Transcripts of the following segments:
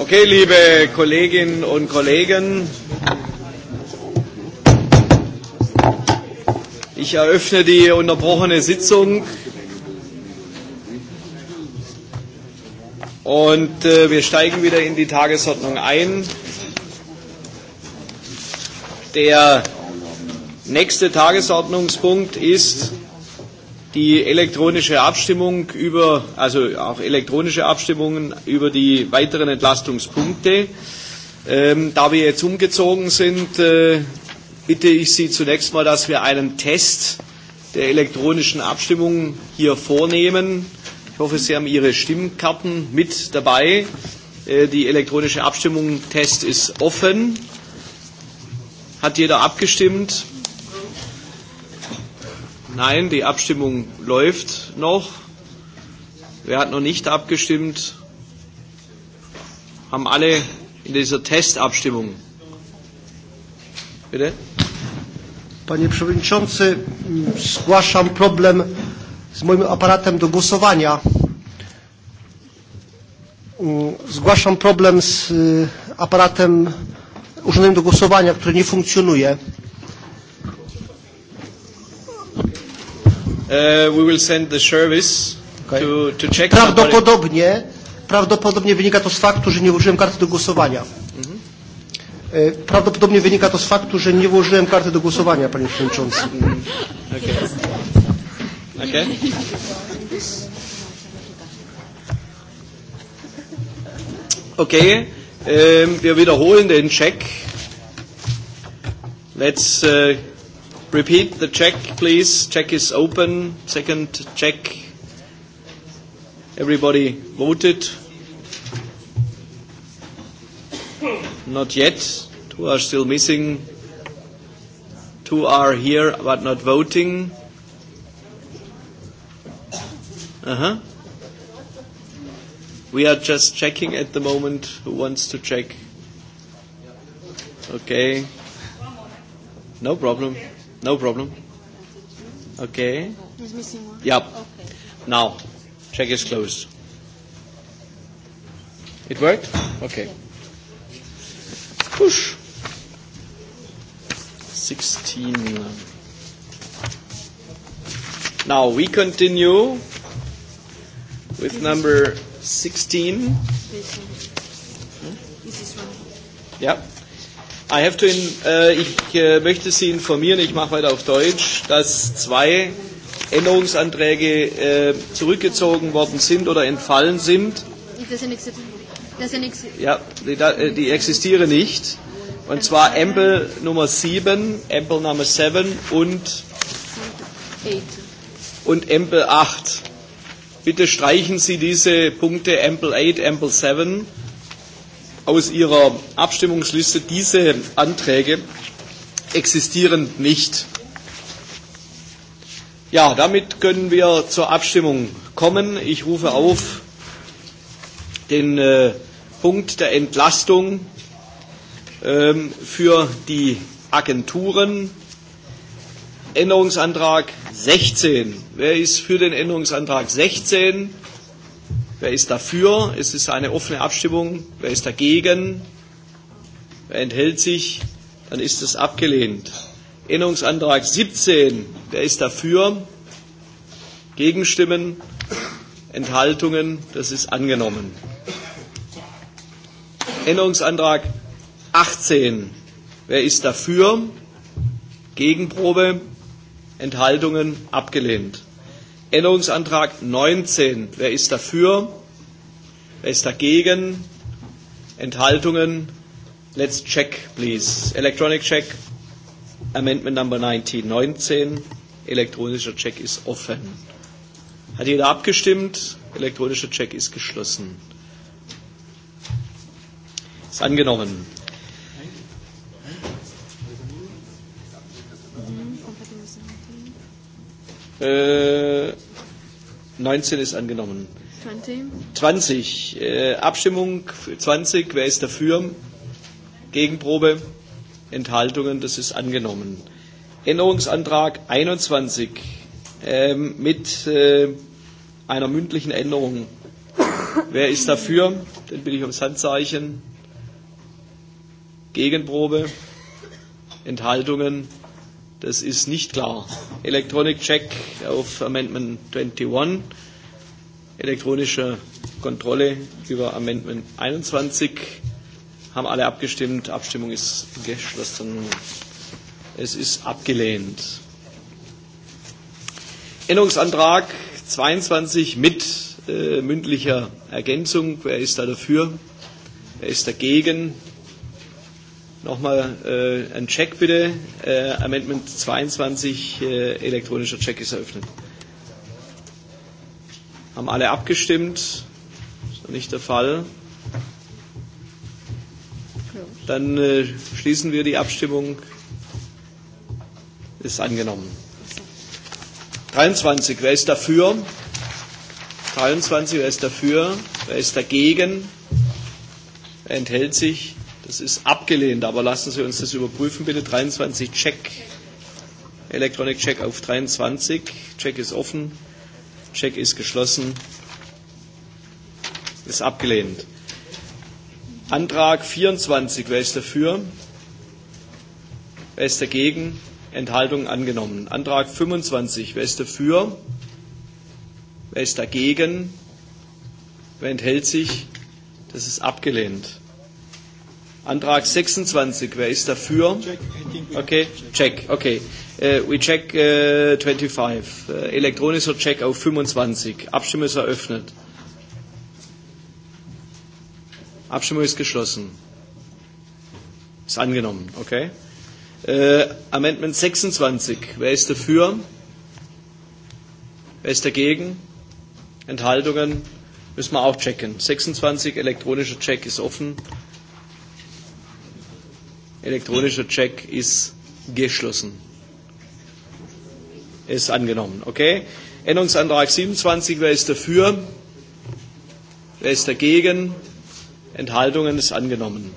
Okay, liebe Kolleginnen und Kollegen, ich eröffne die unterbrochene Sitzung und äh, wir steigen wieder in die Tagesordnung ein. Der nächste Tagesordnungspunkt ist die elektronische Abstimmung über, also auch elektronische Abstimmungen über die weiteren Entlastungspunkte. Ähm, da wir jetzt umgezogen sind, äh, bitte ich Sie zunächst mal, dass wir einen Test der elektronischen Abstimmung hier vornehmen. Ich hoffe, Sie haben Ihre Stimmkarten mit dabei. Äh, die elektronische Abstimmung Test ist offen. Hat jeder abgestimmt? Nein, die Abstimmung läuft noch. Wer hat noch nicht abgestimmt? Haben alle in dieser Testabstimmung. Bitte? Panie Przewodniczący, zgłaszam problem z moim aparatem do głosowania. Zgłaszam problem z aparatem urządzeniem do głosowania, który nie funkcjonuje. Uh, we will send the service okay. to, to check prawdopodobnie, prawdopodobnie wynika to z faktu, że nie użyłem karty do głosowania. Mhm. Prawdopodobnie wynika to z faktu, że nie włożyłem karty do głosowania, panie przewodniczący. Okay. Okay. Okay. Ähm, wir wiederholen den Check. Let's uh, Repeat the check, please. Check is open. Second check. Everybody voted? Not yet. Two are still missing. Two are here but not voting. Uh-huh. We are just checking at the moment who wants to check. Okay. No problem. No problem. Okay. There's missing one. Yep. Okay. Now, check is closed. It worked? Okay. Push. 16. Now we continue with number 16. This one. Hmm? Is one? Yep. I have to in, äh, ich äh, möchte Sie informieren, ich mache weiter auf Deutsch, dass zwei Änderungsanträge äh, zurückgezogen worden sind oder entfallen sind. Ja, die, da, äh, die existieren nicht. Und zwar Ampel Nummer 7, Ampel Nummer 7 und, und Ampel 8. Bitte streichen Sie diese Punkte Ampel 8, Ampel 7 aus Ihrer Abstimmungsliste. Diese Anträge existieren nicht. Ja, damit können wir zur Abstimmung kommen. Ich rufe auf den äh, Punkt der Entlastung ähm, für die Agenturen. Änderungsantrag 16. Wer ist für den Änderungsantrag 16? Wer ist dafür? Es ist eine offene Abstimmung. Wer ist dagegen? Wer enthält sich? Dann ist es abgelehnt. Änderungsantrag 17. Wer ist dafür? Gegenstimmen? Enthaltungen? Das ist angenommen. Änderungsantrag 18. Wer ist dafür? Gegenprobe? Enthaltungen? Abgelehnt. Änderungsantrag 19. Wer ist dafür? Wer ist dagegen? Enthaltungen? Let's check, please. Electronic check. Amendment number 19. 19. Elektronischer Check ist offen. Hat jeder abgestimmt? Elektronischer Check ist geschlossen. Ist angenommen. Äh, 19 ist angenommen. 20. 20. Äh, Abstimmung 20. Wer ist dafür? Gegenprobe? Enthaltungen? Das ist angenommen. Änderungsantrag 21 ähm, mit äh, einer mündlichen Änderung. Wer ist dafür? Dann bin ich ums Handzeichen. Gegenprobe? Enthaltungen? Das ist nicht klar. Electronic Check auf Amendment 21 elektronische Kontrolle über Amendment 21. Haben alle abgestimmt. Abstimmung ist geschlossen. Es ist abgelehnt. Änderungsantrag 22 mit äh, mündlicher Ergänzung. Wer ist da dafür? Wer ist dagegen? Nochmal äh, ein Check bitte. Äh, Amendment 22, äh, elektronischer Check ist eröffnet. Haben alle abgestimmt? Ist nicht der Fall. Dann äh, schließen wir die Abstimmung. Ist angenommen. 23. Wer ist dafür? 23. Wer ist dafür? Wer ist dagegen? Wer enthält sich? Das ist abgelehnt. Aber lassen Sie uns das überprüfen, bitte. 23. Check. Electronic Check auf 23. Check ist offen. Check ist geschlossen. Ist abgelehnt. Antrag 24. Wer ist dafür? Wer ist dagegen? Enthaltung angenommen. Antrag 25. Wer ist dafür? Wer ist dagegen? Wer enthält sich? Das ist abgelehnt. Antrag 26, wer ist dafür? Okay, check, okay. Uh, we check uh, 25. Uh, elektronischer Check auf 25. Abstimmung ist eröffnet. Abstimmung ist geschlossen. Ist angenommen, okay. Uh, Amendment 26. Wer ist dafür? Wer ist dagegen? Enthaltungen? Müssen wir auch checken. 26, elektronischer Check ist offen. Elektronischer Check ist geschlossen. Ist angenommen. Okay? Änderungsantrag 27. Wer ist dafür? Wer ist dagegen? Enthaltungen ist angenommen.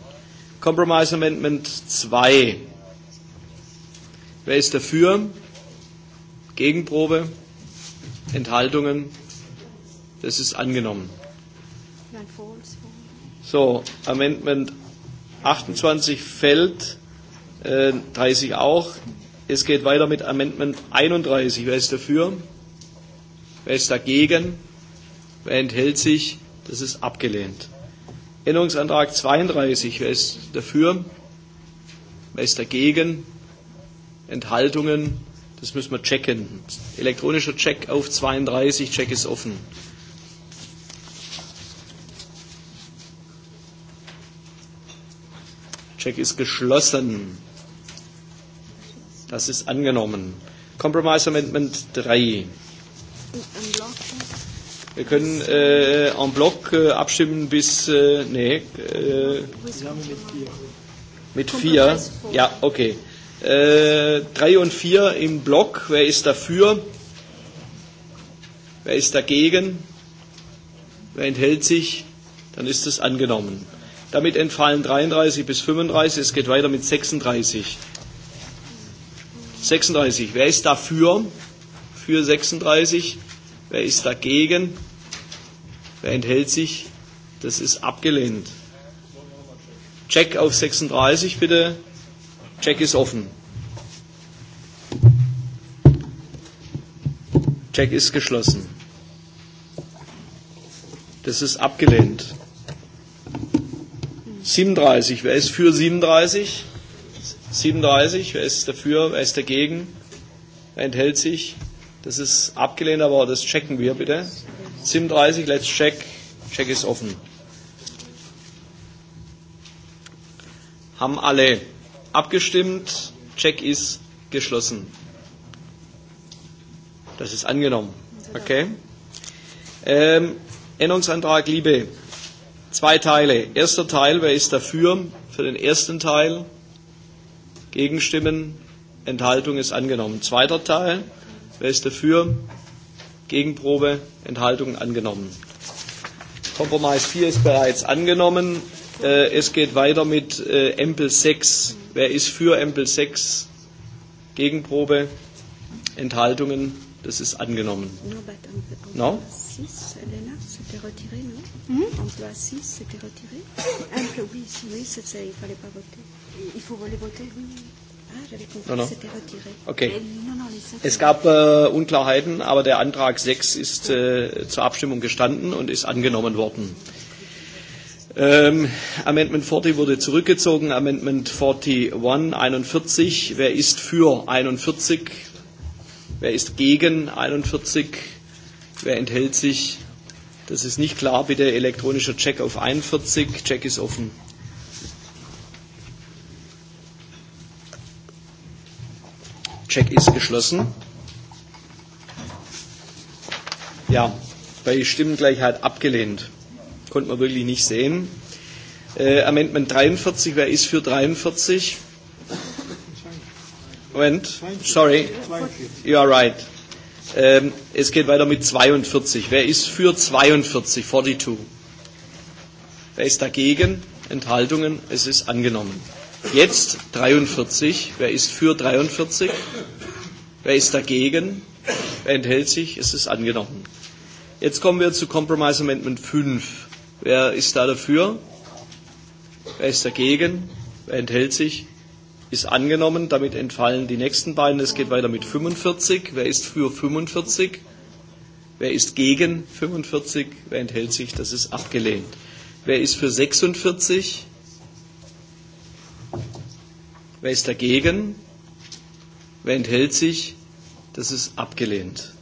Compromise Amendment 2. Wer ist dafür? Gegenprobe? Enthaltungen? Das ist angenommen. So, Amendment 28 fällt, äh, 30 auch. Es geht weiter mit Amendment 31. Wer ist dafür? Wer ist dagegen? Wer enthält sich? Das ist abgelehnt. Änderungsantrag 32. Wer ist dafür? Wer ist dagegen? Enthaltungen? Das müssen wir checken. Elektronischer Check auf 32. Check ist offen. Check ist geschlossen. Das ist angenommen. Compromise Amendment 3. Wir können äh, en bloc äh, abstimmen bis. Äh, nee. Äh, mit 4. Ja, okay. 3 äh, und 4 im Block. Wer ist dafür? Wer ist dagegen? Wer enthält sich? Dann ist es angenommen. Damit entfallen 33 bis 35. Es geht weiter mit 36. 36. Wer ist dafür? Für 36. Wer ist dagegen? Wer enthält sich? Das ist abgelehnt. Check auf 36 bitte. Check ist offen. Check ist geschlossen. Das ist abgelehnt. 37. Wer ist für 37? 37. Wer ist dafür? Wer ist dagegen? Wer enthält sich? Das ist abgelehnt, aber das checken wir bitte. 37, let's check. Check ist offen. Haben alle abgestimmt. Check ist geschlossen. Das ist angenommen. Okay. Ähm, Änderungsantrag Liebe. Zwei Teile. Erster Teil, wer ist dafür? Für den ersten Teil. Gegenstimmen. Enthaltung ist angenommen. Zweiter Teil. Wer ist dafür? Gegenprobe. Enthaltung angenommen. Kompromiss 4 ist bereits angenommen. Äh, es geht weiter mit äh, Empel 6. Wer ist für Empel 6? Gegenprobe. Enthaltungen Das ist angenommen. No, no? no, Okay. Euh, es gab äh, Unklarheiten, aber der Antrag 6 ist äh, zur Abstimmung gestanden und ist angenommen worden. Ähm, Amendment 40 wurde zurückgezogen. Amendment 41, 41. Wer ist für 41? Wer ist gegen 41? Wer enthält sich? Das ist nicht klar. Bitte elektronischer Check auf 41. Check ist offen. Check ist geschlossen. Ja, bei Stimmengleichheit abgelehnt. Konnte man wirklich nicht sehen. Äh, Amendment 43, wer ist für 43? Moment, sorry, you are right. Ähm, es geht weiter mit 42. Wer ist für 42? 42. Wer ist dagegen? Enthaltungen? Es ist angenommen. Jetzt 43. Wer ist für 43? Wer ist dagegen? Wer enthält sich? Es ist angenommen. Jetzt kommen wir zu Compromise Amendment 5. Wer ist da dafür? Wer ist dagegen? Wer enthält sich? ist angenommen. Damit entfallen die nächsten beiden. Es geht weiter mit 45. Wer ist für 45? Wer ist gegen 45? Wer enthält sich? Das ist abgelehnt. Wer ist für 46? Wer ist dagegen? Wer enthält sich? Das ist abgelehnt.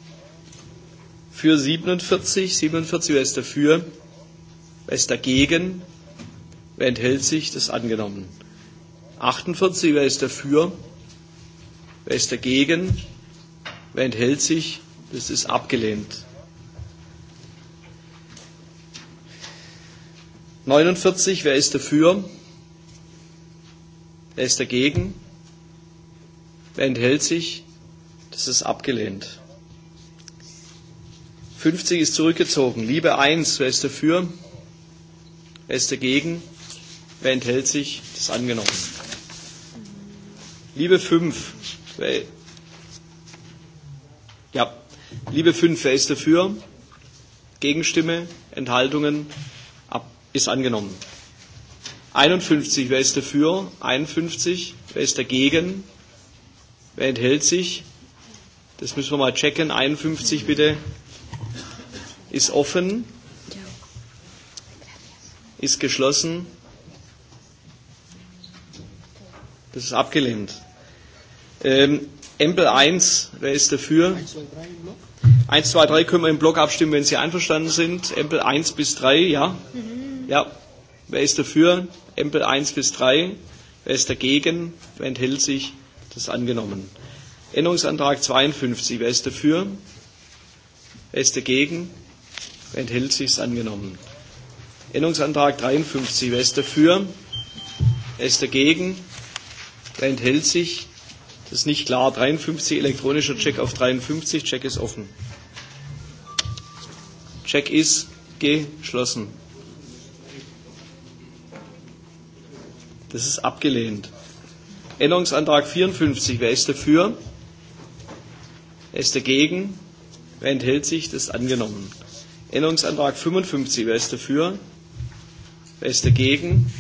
Für 47, 47, wer ist dafür? Wer ist dagegen? Wer enthält sich? Das ist angenommen. 48. Wer ist dafür? Wer ist dagegen? Wer enthält sich? Das ist abgelehnt. 49. Wer ist dafür? Wer ist dagegen? Wer enthält sich? Das ist abgelehnt. 50 ist zurückgezogen. Liebe 1. Wer ist dafür? Wer ist dagegen? Wer enthält sich? Das ist angenommen. Liebe 5, wer, ja, Liebe 5, wer ist dafür? Gegenstimme, Enthaltungen, ab, ist angenommen. 51, wer ist dafür? 51, wer ist dagegen? Wer enthält sich? Das müssen wir mal checken. 51 bitte. Ist offen. Ist geschlossen. Das ist abgelehnt. Ähm, Empel 1, wer ist dafür? 1, 2, 3 können wir im Block abstimmen, wenn Sie einverstanden sind. Empel 1 bis 3, ja? Ja. Wer ist dafür? Empel 1 bis 3. Wer ist dagegen? Wer enthält sich? Das ist angenommen. Änderungsantrag 52. Wer ist dafür? Wer ist dagegen? Wer enthält sich? Das Ist angenommen. Änderungsantrag 53. Wer ist dafür? Wer ist dagegen? Wer enthält sich? ist nicht klar. 53 elektronischer Check auf 53. Check ist offen. Check ist geschlossen. Das ist abgelehnt. Änderungsantrag 54. Wer ist dafür? Wer ist dagegen? Wer enthält sich? Das ist angenommen. Änderungsantrag 55. Wer ist dafür? Wer ist dagegen?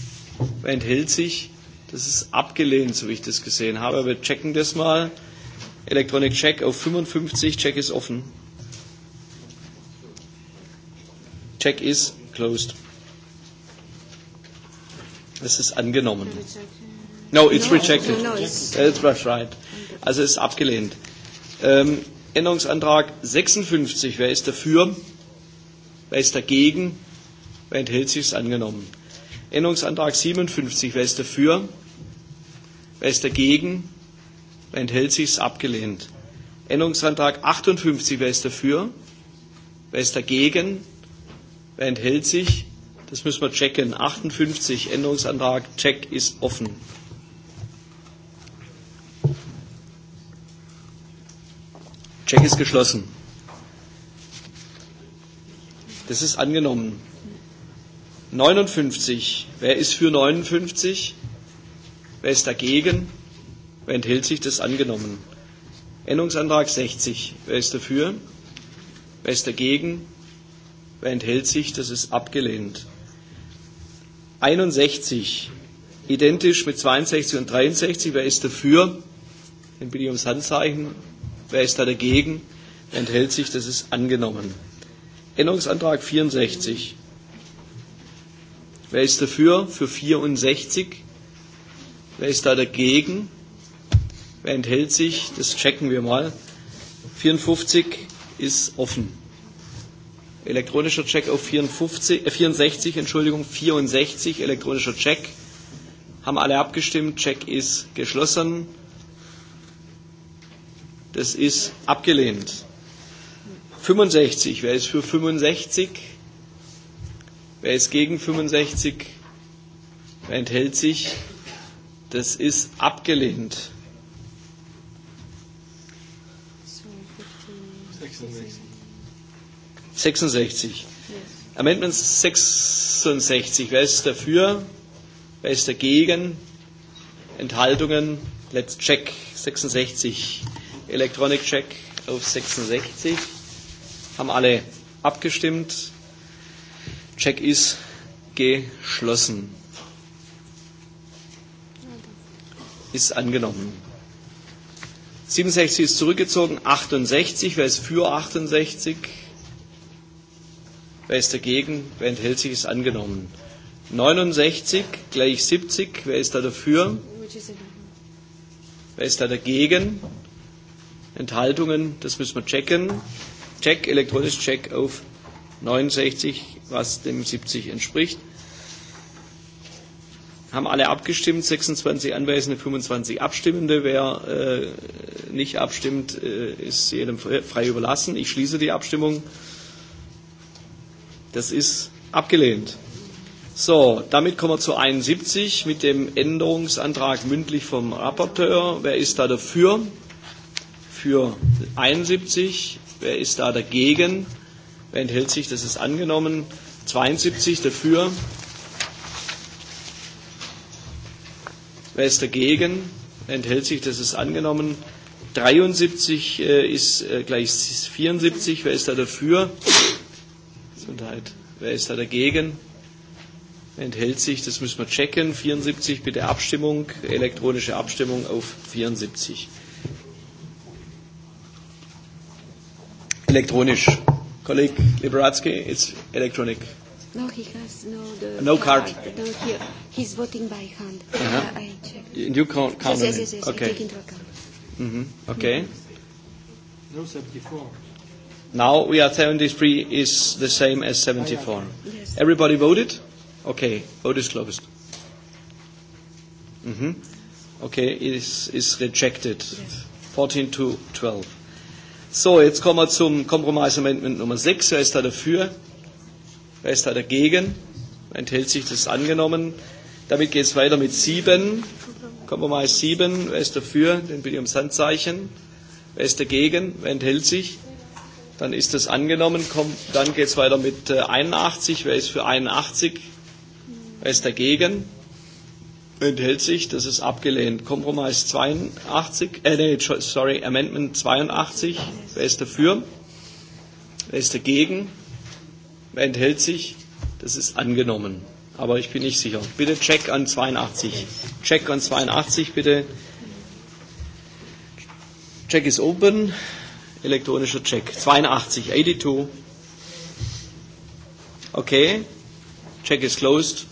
Wer enthält sich? Das ist abgelehnt, so wie ich das gesehen habe. wir checken das mal. Electronic Check auf 55. Check ist offen. Check ist closed. Es ist angenommen. No, it's rejected. That's right. Also es ist abgelehnt. Ähm, Änderungsantrag 56. Wer ist dafür? Wer ist dagegen? Wer enthält sich? Ist angenommen. Änderungsantrag 57. Wer ist dafür? Wer ist dagegen? Wer enthält sich? Ist abgelehnt. Änderungsantrag 58. Wer ist dafür? Wer ist dagegen? Wer enthält sich? Das müssen wir checken. 58. Änderungsantrag. Check ist offen. Check ist geschlossen. Das ist angenommen. 59. Wer ist für 59? Wer ist dagegen? Wer enthält sich? Das angenommen. Änderungsantrag 60. Wer ist dafür? Wer ist dagegen? Wer enthält sich? Das ist abgelehnt. 61. Identisch mit 62 und 63. Wer ist dafür? Den bitte ich ums Handzeichen. Wer ist da dagegen? Wer enthält sich? Das ist angenommen. Änderungsantrag 64. Wer ist dafür? Für 64. Wer ist da dagegen? Wer enthält sich? Das checken wir mal. 54 ist offen. Elektronischer Check auf 54, äh 64, Entschuldigung, 64, elektronischer Check. Haben alle abgestimmt, Check ist geschlossen. Das ist abgelehnt. 65, wer ist für 65? Wer ist gegen 65? Wer enthält sich? Das ist abgelehnt. 66. 66. Yes. Amendment 66. Wer ist dafür? Wer ist dagegen? Enthaltungen? Let's check. 66. Electronic Check auf 66. Haben alle abgestimmt. Check ist geschlossen. ist angenommen. 67 ist zurückgezogen, 68, wer ist für 68? Wer ist dagegen? Wer enthält sich, ist angenommen. 69 gleich 70, wer ist da dafür? Wer ist da dagegen? Enthaltungen, das müssen wir checken. Check, elektronisch Check auf 69, was dem 70 entspricht haben alle abgestimmt, 26 Anwesende, 25 Abstimmende. Wer äh, nicht abstimmt, äh, ist jedem frei überlassen. Ich schließe die Abstimmung. Das ist abgelehnt. So, damit kommen wir zu 71 mit dem Änderungsantrag mündlich vom Rapporteur. Wer ist da dafür? Für 71. Wer ist da dagegen? Wer enthält sich? Das ist angenommen. 72 dafür, Wer ist dagegen? Enthält sich? Das ist angenommen. 73 äh, ist äh, gleich 74. Wer ist da dafür? Gesundheit. Wer ist da dagegen? Enthält sich? Das müssen wir checken. 74 bitte Abstimmung, elektronische Abstimmung auf 74. Elektronisch. Kollege Liberatsky, it's electronic. No, he has no the no card. card. No, he, he's voting by hand. Uh-huh. Uh, I checked. You can't count. Yes, yes, yes, yes. Okay. I take into account. Mm-hmm. Okay. No, 74. Now we are 73 is the same as 74. Yes. Everybody voted? Okay. Vote is closed. Mm-hmm. Okay, it is, is rejected. Yes. 14 to 12. So, jetzt kommen wir zum Kompromissamendment Nummer 6. Wer ist da dafür? Wer ist da dagegen? Enthält sich das angenommen. Damit geht es weiter mit 7. mal 7. Wer ist dafür? Den bitte ich ums Handzeichen. Wer ist dagegen? Wer enthält sich? Dann ist das angenommen. Komm, dann geht es weiter mit 81. Äh, Wer ist für 81? Wer ist dagegen? Enthält sich, das ist abgelehnt. Kompromiss 82, äh, nee, sorry, Amendment 82. Wer ist dafür? Wer ist dagegen? Wer enthält sich? Das ist angenommen. Aber ich bin nicht sicher. Bitte Check an 82. Check an 82, bitte. Check ist open. Elektronischer Check. 82, 82. Okay. Check ist closed.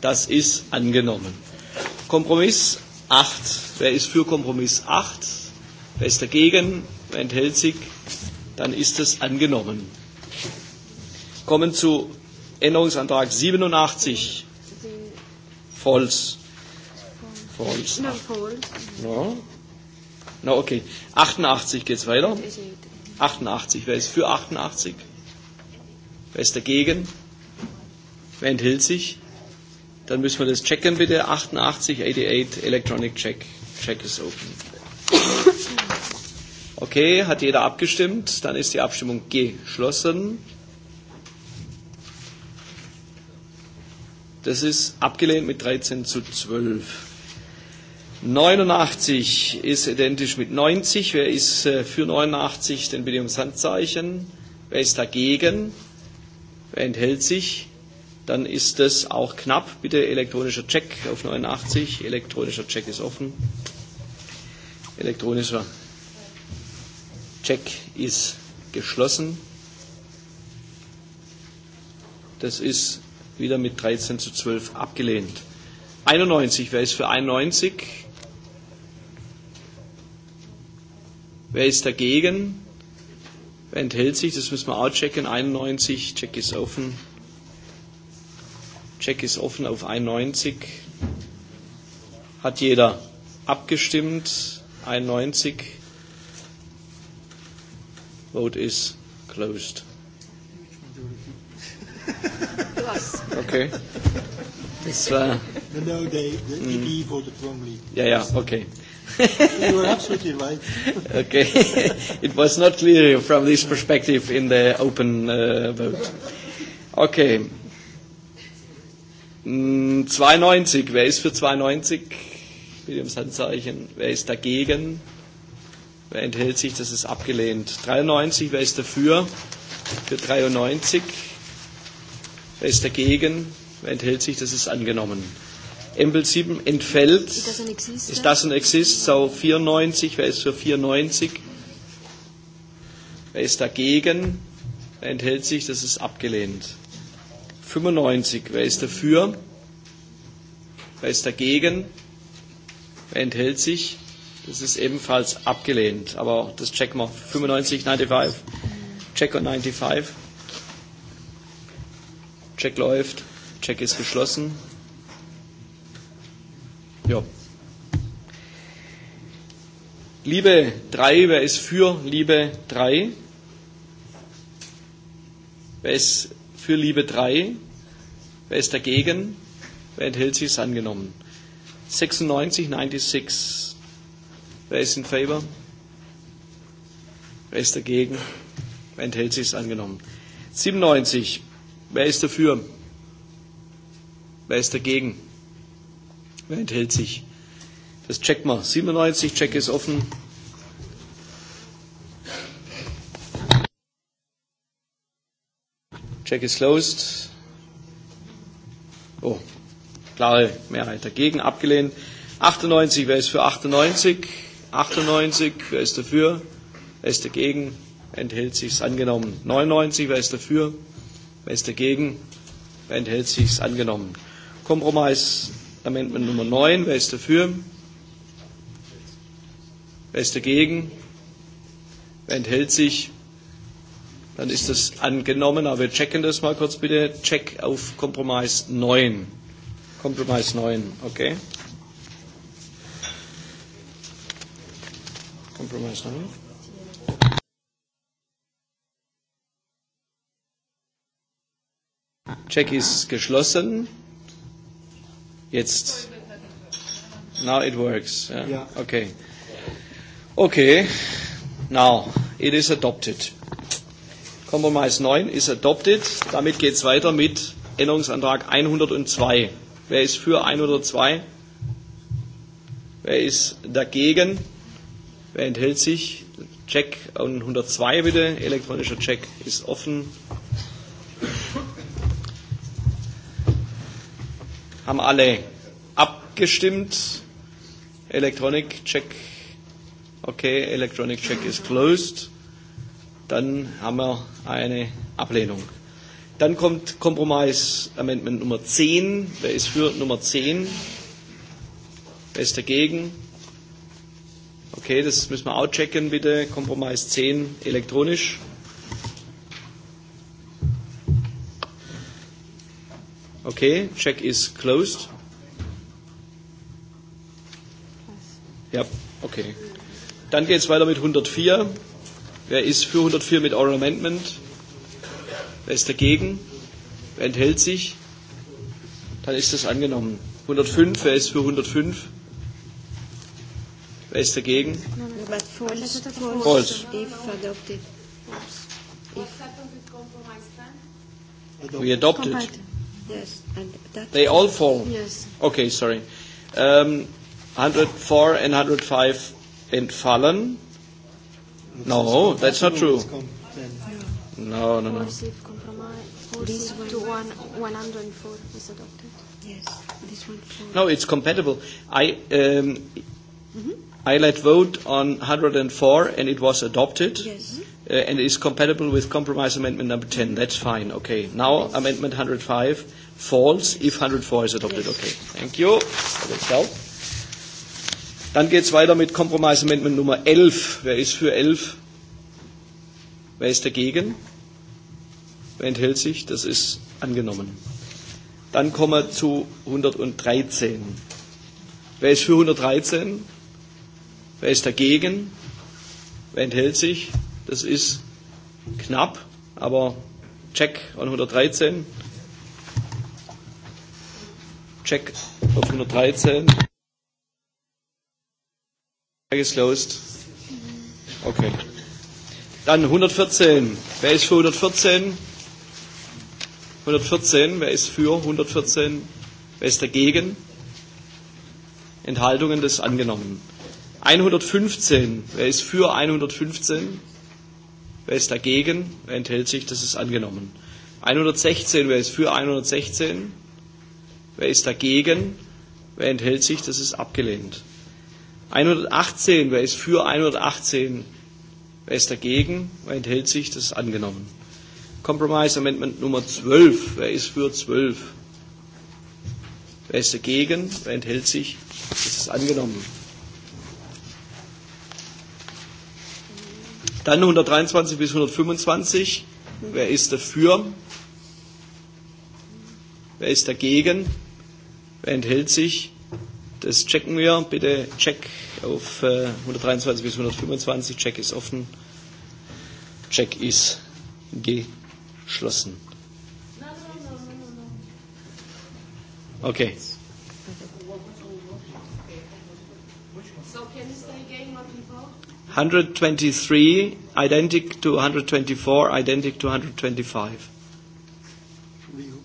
Das ist angenommen. Kompromiss 8. Wer ist für Kompromiss 8? Wer ist dagegen? Wer enthält sich? Dann ist es angenommen kommen zu Änderungsantrag 87. False. False. No, false. No. no, okay. 88 geht's weiter. 88. Wer ist für 88? Wer ist dagegen? Wer enthielt sich? Dann müssen wir das checken bitte. 88, 88, Electronic Check. Check is open. Okay, hat jeder abgestimmt? Dann ist die Abstimmung geschlossen. Das ist abgelehnt mit 13 zu 12. 89 ist identisch mit 90. Wer ist äh, für 89, dann bitte ums Handzeichen. Wer ist dagegen? Wer enthält sich? Dann ist das auch knapp. Bitte elektronischer Check auf 89. Elektronischer Check ist offen. Elektronischer Check ist geschlossen. Das ist wieder mit 13 zu 12 abgelehnt. 91, wer ist für 91? Wer ist dagegen? Wer enthält sich? Das müssen wir auch checken. 91, Check ist offen. Check ist offen auf 91. Hat jeder abgestimmt? 91. Vote is closed. Okay. Das war. No, they, the mm. EP voted wrongly. Yeah, yeah, okay. you were absolutely right. okay. it was not clear from this perspective in the open uh, vote. Okay. Mm, 92. Wer ist für 92? Mit dem Handzeichen. Wer ist dagegen? Wer enthält sich? Das ist abgelehnt. 93. Wer ist dafür? Für 93. Wer ist dagegen? Wer enthält sich? Das ist angenommen. Empel 7 entfällt. Ist das ein Exist? So 94. Wer ist für 94? Wer ist dagegen? Wer enthält sich? Das ist abgelehnt. 95. Wer ist dafür? Wer ist dagegen? Wer enthält sich? Das ist ebenfalls abgelehnt. Aber das checken wir. 95, 95. Check on 95. Check läuft. Check ist geschlossen. Jo. Liebe 3, wer ist für Liebe 3? Wer ist für Liebe 3? Wer ist dagegen? Wer enthält sich? Ist angenommen. 96, 96. Wer ist in favor? Wer ist dagegen? Wer enthält sich? Ist angenommen. 97. Wer ist dafür? Wer ist dagegen? Wer enthält sich? Das checken wir. 97, Check ist offen. Check ist closed. Oh, klare Mehrheit dagegen, abgelehnt. 98, wer ist für 98? 98, wer ist dafür? Wer ist dagegen? Enthält sich, ist angenommen. 99, wer ist dafür? Wer ist dagegen? Wer enthält sich? Ist angenommen. Kompromiss Amendment Nummer 9. Wer ist dafür? Wer ist dagegen? Wer enthält sich? Dann ist das angenommen. Aber wir checken das mal kurz bitte. Check auf Kompromiss 9. Kompromiss 9, okay? Kompromiss 9. Check is geschlossen. Jetzt. Now it works. Yeah. yeah. Okay. Okay. Now it is adopted. Kompromiss 9 is adopted. Damit geht es weiter mit Änderungsantrag 102. Wer ist für 102? Wer ist dagegen? Wer enthält sich? Check 102 bitte. Elektronischer Check ist offen. Haben alle abgestimmt? Electronic Check. Okay, Electronic Check is closed. Dann haben wir eine Ablehnung. Dann kommt Compromise Amendment Nummer 10. Wer ist für Nummer 10? Wer ist dagegen? Okay, das müssen wir auch checken, bitte. Compromise 10 elektronisch. Okay, check is closed. Ja, okay. Dann geht es weiter mit 104. Wer ist für 104 mit Oral Amendment? Wer ist dagegen? Wer enthält sich? Dann ist das angenommen. 105, wer ist für 105? Wer ist dagegen? No, false, adopted. We adopted. Yes. And that they all fall? Yes. Okay, sorry. Um, 104 and 105 entfallen. No, that's not true. No, no, no. This to one, 104 is adopted. Yes, this one. No, it's compatible. I um, mm-hmm. I let vote on 104 and it was adopted. Yes. Uh, and is compatible with compromise amendment number 10. That's fine. Okay. Now yes. amendment 105 falls if 104 is adopted. Yes. Okay. Thank you. That's help. Dann geht es weiter mit Compromise Amendment Nummer 11. Wer ist für 11? Wer ist dagegen? Wer enthält sich? Das ist angenommen. Dann kommen wir zu 113. Wer ist für 113? Wer ist dagegen? Wer enthält sich? Das ist knapp, aber Check auf 113. Check auf 113. Check is closed. Okay. Dann 114. Wer ist für 114? 114. Wer ist für 114? Wer ist dagegen? Enthaltungen des angenommen. 115. Wer ist für 115? Wer ist dagegen? Wer enthält sich? Das ist angenommen. 116. Wer ist für 116? Wer ist dagegen? Wer enthält sich? Das ist abgelehnt. 118. Wer ist für 118? Wer ist dagegen? Wer enthält sich? Das ist angenommen. Compromise Amendment Nummer 12. Wer ist für 12? Wer ist dagegen? Wer enthält sich? Das ist angenommen. Dann 123 bis 125. Wer ist dafür? Wer ist dagegen? Wer enthält sich? Das checken wir. Bitte Check auf 123 äh, bis 125. Check ist offen. Check ist geschlossen. Okay. 123 identical to 124, identical to 125.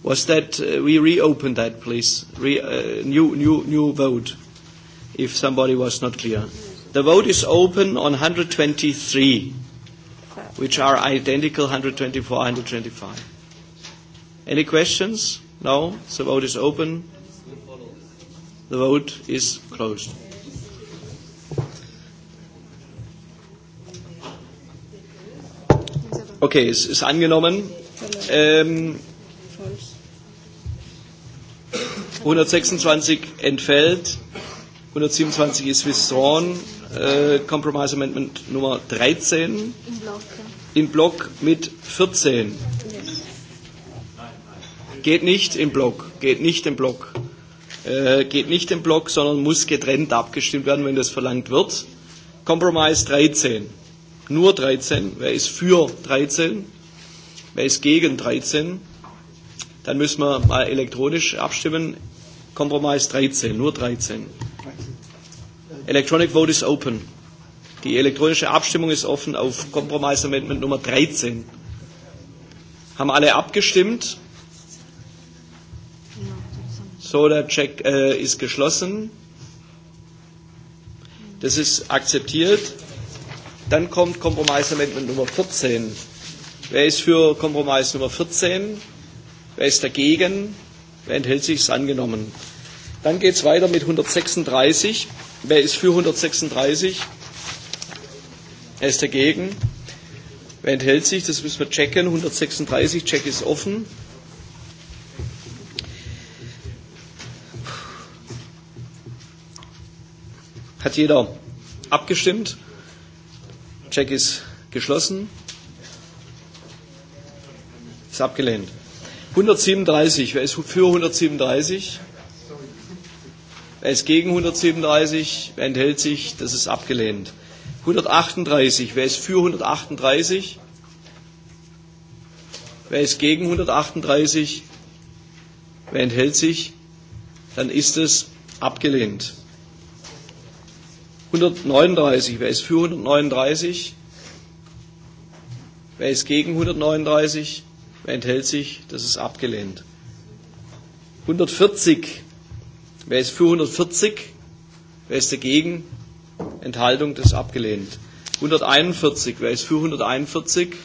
Was that uh, we reopen that, please? Re, uh, new, new, new vote. If somebody was not clear, the vote is open on 123, which are identical 124, 125. Any questions? No. The vote is open. The vote is closed. Okay, es ist angenommen. Ähm, 126 entfällt, 127 ist withdrawn. Äh, Compromise Amendment Nummer 13 im Block, mit 14. Geht nicht im Block, geht nicht im Block. Äh, geht nicht im Block, sondern muss getrennt abgestimmt werden, wenn das verlangt wird. Compromise 13. Nur 13. Wer ist für 13? Wer ist gegen 13? Dann müssen wir mal elektronisch abstimmen. Kompromiss 13, nur 13. Electronic Vote is open. Die elektronische Abstimmung ist offen auf Kompromiss Amendment Nummer 13. Haben alle abgestimmt? So, der Check äh, ist geschlossen. Das ist akzeptiert. Dann kommt Kompromissamendment Nummer 14. Wer ist für Kompromiss Nummer 14? Wer ist dagegen? Wer enthält sich? Ist angenommen. Dann geht es weiter mit 136. Wer ist für 136? Wer ist dagegen? Wer enthält sich? Das müssen wir checken. 136, Check ist offen. Hat jeder abgestimmt? Check ist geschlossen. Ist abgelehnt. 137. Wer ist für 137? Wer ist gegen 137? Wer enthält sich? Das ist abgelehnt. 138. Wer ist für 138? Wer ist gegen 138? Wer enthält sich? Dann ist es abgelehnt. 139. Wer ist für 139? Wer ist gegen 139? Wer enthält sich? Das ist abgelehnt. 140. Wer ist für 140? Wer ist dagegen? Enthaltung, das ist abgelehnt. 141. Wer ist für 141?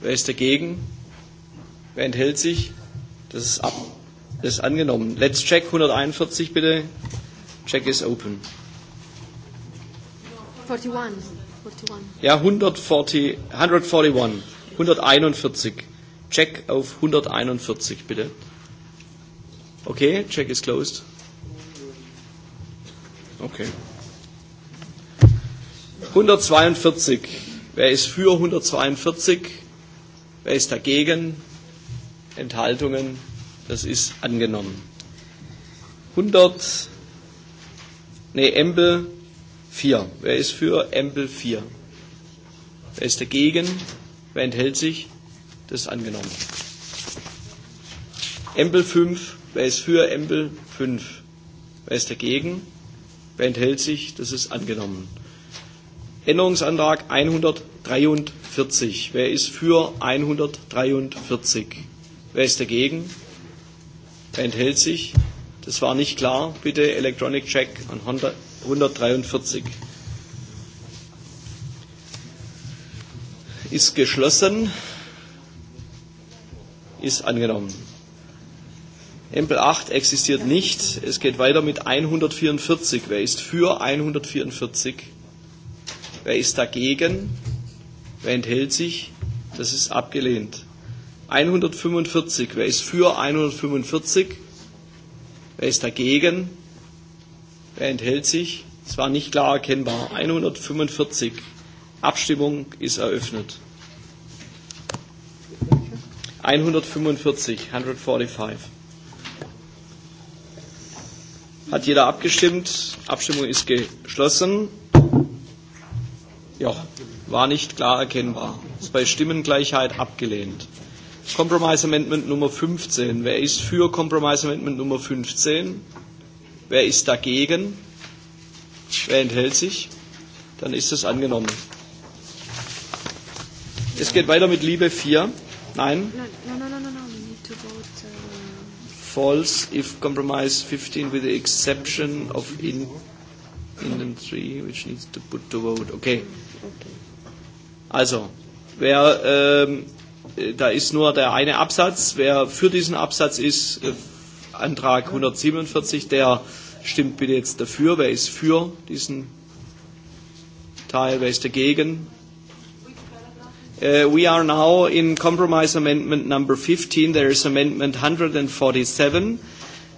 Wer ist dagegen? Wer enthält sich? Das ist, ab, das ist angenommen. Let's check 141 bitte. Check is open. 41. Ja, 140, 141. 141. Check auf 141, bitte. Okay, check is closed. Okay. 142. Wer ist für 142? Wer ist dagegen? Enthaltungen? Das ist angenommen. 100. Nee, Embel 4. Wer ist für Ampel 4? Wer ist dagegen? Wer enthält sich? Das ist angenommen. Ampel 5. Wer ist für Ampel 5? Wer ist dagegen? Wer enthält sich? Das ist angenommen. Änderungsantrag 143. Wer ist für 143? Wer ist dagegen? Wer enthält sich? Das war nicht klar. Bitte Electronic Check 143 ist geschlossen, ist angenommen. Empel 8 existiert nicht. Es geht weiter mit 144. Wer ist für 144? Wer ist dagegen? Wer enthält sich? Das ist abgelehnt. 145. Wer ist für 145? Wer ist dagegen? Wer enthält sich? Es war nicht klar erkennbar. 145. Abstimmung ist eröffnet. 145, 145. Hat jeder abgestimmt? Abstimmung ist geschlossen. Ja, war nicht klar erkennbar. Ist bei Stimmengleichheit abgelehnt. Compromise Amendment Nummer 15. Wer ist für Compromise Amendment Nummer 15? Wer ist dagegen? Wer enthält sich? Dann ist es angenommen. Es geht weiter mit Liebe 4. Nein? Uh, False if compromise 15 with the exception of in, in the 3 which needs to put to vote. Okay. okay. Also, wer, ähm, äh, da ist nur der eine Absatz. Wer für diesen Absatz ist, äh, Antrag 147, der stimmt bitte jetzt dafür. Wer ist für diesen Teil? Wer ist dagegen? Uh, we are now in compromise amendment number 15. There is amendment 147. Uh,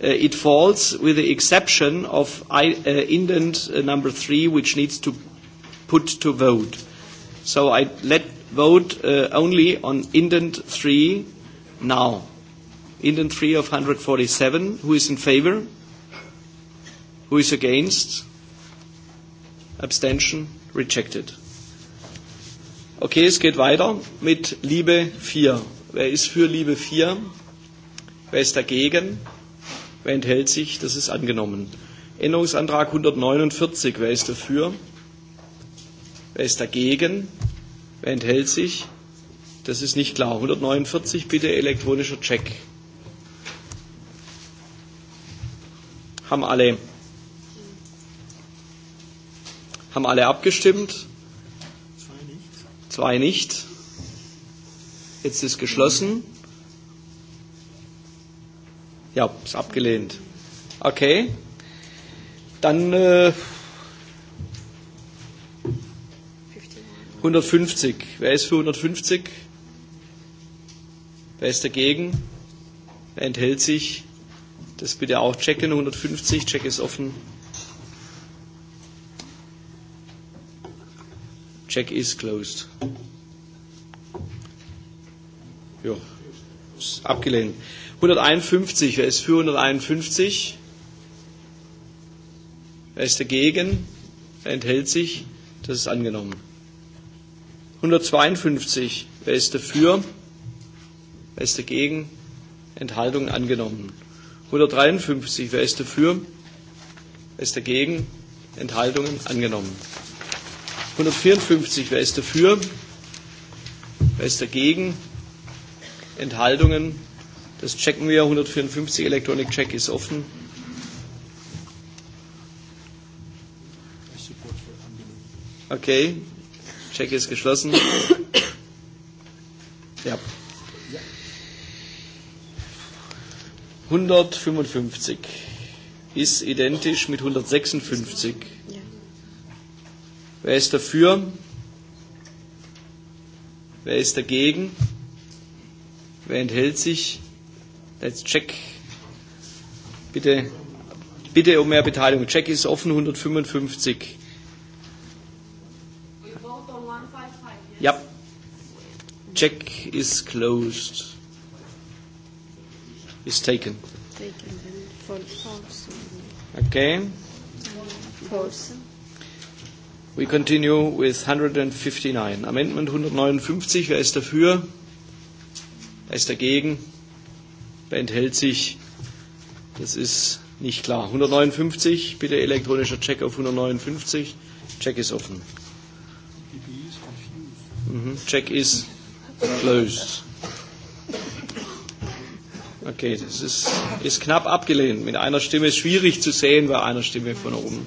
äh, it falls with the exception of uh, indent number 3, which needs to put to vote. So I let vote uh, only on indent 3 now in Indian 3 of 147. Who is in favor? Who is against? Abstention rejected. Okay, es geht weiter mit Liebe 4. Wer ist für Liebe 4? Wer ist dagegen? Wer enthält sich? Das ist angenommen. Änderungsantrag 149. Wer ist dafür? Wer ist dagegen? Wer enthält sich? Das ist nicht klar. 149 bitte elektronischer Check. Haben alle, haben alle abgestimmt? Zwei nicht. Jetzt ist geschlossen. Ja, ist abgelehnt. Okay. Dann äh, 150. Wer ist für 150? Wer ist dagegen? Wer enthält sich? Das bitte auch checken, 150, Check ist offen. Check is closed. Ja, ist abgelehnt. 151, wer ist für 151? Wer ist dagegen? Wer enthält sich? Das ist angenommen. 152, wer ist dafür? Wer ist dagegen? Enthaltung angenommen. 153, wer ist dafür? Wer ist dagegen? Enthaltungen angenommen. 154, wer ist dafür? Wer ist dagegen? Enthaltungen? Das checken wir. 154 Electronic Check ist offen. Okay, Check ist geschlossen. 155 ist identisch mit 156. Wer ist dafür? Wer ist dagegen? Wer enthält sich? Let's check. Bitte, bitte um mehr Beteiligung. Check ist offen 155. Ja. Check is closed is taken. Taken. False. Okay. False. We continue with 159. Amendment 159. Wer ist dafür? Wer ist dagegen? Wer enthält sich? Das ist nicht klar. 159. Bitte elektronischer Check auf 159. Check ist offen. Mhm. Check ist closed. Okay, das ist, ist knapp abgelehnt. Mit einer Stimme ist schwierig zu sehen bei einer Stimme von oben.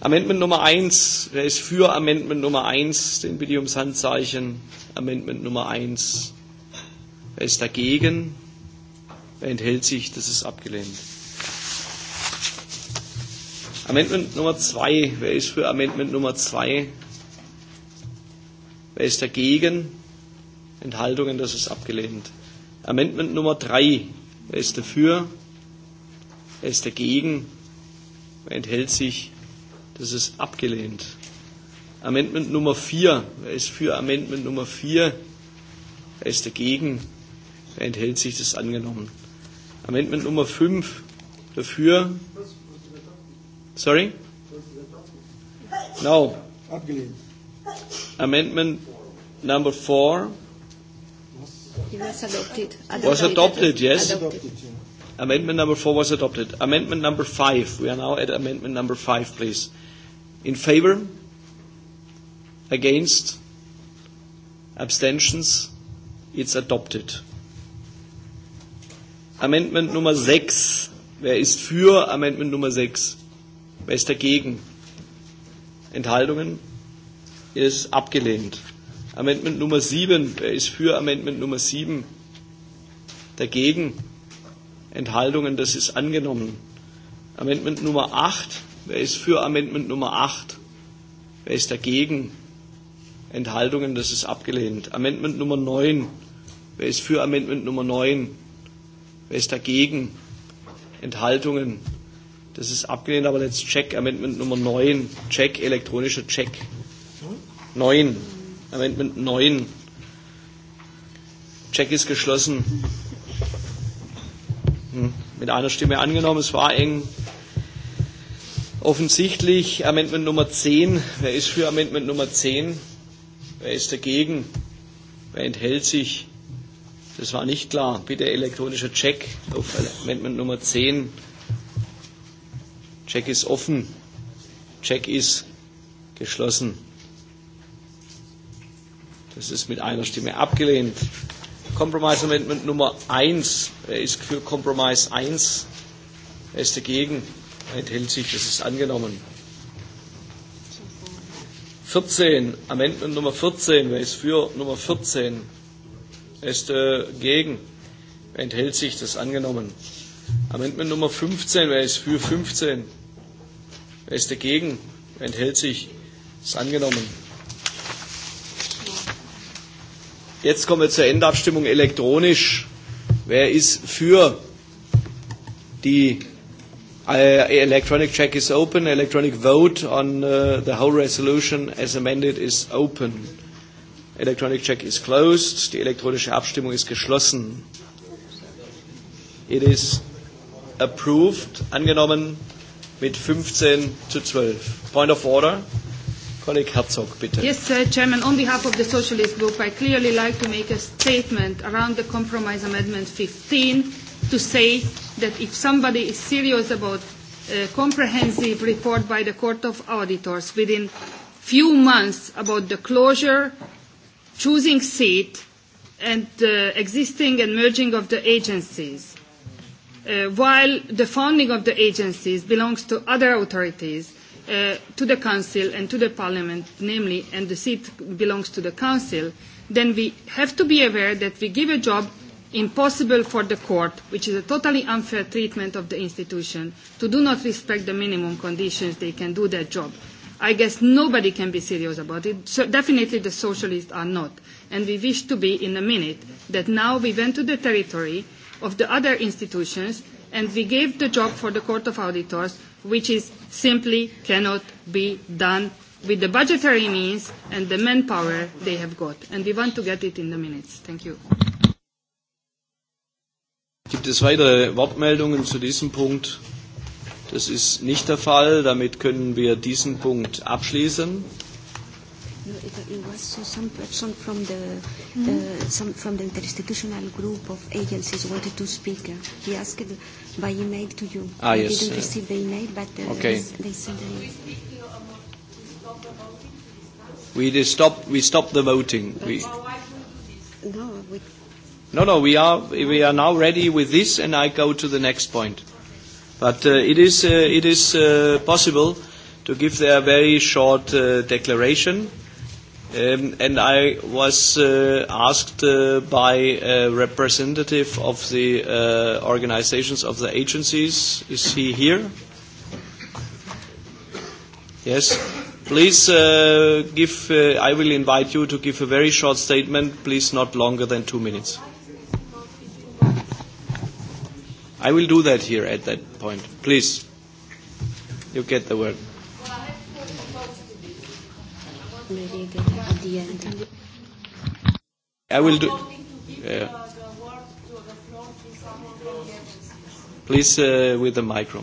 Amendment Nummer 1. Wer ist für Amendment Nummer 1? Den bitte ich ums Handzeichen. Amendment Nummer 1. Wer ist dagegen? Wer enthält sich? Das ist abgelehnt. Amendment Nummer 2. Wer ist für Amendment Nummer 2? Wer ist dagegen? Enthaltungen, das ist abgelehnt. Amendment Nummer 3. Wer ist dafür? Wer ist dagegen? Wer enthält sich? Das ist abgelehnt. Amendment Nummer 4. Wer ist für Amendment Nummer 4? Wer ist dagegen? Wer enthält sich? Das ist angenommen. Amendment Nummer 5. Dafür? Sorry? No. Abgelehnt. Amendment Number 4 was adopted. adopted. Was adopted, yes. Adopted. Amendment number four was adopted. Amendment number five. We are now at amendment number five, please. In favor? Against? Abstentions? It's adopted. Amendment number six. Wer ist für Amendment Nummer 6? Wer ist dagegen? Enthaltungen? Ist abgelehnt. Amendment Nummer 7. Wer ist für Amendment Nummer 7? Dagegen? Enthaltungen? Das ist angenommen. Amendment Nummer 8. Wer ist für Amendment Nummer 8? Wer ist dagegen? Enthaltungen? Das ist abgelehnt. Amendment Nummer 9. Wer ist für Amendment Nummer 9? Wer ist dagegen? Enthaltungen? Das ist abgelehnt, aber jetzt Check, Amendment Nummer 9. Check, elektronischer Check. 9. Amendment 9. Check ist geschlossen. Hm. Mit einer Stimme angenommen. Es war eng. Offensichtlich Amendment Nummer 10. Wer ist für Amendment Nummer 10? Wer ist dagegen? Wer enthält sich? Das war nicht klar. Bitte elektronischer Check auf Amendment Nummer 10. Check ist offen. Check ist geschlossen. Das ist mit einer Stimme abgelehnt. Compromise Amendment Nummer 1. Wer ist für Compromise 1? Wer ist dagegen? Enthält sich. Das ist angenommen. 14. Amendment Nummer 14. Wer ist für Nummer 14? Wer ist dagegen? Wer enthält sich? Das ist angenommen. Amendment Nummer 15. Wer ist für 15? Äh, Wer ist dagegen? Wer enthält sich? Das ist angenommen. Jetzt kommen wir zur Endabstimmung elektronisch. Wer ist für die uh, electronic check is open, electronic vote on uh, the whole resolution as amended is open. Electronic check is closed. Die elektronische Abstimmung ist geschlossen. It is approved, angenommen mit 15 zu 12. Point of order. Colleague Herzog, bitte. Yes, uh, Chairman, on behalf of the Socialist Group, I clearly like to make a statement around the compromise amendment 15 to say that if somebody is serious about a comprehensive report by the Court of Auditors within few months about the closure, choosing seat, and the uh, existing and merging of the agencies. Uh, while the founding of the agencies belongs to other authorities, uh, to the Council and to the Parliament, namely, and the seat belongs to the Council, then we have to be aware that we give a job impossible for the court, which is a totally unfair treatment of the institution, to do not respect the minimum conditions they can do their job. I guess nobody can be serious about it. So definitely the socialists are not. And we wish to be in a minute that now we went to the territory of the other institutions and we gave the job for the Court of Auditors which is simply cannot be done with the budgetary means and the manpower they have got. And we want to get it in the minutes. Thank you. Gibt es weitere Wortmeldungen zu diesem Punkt? Das ist nicht der Fall. Damit können wir diesen Punkt abschließen it, it was uh, some person from the mm -hmm. uh, some from the interinstitutional group of agencies wanted to speak. Uh, he asked by email to you. Ah, I yes, didn't uh, receive the email, but uh, okay. they, they said. Uh, we stop we stop the voting. we, no, we, no, no. We are we are now ready with this, and I go to the next point. But uh, it is uh, it is uh, possible to give their very short uh, declaration Um, and I was uh, asked uh, by a representative of the uh, organizations of the agencies. Is he here? Yes. Please uh, give, uh, I will invite you to give a very short statement, please not longer than two minutes. I will do that here at that point. Please, you get the word the end. I will do. Uh, Please, uh, with the micro.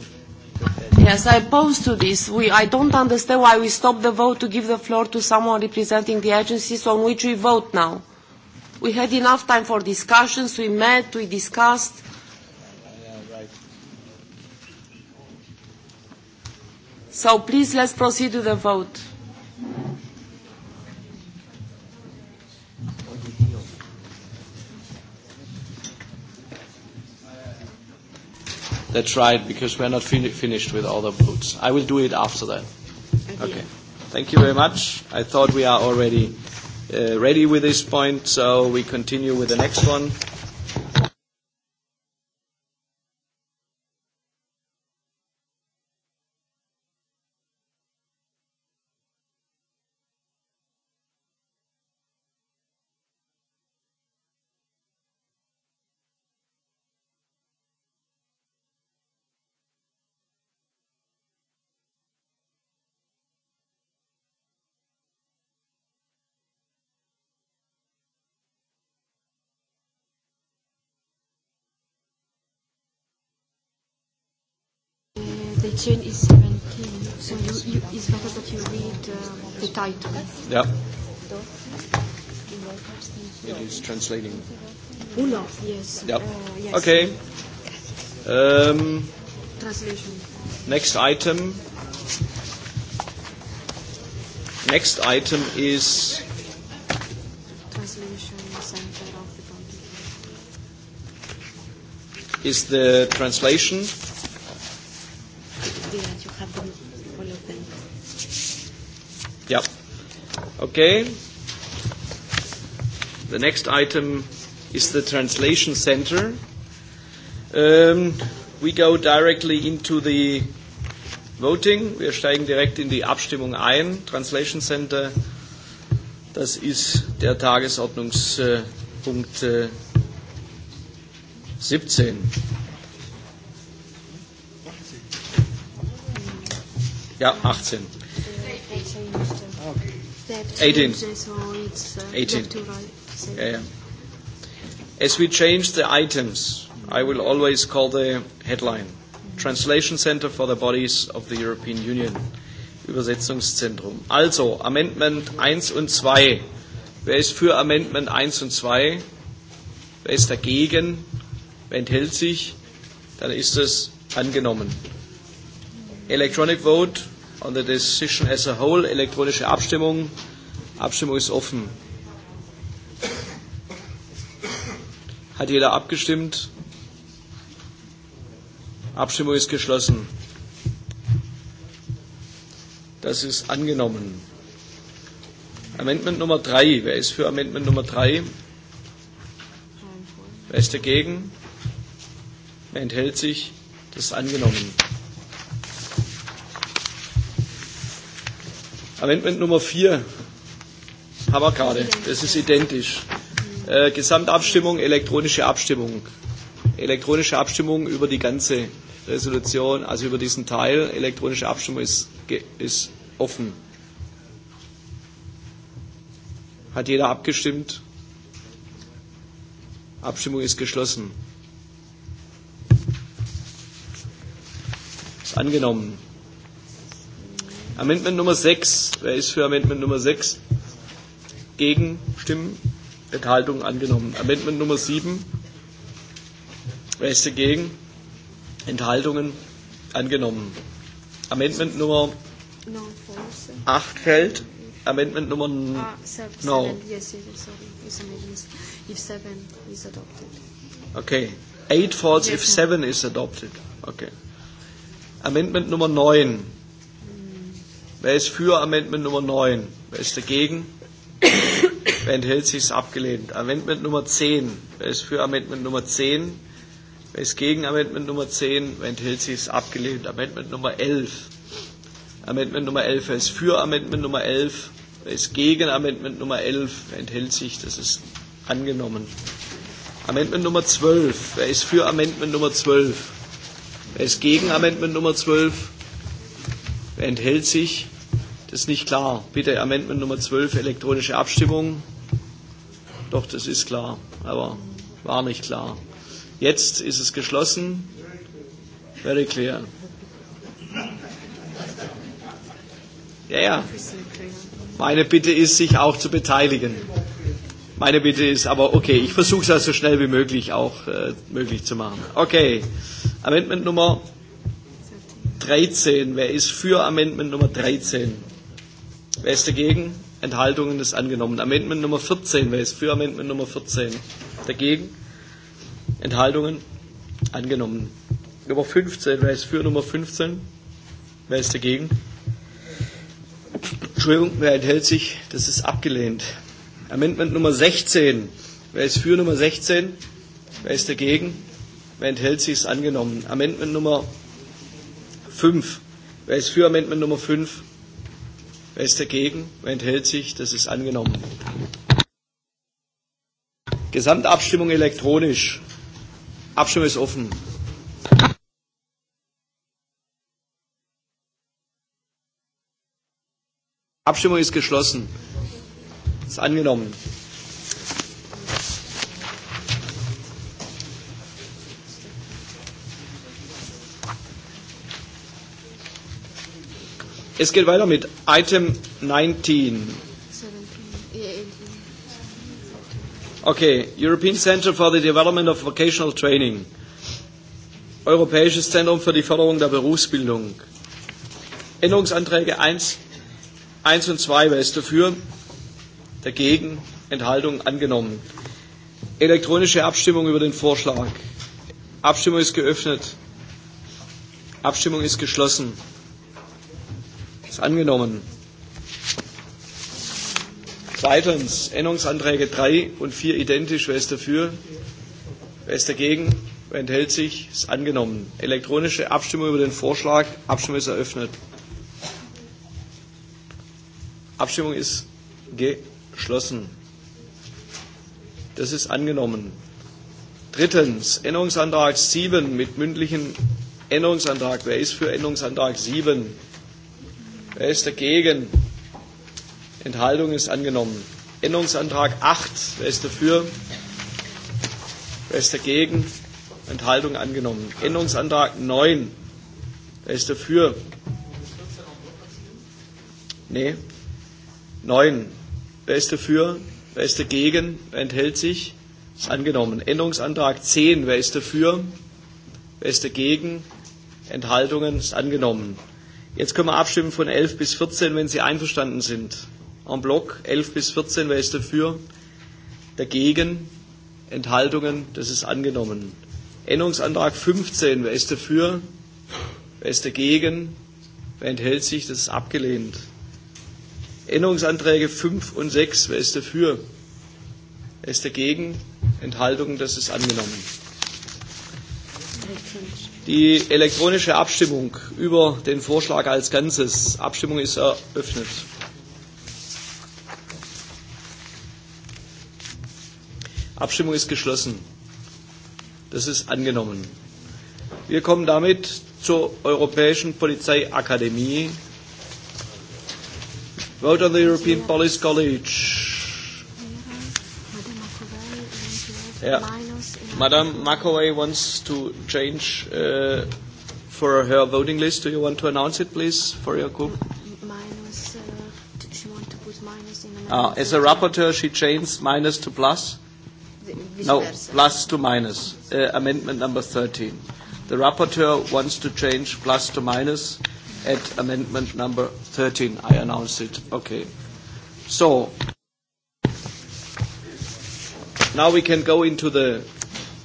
Yes, I oppose to this. We, I don't understand why we stopped the vote to give the floor to someone representing the agencies on which we vote now. We had enough time for discussions. We met, we discussed. So please, let's proceed to the vote. That's right, because we're not fin- finished with all the votes. I will do it after that. Okay. Thank you very much. I thought we are already uh, ready with this point, so we continue with the next one. the chain is 17, so you, you, it's better that you read uh, the title. Yeah. It is translating. Uno. Yes. Yep. Uh, yes. Okay. Um, Translation. Next item. Next item is. Translation center of the Is the translation Okay. The next item is the translation center. Um, we go directly into the voting. Wir steigen direkt in die Abstimmung ein. Translation Center, das ist der Tagesordnungspunkt 17. Äh, ja, 18. 18. 18. Uh, yeah, yeah. As we change the items, I will always call the headline Translation Center for the Bodies of the European Union. Übersetzungszentrum. Also, Amendment 1 und 2. Wer ist für Amendment 1 und 2? Wer ist dagegen? Wer enthält sich? Dann ist es angenommen. Electronic Vote on the decision as a whole. Elektronische Abstimmung. Abstimmung ist offen. Hat jeder abgestimmt? Abstimmung ist geschlossen. Das ist angenommen. Amendment Nummer 3. Wer ist für Amendment Nummer 3? Wer ist dagegen? Wer enthält sich? Das ist angenommen. Amendment Nummer 4, Haberkade, das ist identisch. Äh, Gesamtabstimmung, elektronische Abstimmung. Elektronische Abstimmung über die ganze Resolution, also über diesen Teil. Elektronische Abstimmung ist, ist offen. Hat jeder abgestimmt? Abstimmung ist geschlossen. Ist angenommen. Amendment Nummer 6. Wer ist für Amendment Nummer 6? Gegen Stimmen? Enthaltung angenommen. Amendment Nummer 7. Wer ist dagegen? Enthaltungen angenommen. Amendment Nummer 8 fällt. Amendment Nummer 9. Ah, no. Okay. 8 falls if 7 is adopted. Okay. Amendment Nummer 9. Wer ist für Amendment Nummer 9? Wer ist dagegen? Wer enthält sich? Ist abgelehnt. Amendment Nummer 10. Wer ist für Amendment Nummer 10? Wer ist gegen Amendment Nummer 10? Wer enthält sich? Ist abgelehnt. Amendment Nummer 11. Amendment Nummer 11. Wer ist für Amendment Nummer 11? Wer ist gegen Amendment Nummer 11? Wer enthält sich? Das ist angenommen. Amendment Nummer 12. Wer ist für Amendment Nummer 12? Wer ist gegen Amendment Nummer 12? Wer enthält sich? ist nicht klar. Bitte Amendment Nummer 12, elektronische Abstimmung. Doch, das ist klar, aber war nicht klar. Jetzt ist es geschlossen. Very clear. Ja, ja. Meine Bitte ist, sich auch zu beteiligen. Meine Bitte ist aber, okay, ich versuche es also so schnell wie möglich auch äh, möglich zu machen. Okay, Amendment Nummer 13. Wer ist für Amendment Nummer 13? Wer ist dagegen? Enthaltungen ist angenommen. Amendment Nummer 14. Wer ist für Amendment Nummer 14? Dagegen? Enthaltungen? Angenommen. Nummer 15. Wer ist für Nummer 15? Wer ist dagegen? Entschuldigung, wer enthält sich? Das ist abgelehnt. Amendment Nummer 16. Wer ist für Nummer 16? Wer ist dagegen? Wer enthält sich? Ist angenommen. Amendment Nummer 5. Wer ist für Amendment Nummer 5? Wer ist dagegen? Wer enthält sich? Das ist angenommen. Gesamtabstimmung elektronisch. Abstimmung ist offen. Abstimmung ist geschlossen. Ist angenommen. Es geht weiter mit Item 19. Okay, European Center for the Development of Vocational Training. Europäisches Zentrum für die Förderung der Berufsbildung. Änderungsanträge 1, 1 und 2. Wer ist dafür? Dagegen? Enthaltung angenommen. Elektronische Abstimmung über den Vorschlag. Abstimmung ist geöffnet. Abstimmung ist geschlossen. Ist angenommen. Zweitens, Änderungsanträge 3 und 4 identisch. Wer ist dafür? Wer ist dagegen? Wer enthält sich? Ist angenommen. Elektronische Abstimmung über den Vorschlag. Abstimmung ist eröffnet. Abstimmung ist geschlossen. Das ist angenommen. Drittens, Änderungsantrag 7 mit mündlichen Änderungsantrag. Wer ist für Änderungsantrag 7? Wer ist dagegen? Enthaltung ist angenommen. Änderungsantrag 8. Wer ist dafür? Wer ist dagegen? Enthaltung angenommen. Änderungsantrag 9. Wer ist dafür? Nee. 9. Wer ist dafür? Wer ist dagegen? Wer enthält sich? Ist angenommen. Änderungsantrag 10. Wer ist dafür? Wer ist dagegen? Enthaltungen ist angenommen. Jetzt können wir abstimmen von 11 bis 14, wenn Sie einverstanden sind. En bloc 11 bis 14, wer ist dafür? Dagegen? Enthaltungen? Das ist angenommen. Änderungsantrag 15, wer ist dafür? Wer ist dagegen? Wer enthält sich? Das ist abgelehnt. Änderungsanträge 5 und 6, wer ist dafür? Wer ist dagegen? Enthaltungen? Das ist angenommen. 13. Die elektronische Abstimmung über den Vorschlag als Ganzes. Abstimmung ist eröffnet. Abstimmung ist geschlossen. Das ist angenommen. Wir kommen damit zur Europäischen Polizeiakademie. Vote on the European Police College. Ja. Madam McAway wants to change uh, for her voting list. Do you want to announce it, please, for your group? Minus. Uh, she wants to put minus in another? Uh, as a rapporteur, she changes minus to plus. No, versa. plus to minus. Uh, amendment number 13. The rapporteur wants to change plus to minus at amendment number 13. I announce it. Okay. So, now we can go into the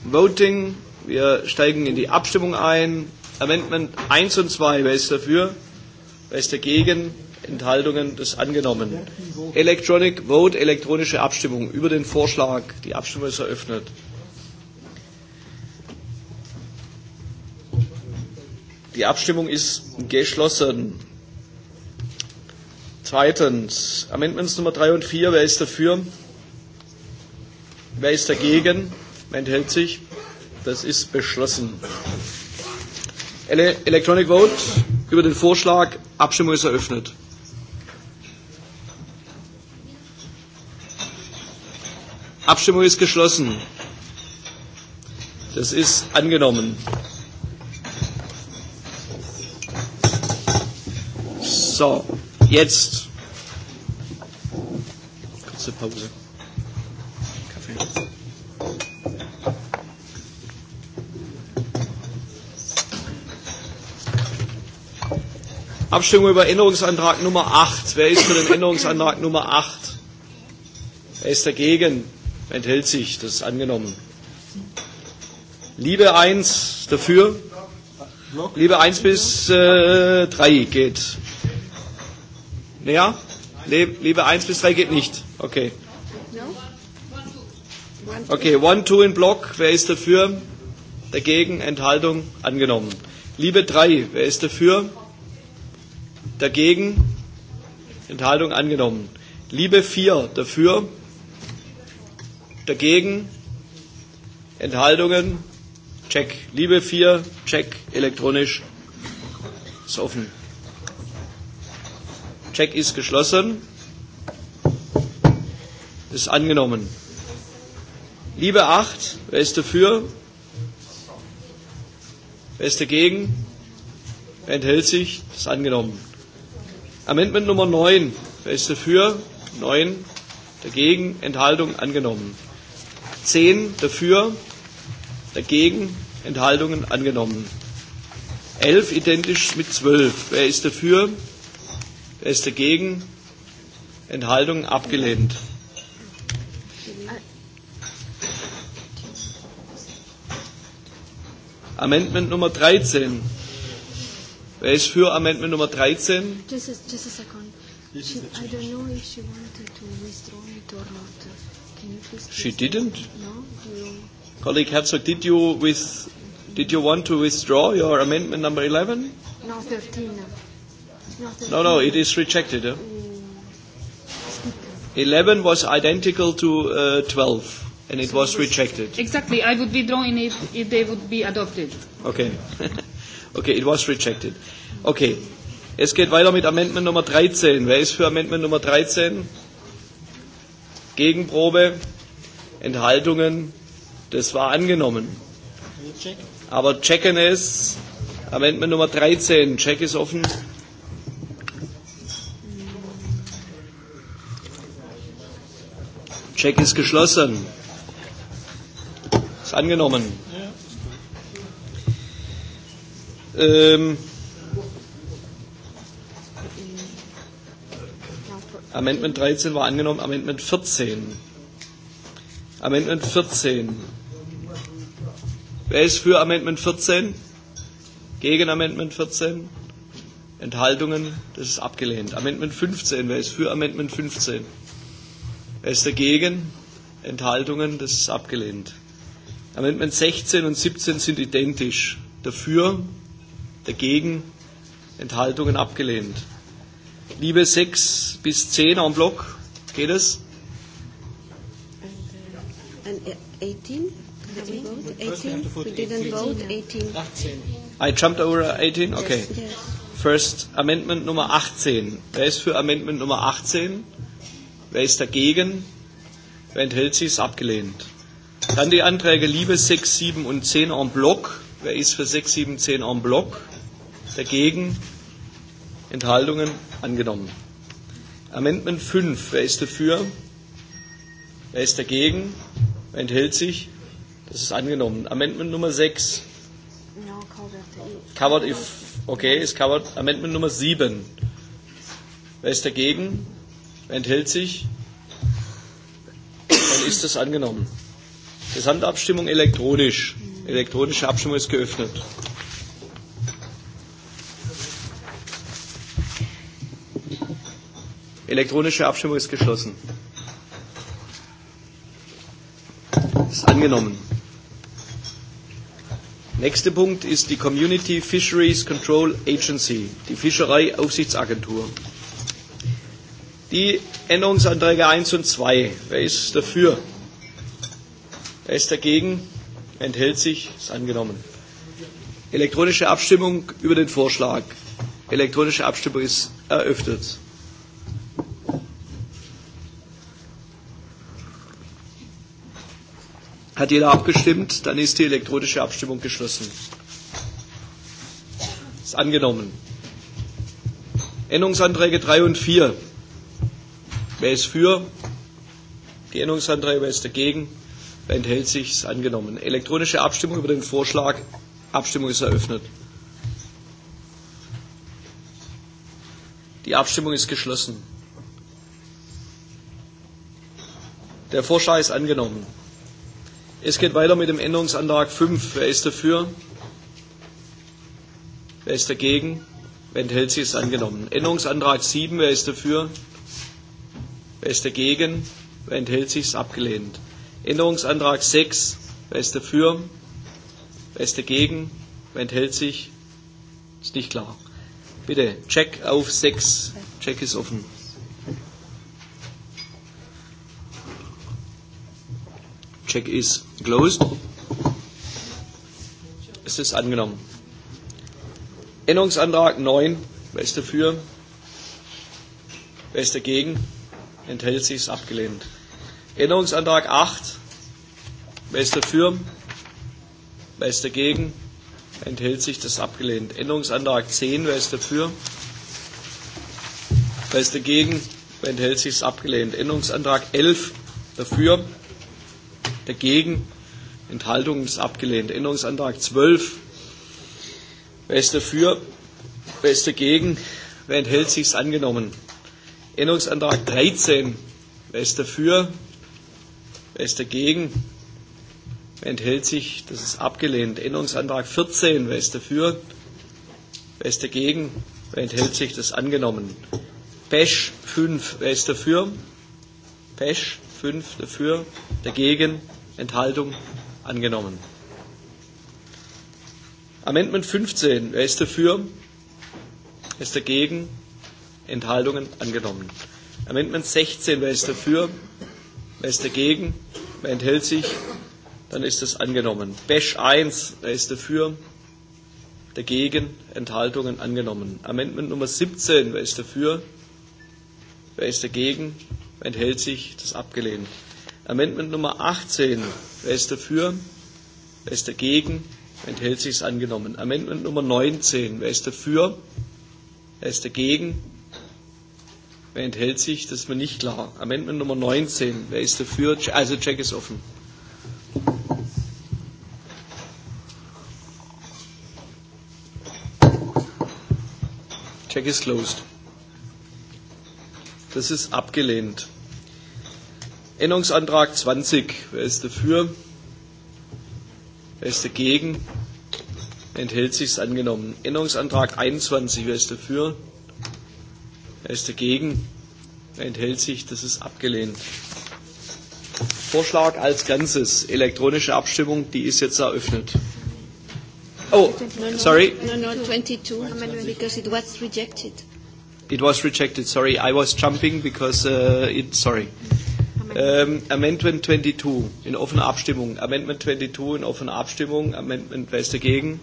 Voting. Wir steigen in die Abstimmung ein. Amendment 1 und 2. Wer ist dafür? Wer ist dagegen? Enthaltungen ist angenommen. Electronic Vote, elektronische Abstimmung über den Vorschlag. Die Abstimmung ist eröffnet. Die Abstimmung ist geschlossen. Zweitens, Amendments Nummer 3 und 4, wer ist dafür? Wer ist dagegen? Ja. Enthält sich? Das ist beschlossen. Electronic Vote über den Vorschlag. Abstimmung ist eröffnet. Abstimmung ist geschlossen. Das ist angenommen. So, jetzt kurze Pause. Abstimmung über Änderungsantrag Nummer 8. Wer ist für den Änderungsantrag Nummer 8? Wer ist dagegen? Enthält sich. Das ist angenommen. Liebe 1 dafür. Liebe 1 bis äh, 3 geht. Naja, Liebe 1 bis 3 geht nicht. Okay. Okay, 1, 2 in Block. Wer ist dafür? Dagegen? Enthaltung? Angenommen. Liebe 3. Wer ist dafür? dagegen, Enthaltung angenommen. Liebe 4 dafür, dagegen, Enthaltungen, check. Liebe 4, check, elektronisch, ist offen. Check ist geschlossen, ist angenommen. Liebe 8, wer ist dafür? Wer ist dagegen? Wer enthält sich? Ist angenommen. Amendment Nummer 9. Wer ist dafür? 9. Dagegen. Enthaltung angenommen. 10 dafür. Dagegen. Enthaltungen angenommen. 11 identisch mit 12. Wer ist dafür? Wer ist dagegen? Enthaltungen abgelehnt. Amendment Nummer 13. Wer ist für Amendment Nummer 13? Just a, just a second. She, I don't know if she wanted to withdraw it or not. She didn't. No. Colleague Herzog, did you with? Did you want to withdraw your amendment number 11? No, 13. No, no, it is rejected. Eh? 11 mm. was identical to uh, 12 and it was rejected. Exactly. I would be drawing it if they would be adopted. Okay. Okay, it was rejected. Okay, es geht weiter mit Amendment Nummer 13. Wer ist für Amendment Nummer 13? Gegenprobe? Enthaltungen? Das war angenommen. Aber checken es. Amendment Nummer 13. Check ist offen. Check ist geschlossen. Ist angenommen. Ja. Ehm, Amendment 13 war angenommen, Amendment 14. Amendment 14. Wer ist für Amendment 14? Gegen Amendment 14? Enthaltungen? Das ist abgelehnt. Amendment 15. Wer ist für Amendment 15? Wer ist dagegen? Enthaltungen? Das ist abgelehnt. Amendment 16 und 17 sind identisch. Dafür? dagegen, Enthaltungen abgelehnt. Liebe 6 bis 10 am bloc, geht es? 18? 18? 18. 18. I jumped over 18? Okay. Yes, yes. First Amendment Nummer 18. Wer ist für Amendment Nummer 18? Wer ist dagegen? Wer enthält sich? Ist abgelehnt. Dann die Anträge Liebe 6, 7 und 10 en bloc. Wer ist für 6, 7, 10 en bloc? Dagegen? Enthaltungen? Angenommen. Amendment 5. Wer ist dafür? Wer ist dagegen? Wer enthält sich? Das ist angenommen. Amendment Nummer 6. No, covered if. Okay, ist covered. Amendment Nummer 7. Wer ist dagegen? Wer enthält sich? Dann ist das angenommen. Gesamtabstimmung elektronisch. Elektronische Abstimmung ist geöffnet. Elektronische Abstimmung ist geschlossen. Ist angenommen. Nächster Punkt ist die Community Fisheries Control Agency, die Fischereiaufsichtsagentur. Die Änderungsanträge 1 und 2. Wer ist dafür? Wer ist dagegen? Enthält sich? Ist angenommen. Elektronische Abstimmung über den Vorschlag. Elektronische Abstimmung ist eröffnet. Hat jeder abgestimmt? Dann ist die elektronische Abstimmung geschlossen. Ist angenommen. Änderungsanträge 3 und 4. Wer ist für? Die Änderungsanträge, wer ist dagegen? Wer enthält sich? Ist angenommen. Elektronische Abstimmung über den Vorschlag. Abstimmung ist eröffnet. Die Abstimmung ist geschlossen. Der Vorschlag ist angenommen. Es geht weiter mit dem Änderungsantrag 5. Wer ist dafür? Wer ist dagegen? Wer enthält sich? Ist angenommen. Änderungsantrag 7. Wer ist dafür? Wer ist dagegen? Wer enthält sich? Ist abgelehnt. Änderungsantrag 6. Wer ist dafür? Wer ist dagegen? Wer enthält sich? Ist nicht klar. Bitte, Check auf 6. Check ist offen. Check is closed. Es ist angenommen. Änderungsantrag 9. Wer ist dafür? Wer ist dagegen? Enthält sich, ist abgelehnt. Änderungsantrag 8. Wer ist dafür? Wer ist dagegen? Enthält sich, das ist abgelehnt. Änderungsantrag 10. Wer ist dafür? Wer ist dagegen? Wer enthält sich, ist abgelehnt. Änderungsantrag 11. Dafür? dagegen, Enthaltung ist abgelehnt. Änderungsantrag 12, wer ist dafür, wer ist dagegen, wer enthält sich, ist angenommen. Änderungsantrag 13, wer ist dafür, wer ist dagegen, wer enthält sich, das ist abgelehnt. Änderungsantrag 14, wer ist dafür, wer ist dagegen, wer enthält sich, das ist angenommen. Pesch 5, wer ist dafür? Pesch 5 dafür, dagegen, Enthaltung angenommen. Amendment 15. Wer ist dafür? Wer ist dagegen? Enthaltungen angenommen. Amendment 16. Wer ist dafür? Wer ist dagegen? Wer enthält sich? Dann ist es angenommen. Bash 1. Wer ist dafür? Dagegen? Enthaltungen angenommen. Amendment Nummer 17. Wer ist dafür? Wer ist dagegen? Wer enthält sich? Das ist abgelehnt. Amendment Nummer 18. Wer ist dafür? Wer ist dagegen? Enthält sich es angenommen. Amendment Nummer 19. Wer ist dafür? Wer ist dagegen? Wer enthält sich? Das ist mir nicht klar. Amendment Nummer 19. Wer ist dafür? Also Check ist offen. Check is closed. Das ist abgelehnt. Änderungsantrag 20. Wer ist dafür? Wer ist dagegen? Enthält sich ist angenommen. Änderungsantrag 21. Wer ist dafür? Wer ist dagegen? enthält sich? Das ist abgelehnt. Vorschlag als Ganzes. Elektronische Abstimmung, die ist jetzt eröffnet. Oh, sorry. No, no, 22, because it was rejected. It was rejected, sorry. I was jumping because uh, it, sorry. Ähm, Amendment 22 in offener Abstimmung. Amendment 22 in offener Abstimmung. Amendment, wer ist dagegen?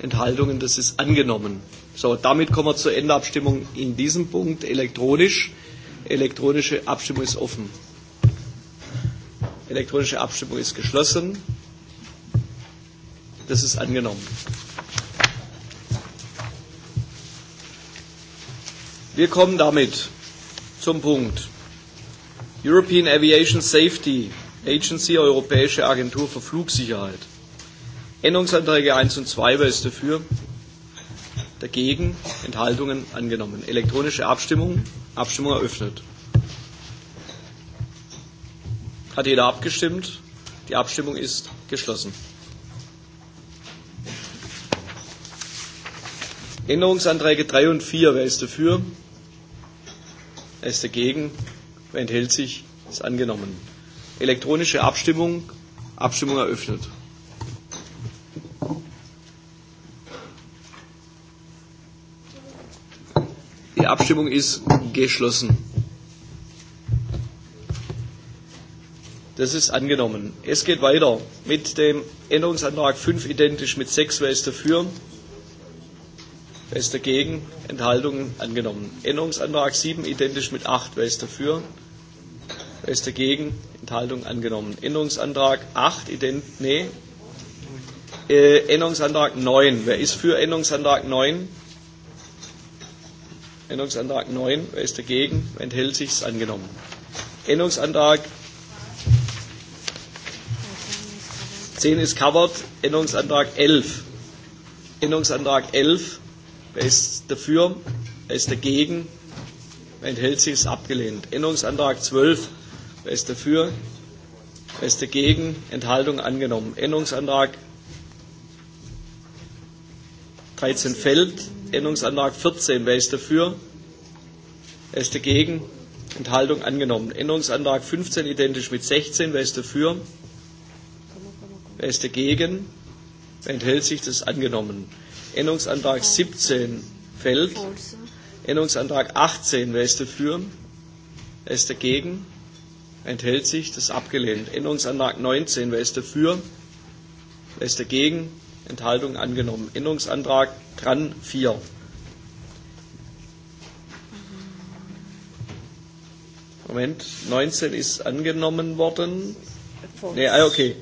Enthaltungen, das ist angenommen. So, damit kommen wir zur Endabstimmung in diesem Punkt elektronisch. Elektronische Abstimmung ist offen. Elektronische Abstimmung ist geschlossen. Das ist angenommen. Wir kommen damit zum Punkt European Aviation Safety Agency, Europäische Agentur für Flugsicherheit. Änderungsanträge 1 und 2, wer ist dafür? Dagegen? Enthaltungen angenommen. Elektronische Abstimmung. Abstimmung eröffnet. Hat jeder abgestimmt? Die Abstimmung ist geschlossen. Änderungsanträge 3 und 4, wer ist dafür? Wer ist dagegen? enthält sich, ist angenommen. Elektronische Abstimmung, Abstimmung eröffnet. Die Abstimmung ist geschlossen. Das ist angenommen. Es geht weiter mit dem Änderungsantrag 5 identisch mit 6. Wer ist dafür? Wer ist dagegen? Enthaltungen angenommen. Änderungsantrag 7 identisch mit 8. Wer ist dafür? Wer ist dagegen? Enthaltung angenommen. Änderungsantrag 8, ident, nee. Äh, Änderungsantrag 9. Wer ist für Änderungsantrag 9? Änderungsantrag 9. Wer ist dagegen? Wer enthält sich? Ist angenommen. Änderungsantrag 10 ist covered. Änderungsantrag 11. Änderungsantrag 11. Wer ist dafür? Wer ist dagegen? Wer enthält sich? Ist abgelehnt. Änderungsantrag 12. Wer ist dafür? Wer ist dagegen? Enthaltung angenommen. Änderungsantrag 13 fällt. Änderungsantrag 14. Wer ist dafür? Wer ist dagegen? Enthaltung angenommen. Änderungsantrag 15 identisch mit 16. Wer ist dafür? Wer ist dagegen? Wer enthält sich? Das ist angenommen. Änderungsantrag 17 fällt. Änderungsantrag 18. Wer ist dafür? Wer ist dagegen? Enthält sich? Das ist abgelehnt. Änderungsantrag 19. Wer ist dafür? Wer ist dagegen? Enthaltung angenommen. Änderungsantrag dran 4. Moment, 19 ist angenommen worden. Nee, ah, okay.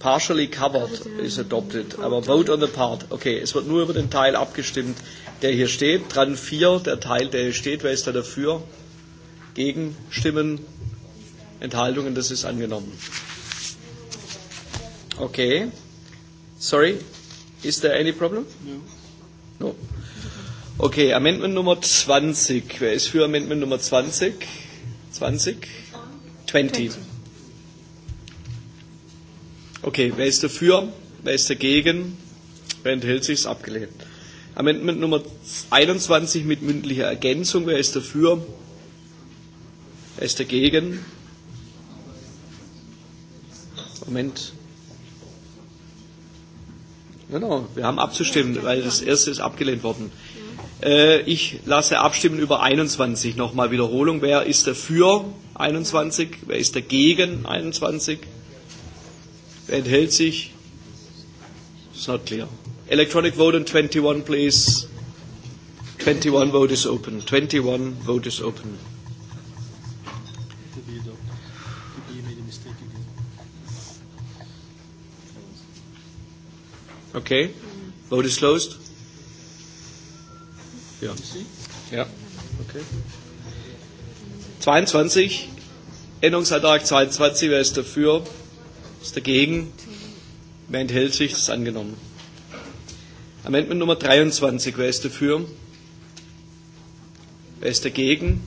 Partially covered is adopted, aber vote on the part. Okay, es wird nur über den Teil abgestimmt, der hier steht. Dran 4, der Teil, der hier steht. Wer ist da dafür? Gegenstimmen? Enthaltungen. Das ist angenommen. Okay. Sorry. Is there any problem? No. No. Okay, Amendment Nummer 20. Wer ist für Amendment Nummer 20? 20? 20. Okay, wer ist dafür? Wer ist dagegen? Wer enthält sich? Ist abgelehnt. Amendment Nummer 21 mit mündlicher Ergänzung. Wer ist dafür? Wer ist dagegen? Moment. Genau, wir haben abzustimmen, weil das erste ist abgelehnt worden. Äh, ich lasse abstimmen über 21. Nochmal Wiederholung. Wer ist dafür 21? Wer ist dagegen 21? Wer enthält sich? It's not clear. Electronic vote on 21, please. 21 vote is open. 21 vote is open. Okay. Vote is closed. Ja. Ja. Okay. 22. Änderungsantrag 22. Wer ist dafür? Ist dagegen? Wer enthält sich? Ist angenommen. Amendment Nummer 23. Wer ist dafür? Wer ist dagegen?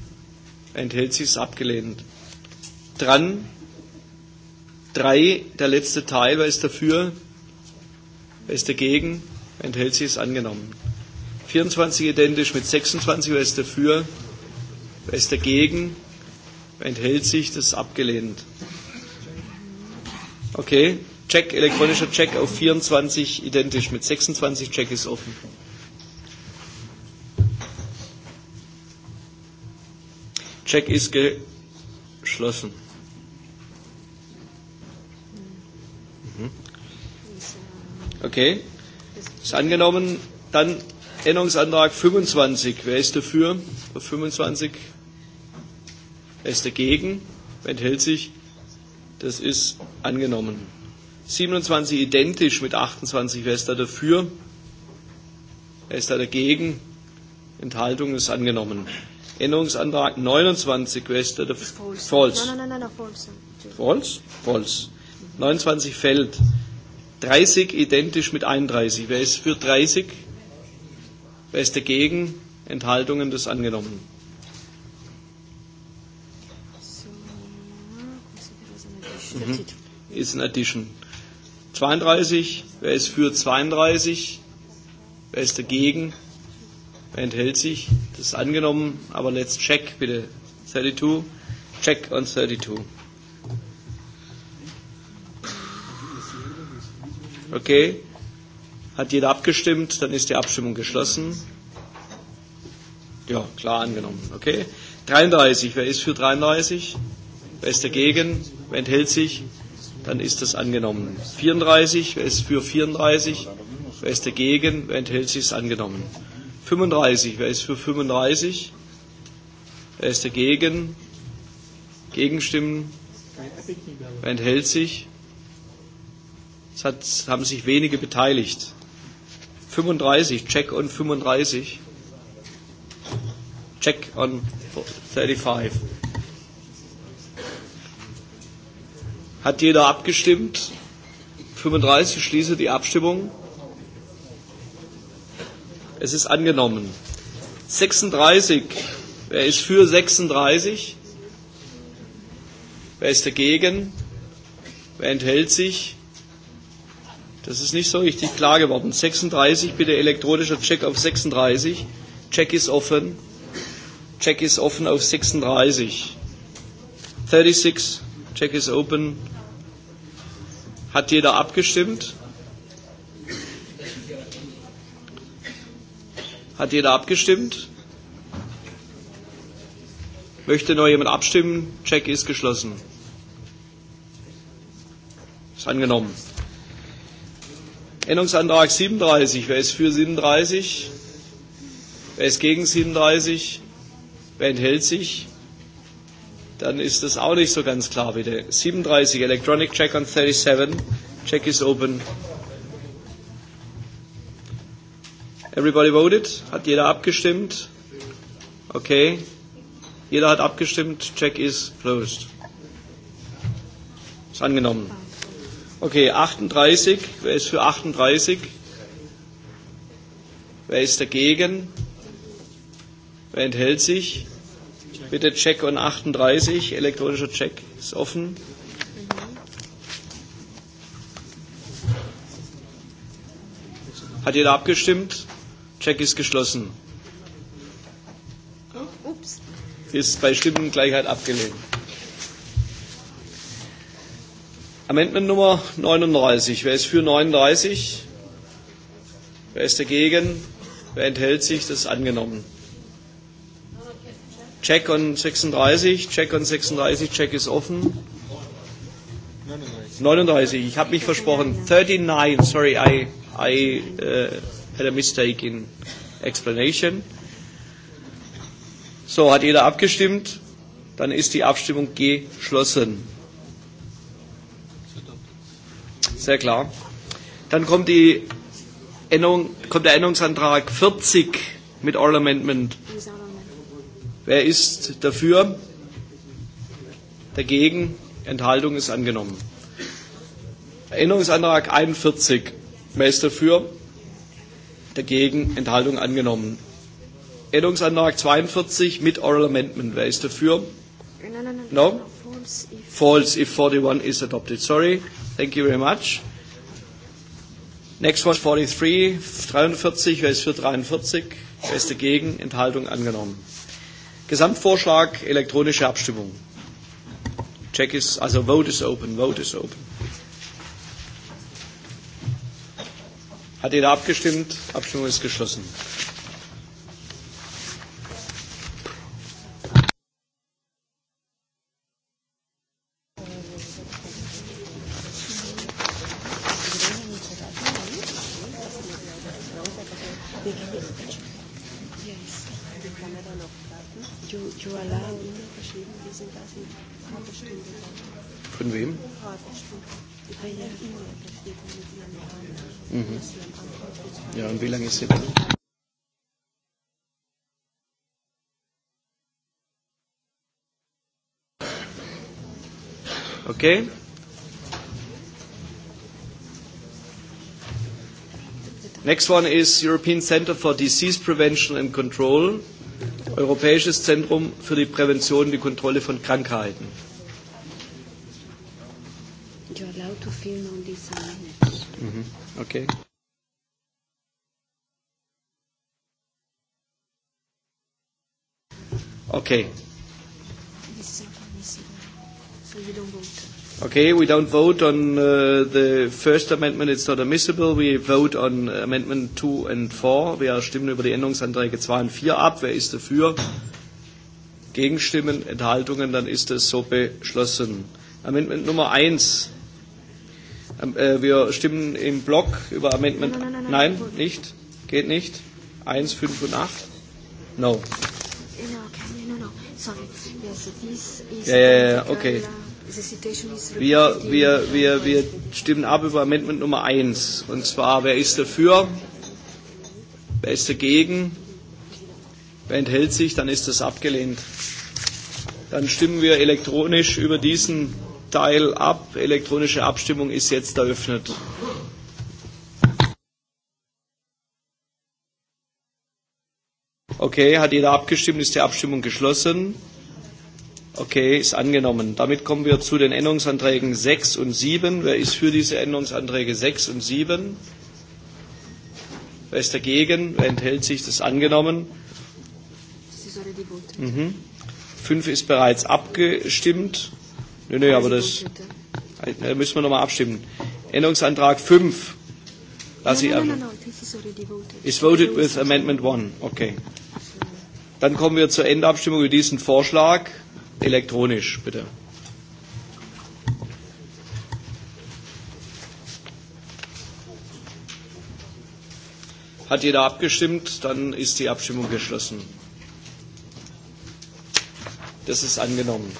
Wer enthält sich? Ist abgelehnt. Dran. 3. Der letzte Teil. Wer ist dafür? Wer ist dagegen? Enthält sich, ist angenommen. 24 identisch mit 26. Wer ist dafür? Wer ist dagegen? Wer enthält sich? Das ist abgelehnt. Okay. Check, elektronischer Check auf 24 identisch mit 26. Check ist offen. Check ist geschlossen. Okay. Ist angenommen. Dann Änderungsantrag 25. Wer ist dafür? 25. Wer ist dagegen? Wer enthält sich? Das ist angenommen. 27 identisch mit 28. Wer ist da dafür? Wer ist da dagegen? Enthaltung ist angenommen. Änderungsantrag 29. Wer ist da dafür? False. False. False? False. 29 fällt. 30 identisch mit 31. Wer ist für 30? Wer ist dagegen? Enthaltungen, das angenommen. Mhm. Ist ein Addition. 32, wer ist für 32? Wer ist dagegen? Wer enthält sich? Das ist angenommen, aber let's check bitte. 32, check on 32. Okay. Hat jeder abgestimmt? Dann ist die Abstimmung geschlossen. Ja, klar angenommen. Okay. 33. Wer ist für 33? Wer ist dagegen? Wer enthält sich? Dann ist das angenommen. 34. Wer ist für 34? Wer ist dagegen? Wer enthält sich? Ist angenommen. 35. Wer ist für 35? Wer ist dagegen? Gegenstimmen? Wer enthält sich? Es hat, haben sich wenige beteiligt. 35, check on 35. Check on 35. Hat jeder abgestimmt? 35, schließe die Abstimmung. Es ist angenommen. 36. Wer ist für 36? Wer ist dagegen? Wer enthält sich? Das ist nicht so richtig klar geworden. 36, bitte elektronischer Check auf 36. Check is offen. Check is offen auf 36. 36, Check is open. Hat jeder abgestimmt? Hat jeder abgestimmt? Möchte noch jemand abstimmen? Check ist geschlossen. Ist angenommen. Änderungsantrag 37. Wer ist für 37? Wer ist gegen 37? Wer enthält sich? Dann ist das auch nicht so ganz klar wieder. 37, Electronic Check on 37. Check is open. Everybody voted? Hat jeder abgestimmt? Okay. Jeder hat abgestimmt. Check is closed. Ist angenommen. Okay, 38. Wer ist für 38? Wer ist dagegen? Wer enthält sich? Bitte Check on 38. Elektronischer Check ist offen. Hat jeder abgestimmt? Check ist geschlossen. Oh, ist bei Stimmengleichheit abgelehnt. Amendment Nummer 39. Wer ist für 39? Wer ist dagegen? Wer enthält sich? Das ist angenommen. Check on 36. Check on 36. Check ist offen. 39. Ich habe mich versprochen. 39. Sorry, I, I uh, had a mistake in explanation. So, hat jeder abgestimmt? Dann ist die Abstimmung geschlossen sehr klar. Dann kommt, die Änderung, kommt der Änderungsantrag 40 mit Oral Amendment. Wer ist dafür? Dagegen? Enthaltung ist angenommen. Änderungsantrag 41. Wer ist dafür? Dagegen? Enthaltung angenommen. Änderungsantrag 42 mit Oral Amendment. Wer ist dafür? Nein, nein, nein. No? False if, 41 is adopted. Sorry. Thank you very much. Next was 43, 43, wer ist für 43? Wer ist dagegen? Enthaltung angenommen. Gesamtvorschlag, elektronische Abstimmung. Check is, also vote is open, vote is open. Hat jeder abgestimmt? Abstimmung ist geschlossen. Ok. Next one is European Center for Disease Prevention and Control, Europäisches Zentrum für die Prävention und die Kontrolle von Krankheiten. You're allowed to film on this Mm -hmm. Okay. Okay. So you don't vote. Okay, we don't vote on uh, the first amendment, it's not admissible. We vote on amendment 2 and 4. Wir stimmen über die Änderungsanträge 2 und 4 ab. Wer ist dafür? Gegenstimmen, Enthaltungen, dann ist es so beschlossen. Amendment Nummer 1. Ähm, äh, wir stimmen im Block über Amendment. Nein, nein, nein, nein, nein nicht. Geht nicht. 1, 5 und 8. No. No, okay. no, no. Sorry. Yes, this is. Ja, ja, ja, okay. Particular... Wir, wir, wir, wir stimmen ab über Amendment Nummer 1. Und zwar, wer ist dafür? Wer ist dagegen? Wer enthält sich? Dann ist das abgelehnt. Dann stimmen wir elektronisch über diesen Teil ab. Elektronische Abstimmung ist jetzt eröffnet. Okay, hat jeder abgestimmt? Ist die Abstimmung geschlossen? Okay, ist angenommen. Damit kommen wir zu den Änderungsanträgen 6 und 7. Wer ist für diese Änderungsanträge 6 und 7? Wer ist dagegen? Wer enthält sich? Das ist angenommen. Mhm. 5 ist bereits abgestimmt. Nö, nö, aber das da müssen wir nochmal abstimmen. Änderungsantrag 5. Lass no, no, no, no, no, this Is voted with Amendment 1. Okay. Dann kommen wir zur Endabstimmung über diesen Vorschlag. Elektronisch, bitte. Hat jeder abgestimmt, dann ist die Abstimmung geschlossen. Das ist angenommen.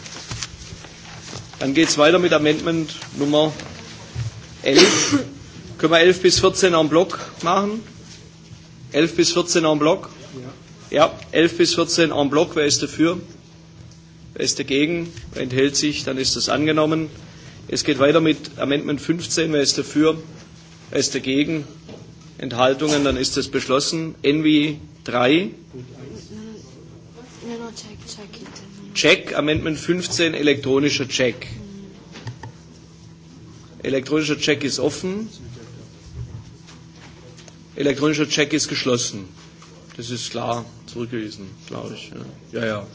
Dann geht es weiter mit Amendment Nummer 11. Können wir 11 bis 14 am Block machen? 11 bis 14 am Block? Ja. ja, 11 bis 14 am Block. Wer ist dafür? Wer ist dagegen? Wer enthält sich? Dann ist das angenommen. Es geht weiter mit Amendment 15. Wer ist dafür? Wer ist dagegen? Enthaltungen? Dann ist das beschlossen. Envy 3. Check, Amendment 15, elektronischer Check. Elektronischer Check ist offen. Elektronischer Check ist geschlossen. Das ist klar zurückgewiesen, glaube ich. Ja, ja. ja.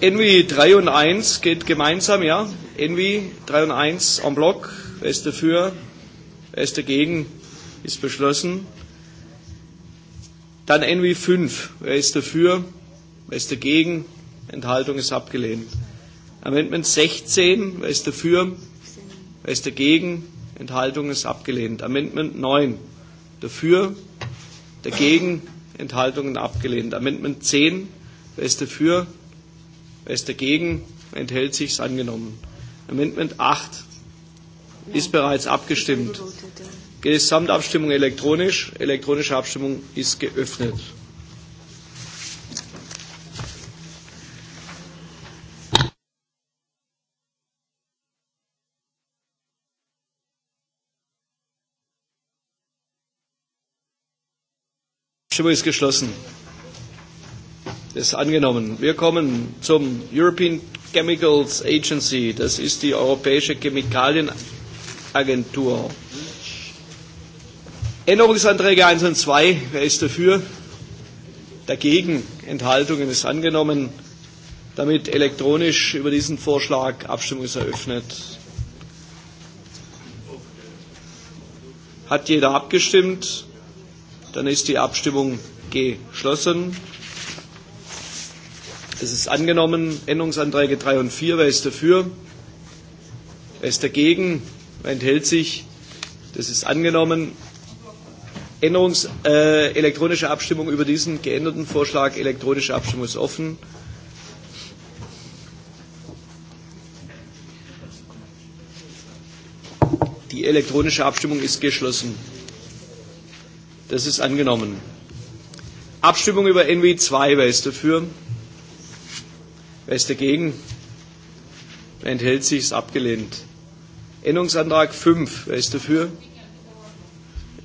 Envy 3 und 1 geht gemeinsam, ja. Envy 3 und 1 am Block. Wer ist dafür? Wer ist dagegen? Ist beschlossen. Dann Envy 5. Wer ist dafür? Wer ist dagegen? Enthaltung ist abgelehnt. Amendment 16. Wer ist dafür? Wer ist dagegen? Enthaltung ist abgelehnt. Amendment 9. Dafür? Dagegen? Enthaltungen abgelehnt. Amendment 10. Wer ist dafür? Wer ist dagegen? Enthält sich angenommen. Amendment 8 ist bereits abgestimmt. Gesamtabstimmung elektronisch. Elektronische Abstimmung ist geöffnet. Stimme ist geschlossen ist angenommen. Wir kommen zum European Chemicals Agency. Das ist die Europäische Chemikalienagentur. Änderungsanträge 1 und 2. Wer ist dafür? Dagegen? Enthaltungen ist angenommen. Damit elektronisch über diesen Vorschlag Abstimmung ist eröffnet. Hat jeder abgestimmt? Dann ist die Abstimmung geschlossen. Das ist angenommen. Änderungsanträge 3 und 4. Wer ist dafür? Wer ist dagegen? Wer enthält sich? Das ist angenommen. Änderungs, äh, elektronische Abstimmung über diesen geänderten Vorschlag. Elektronische Abstimmung ist offen. Die elektronische Abstimmung ist geschlossen. Das ist angenommen. Abstimmung über NW2. Wer ist dafür? Wer ist dagegen? Wer enthält sich? Ist abgelehnt. Änderungsantrag 5. Wer ist dafür?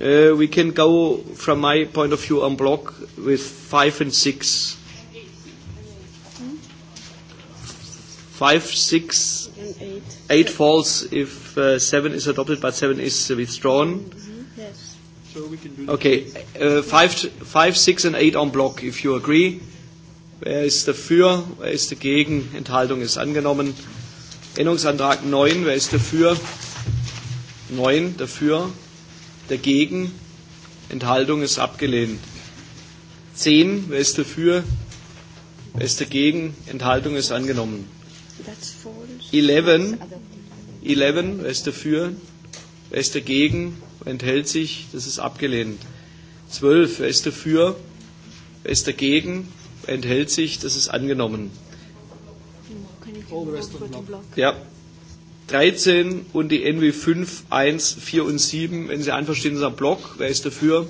Uh, we can go from my point of view on block with 5 and 6. 5, 6, 8 falls if uh, 7 is adopted, but 7 is uh, withdrawn. So okay, uh, five, five, six, and eight on block, if you agree. Wer ist dafür? Wer ist dagegen? Enthaltung ist angenommen. Änderungsantrag 9. Wer ist dafür? 9. Dafür. Dagegen. Enthaltung ist abgelehnt. 10. Wer ist dafür? Wer ist dagegen? Enthaltung ist angenommen. 11. 11. Wer ist dafür? Wer ist dagegen? Wer enthält sich? Das ist abgelehnt. 12. Wer ist dafür? Wer ist dagegen? enthält sich, das ist angenommen. Ja. 13 und die NW 5, 1, 4 und 7, wenn Sie einverstehen, ein Block. Wer ist dafür?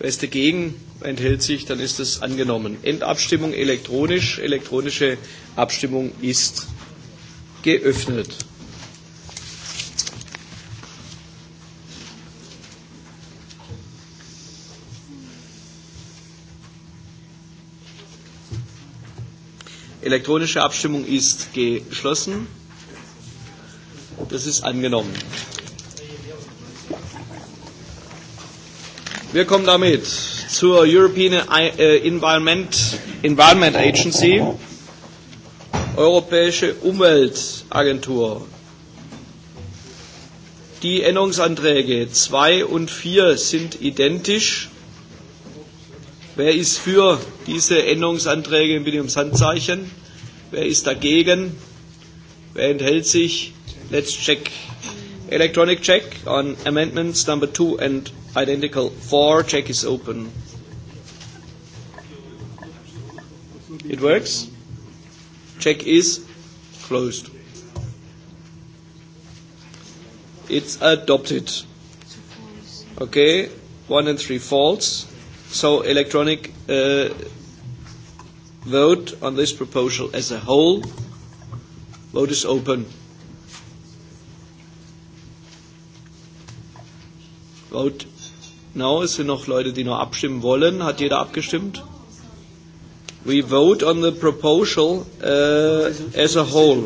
Wer ist dagegen? Enthält sich, dann ist es angenommen. Endabstimmung elektronisch. Elektronische Abstimmung ist geöffnet. Elektronische Abstimmung ist geschlossen. Das ist angenommen. Wir kommen damit zur European äh, Environment, Environment Agency, Europäische Umweltagentur. Die Änderungsanträge 2 und 4 sind identisch. Wer ist für diese Änderungsanträge mit dem Handzeichen? Wer ist dagegen? Wer enthält sich? Let's check. Electronic check on amendments number two and identical four. Check is open. It works? Check is closed. It's adopted. Okay, One and three false. So electronic uh, vote on this proposal as a whole. Vote is open. Vote now. Es sind noch Leute, die noch abstimmen wollen. Hat jeder abgestimmt? We vote on the proposal uh, as a whole.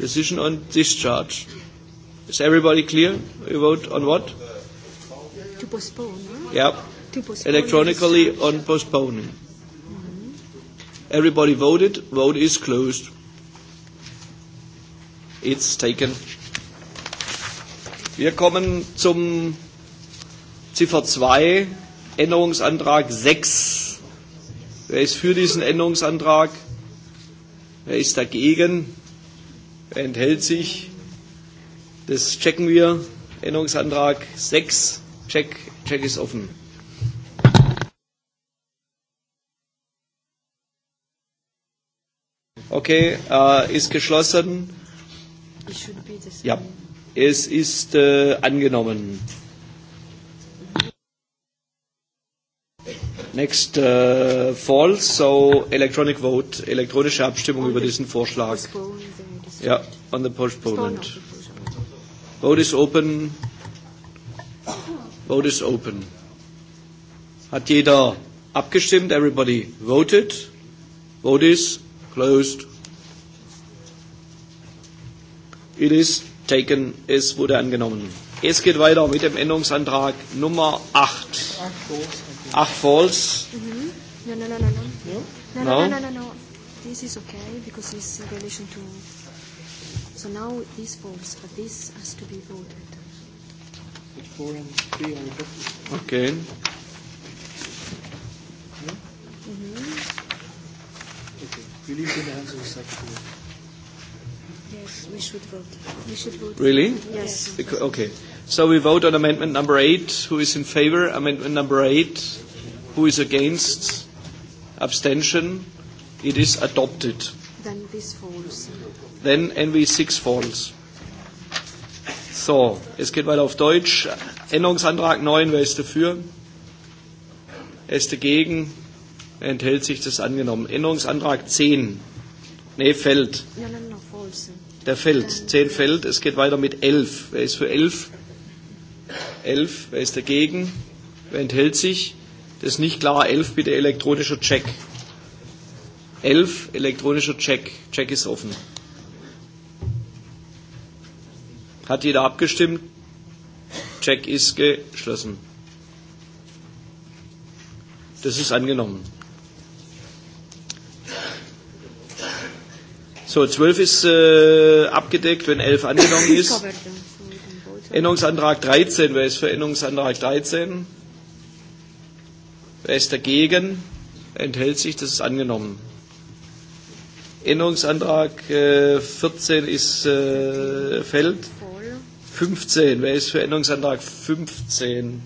Decision on discharge. Is everybody clear? We vote on what? To postpone, Right? Yep. To postpone Electronically on postponing. Mm-hmm. Everybody voted. Vote is closed. It's taken. Wir kommen zum Ziffer 2, Änderungsantrag 6. Wer ist für diesen Änderungsantrag? Wer ist dagegen? Wer enthält sich? Das checken wir. Änderungsantrag 6. Check, check ist offen. Okay, äh, ist geschlossen. Ja, es ist äh, angenommen. Next uh, äh, falls, so electronic vote, elektronische Abstimmung on über diesen Vorschlag. Ja, yeah, on the postponement. Vote is open. Vote is open. Hat jeder abgestimmt? Everybody voted? Vote is closed. It is taken. Es wurde angenommen. Es geht weiter mit dem Änderungsantrag Nummer 8. 8 false. No, no, no, no, no. No, no, no, no, This is okay because it's in relation to. So now this falls, but this has to be voted. Ok. Okay. Mm-hmm. Really? Yes. yes. Okay. So we vote on amendment number eight. Who is in favor? Amendment number eight. Who is against? Abstention. It is adopted. Then this falls. Then NV6 falls. So, es geht weiter auf Deutsch. Änderungsantrag 9, wer ist dafür? Wer ist dagegen? Wer enthält sich das angenommen? Änderungsantrag 10. Ne, fällt. Der fällt. 10 fällt. Es geht weiter mit 11. Wer ist für 11? 11. Wer ist dagegen? Wer enthält sich? Das ist nicht klar. 11 bitte elektronischer Check. 11 elektronischer Check. Check ist offen. Hat jeder abgestimmt? Check ist geschlossen. Das ist angenommen. So, 12 ist äh, abgedeckt, wenn 11 angenommen ist. Änderungsantrag 13. Wer ist für Änderungsantrag 13? Wer ist dagegen? Enthält sich? Das ist angenommen. Änderungsantrag äh, 14 ist äh, fällt. 15. Wer ist für Änderungsantrag 15?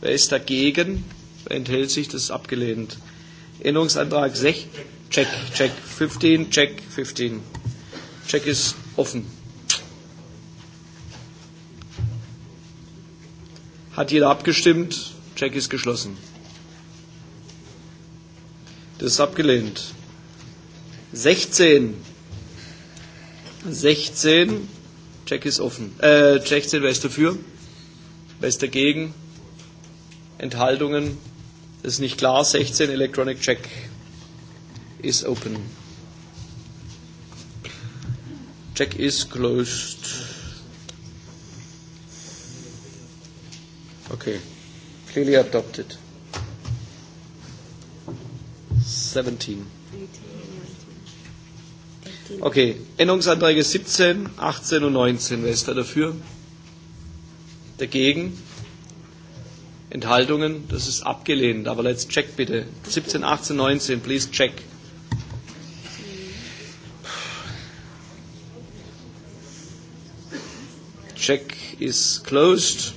Wer ist dagegen? Wer enthält sich? Das ist abgelehnt. Änderungsantrag 6. Check, check. 15, check, 15. Check ist offen. Hat jeder abgestimmt? Check ist geschlossen. Das ist abgelehnt. 16. 16. Check ist offen. Äh, Check 10, wer ist dafür? Wer ist dagegen? Enthaltungen? Das ist nicht klar. 16, Electronic Check is open. Check is closed. Okay. Clearly adopted. 17. Okay, Änderungsanträge 17, 18 und 19. Wer ist da dafür? Dagegen? Enthaltungen? Das ist abgelehnt. Aber let's check bitte. 17, 18, 19. Please check. Check is closed.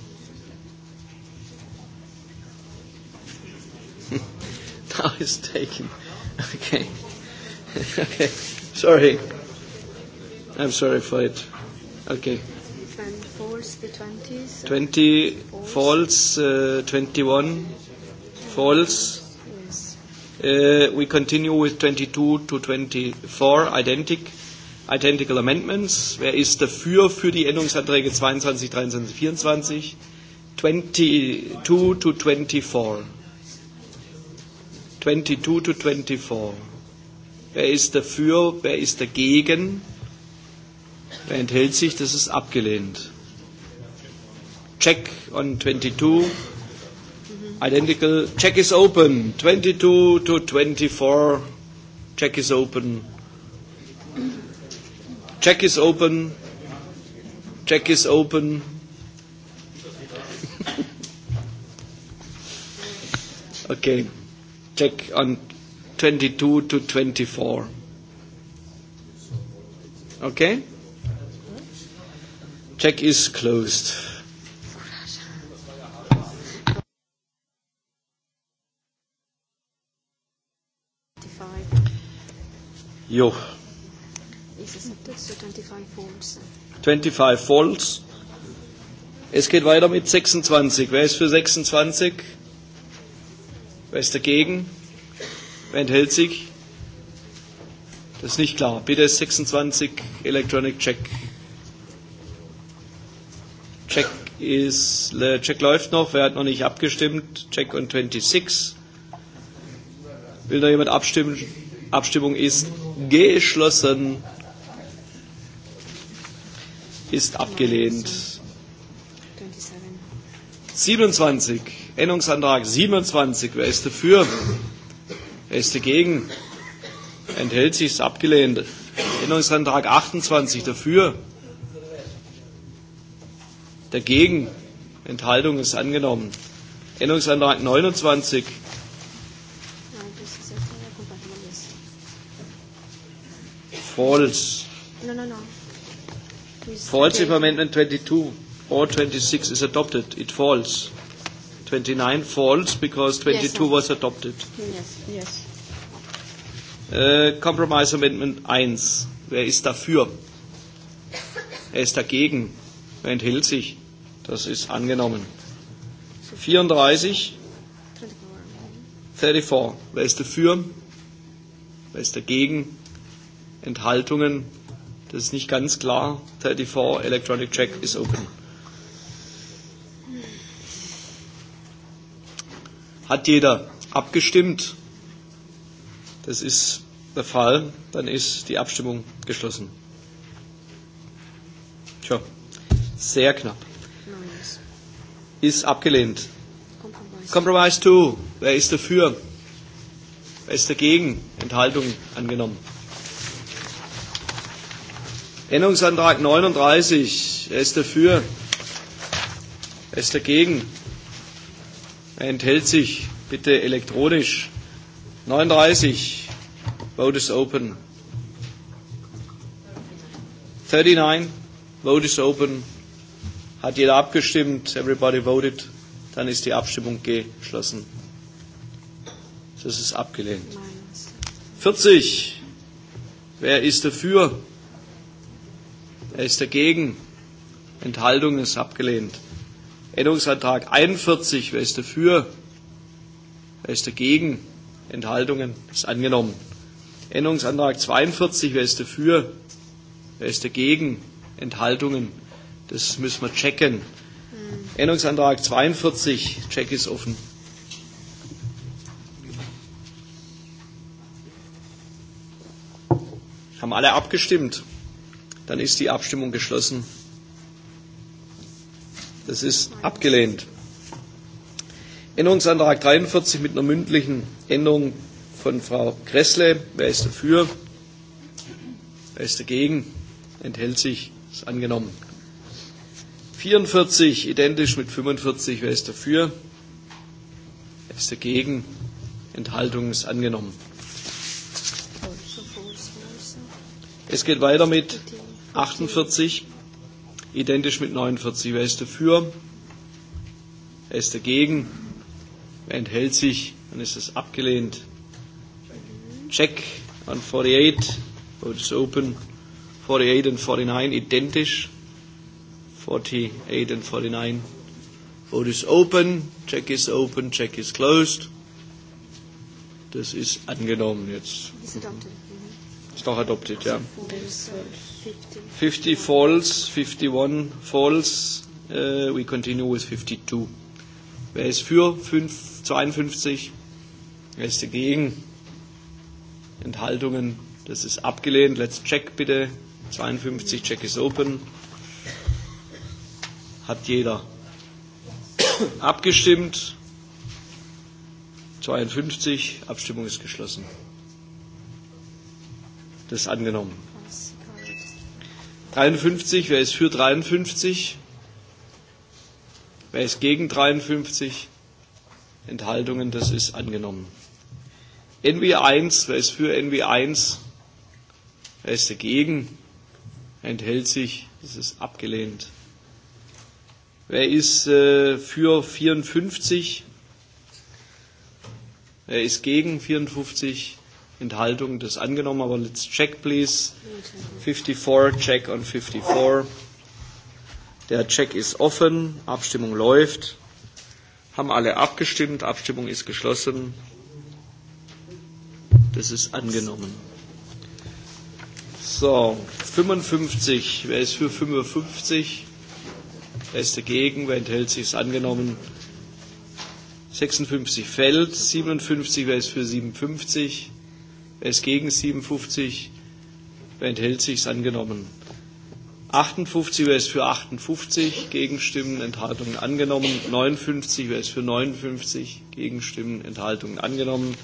Now is taken. Okay. okay. Sorry. I'm sorry for it. Okay. False, the 20s. 20 false, uh, 21 false. Yes. Uh, we continue with 22 to 24 identic, identical amendments. Wer ist dafür für die Änderungsanträge 22, 23, 24? 22 to 24. 22 to 24. Wer ist dafür? Wer ist dagegen? Wer enthält sich? Das ist abgelehnt. Check on 22. Identical. Check is open. 22 to 24. Check is open. Check is open. Check is open. okay. Check on 22 to 24. Okay? Check is closed. Jo. 25 Volts. Es geht weiter mit 26. Wer ist für 26? Wer ist dagegen? enthält sich? Das ist nicht klar. Bitte 26 Electronic Check. Check ist, Check läuft noch. Wer hat noch nicht abgestimmt? Check und 26. Will da jemand abstimmen? Abstimmung ist geschlossen. Ist abgelehnt. 27. Änderungsantrag 27. Wer ist dafür? Wer ist dagegen? Enthält sich, ist abgelehnt. Änderungsantrag 28 dafür. Dagegen. Enthaltung ist angenommen. Änderungsantrag 29. False. No, no, no. False if Amendment 22 or 26 is adopted. It falls. 29 falls because 22 yes, was adopted. Yes, yes. Uh, Compromise Amendment 1. Wer ist dafür? Er ist dagegen? Wer enthält sich? Das ist angenommen. 34. 34. Wer ist dafür? Wer ist dagegen? Enthaltungen? Das ist nicht ganz klar. 34. Electronic Check is open. Hat jeder abgestimmt? Das ist der Fall. Dann ist die Abstimmung geschlossen. Tja, sehr knapp. Ist abgelehnt. Compromise 2. Wer ist dafür? Wer ist dagegen? Enthaltung angenommen. Änderungsantrag 39. Wer ist dafür? Wer ist dagegen? Wer enthält sich? Bitte elektronisch. 39. Vote is open. 39. Vote is open. Hat jeder abgestimmt? Everybody voted? Dann ist die Abstimmung geschlossen. Das ist abgelehnt. 40. Wer ist dafür? Wer ist dagegen? Enthaltung ist abgelehnt. Änderungsantrag 41. Wer ist dafür? Wer ist dagegen? Enthaltungen? Ist angenommen. Änderungsantrag 42. Wer ist dafür? Wer ist dagegen? Enthaltungen? Das müssen wir checken. Änderungsantrag 42. Check ist offen. Haben alle abgestimmt? Dann ist die Abstimmung geschlossen. Das ist abgelehnt. Änderungsantrag 43 mit einer mündlichen Änderung von Frau Kressle. Wer ist dafür? Wer ist dagegen? Enthält sich? Ist angenommen. 44 identisch mit 45. Wer ist dafür? Wer ist dagegen? Enthaltung ist angenommen. Es geht weiter mit 48 identisch mit 49. Wer ist dafür? Wer ist dagegen? Wer enthält sich? Dann ist es abgelehnt. Check on 48. Vote is open. 48 und 49 identisch. 48 und 49. Vote is open. Check is open. Check is closed. Das ist angenommen jetzt. Ist doch adoptiert, ja. 50. falls, 51 falls, Uh, we continue with 52. Wer ist für 5, 52? Wer ist dagegen? Enthaltungen? Das ist abgelehnt. Let's check bitte. 52, check is open. Hat jeder abgestimmt? 52, Abstimmung ist geschlossen. Das ist angenommen. 53, wer ist für 53? Wer ist gegen 53? Enthaltungen, das ist angenommen. NW1, wer ist für NW1? Wer ist dagegen? Enthält sich, das ist abgelehnt. Wer ist äh, für 54? Wer ist gegen 54? Enthaltung das angenommen. Aber let's check, please. 54, check on 54. Der Check ist offen, Abstimmung läuft. Haben alle abgestimmt, Abstimmung ist geschlossen. Das ist angenommen. So, 55. Wer ist für 55? Wer ist dagegen? Wer enthält sich? Ist angenommen. 56 fällt. 57. Wer ist für 57? Wer ist gegen 57? Wer enthält sich? Ist angenommen. 58, wer ist für 58? Gegenstimmen, Enthaltungen angenommen. 59, wer ist für 59? Gegenstimmen, Enthaltungen angenommen.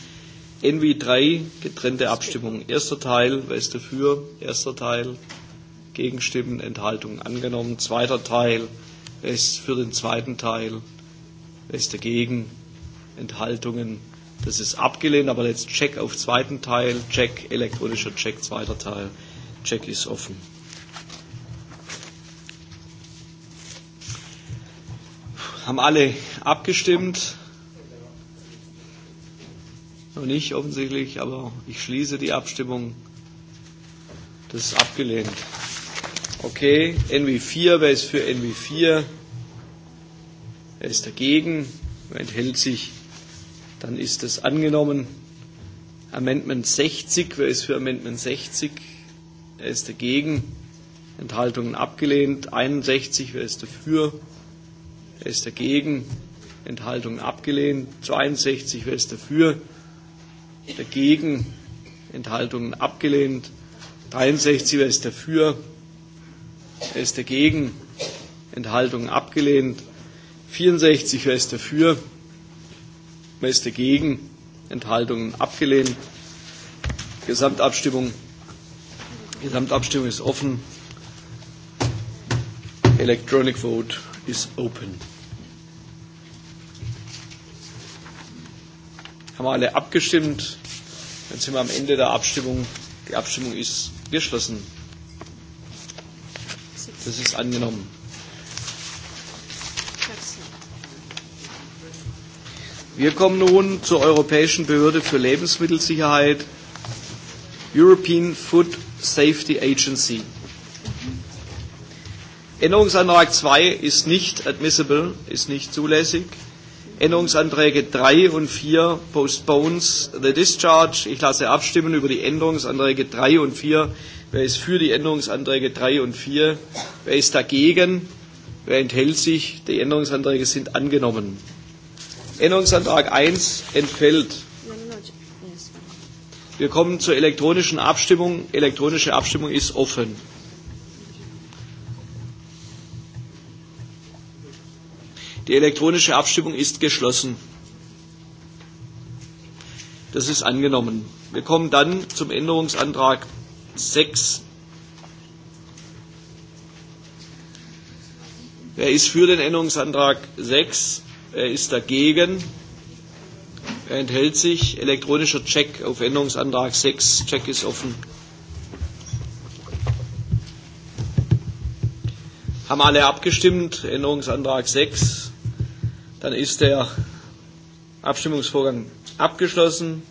NW 3, getrennte Abstimmung. Erster Teil, wer ist dafür? Erster Teil, Gegenstimmen, Enthaltungen angenommen. Zweiter Teil, wer ist für den zweiten Teil? Wer ist dagegen? Enthaltungen angenommen Das ist abgelehnt, aber jetzt Check auf zweiten Teil, Check, elektronischer Check, zweiter Teil. Check ist offen. Haben alle abgestimmt? Noch nicht offensichtlich, aber ich schließe die Abstimmung. Das ist abgelehnt. Okay, NW4, wer ist für NW4? Wer ist dagegen? Wer enthält sich? Dann ist es angenommen. Amendment 60. Wer ist für Amendment 60? Wer ist dagegen? Enthaltungen abgelehnt. 61. Wer ist dafür? Wer ist dagegen? Enthaltungen abgelehnt. 62. Wer ist dafür? Dagegen? Enthaltungen abgelehnt. 63. Wer ist dafür? Wer ist dagegen? Enthaltungen abgelehnt. 64. Wer ist dafür? Wer ist dagegen? Enthaltungen abgelehnt. Gesamtabstimmung. Gesamtabstimmung ist offen. Electronic vote is open. Haben wir alle abgestimmt? Dann sind wir am Ende der Abstimmung. Die Abstimmung ist geschlossen. Das ist angenommen. Wir kommen nun zur Europäischen Behörde für Lebensmittelsicherheit, European Food Safety Agency. Änderungsantrag 2 ist nicht admissible, ist nicht zulässig. Änderungsanträge 3 und 4 postpones the discharge. Ich lasse abstimmen über die Änderungsanträge 3 und 4. Wer ist für die Änderungsanträge 3 und 4? Wer ist dagegen? Wer enthält sich? Die Änderungsanträge sind angenommen. Änderungsantrag 1 entfällt. Wir kommen zur elektronischen Abstimmung. Elektronische Abstimmung ist offen. Die elektronische Abstimmung ist geschlossen. Das ist angenommen. Wir kommen dann zum Änderungsantrag 6. Wer ist für den Änderungsantrag 6? Er ist dagegen. Er enthält sich. Elektronischer Check auf Änderungsantrag 6. Check ist offen. Haben alle abgestimmt? Änderungsantrag 6. Dann ist der Abstimmungsvorgang abgeschlossen.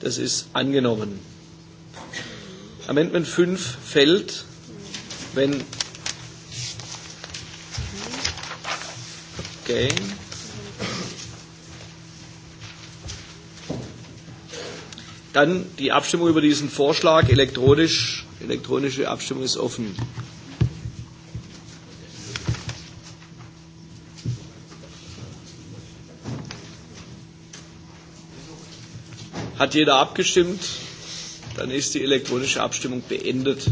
Das ist angenommen. Amendment 5 fällt, wenn Okay. Dann die Abstimmung über diesen Vorschlag elektronisch. Elektronische Abstimmung ist offen. Hat jeder abgestimmt? Dann ist die elektronische Abstimmung beendet.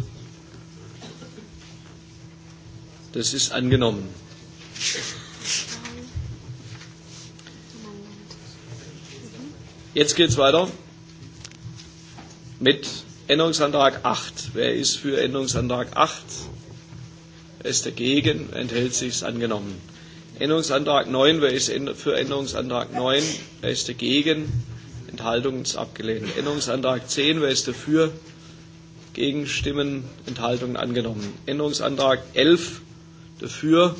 Das ist angenommen. Jetzt geht es weiter mit Änderungsantrag 8. Wer ist für Änderungsantrag 8? Wer ist dagegen? Enthält sich es angenommen. Änderungsantrag 9. Wer ist für Änderungsantrag 9? Wer ist dagegen? Enthaltung ist abgelehnt. Änderungsantrag 10. Wer ist dafür? Gegenstimmen, Enthaltungen angenommen. Änderungsantrag 11 dafür,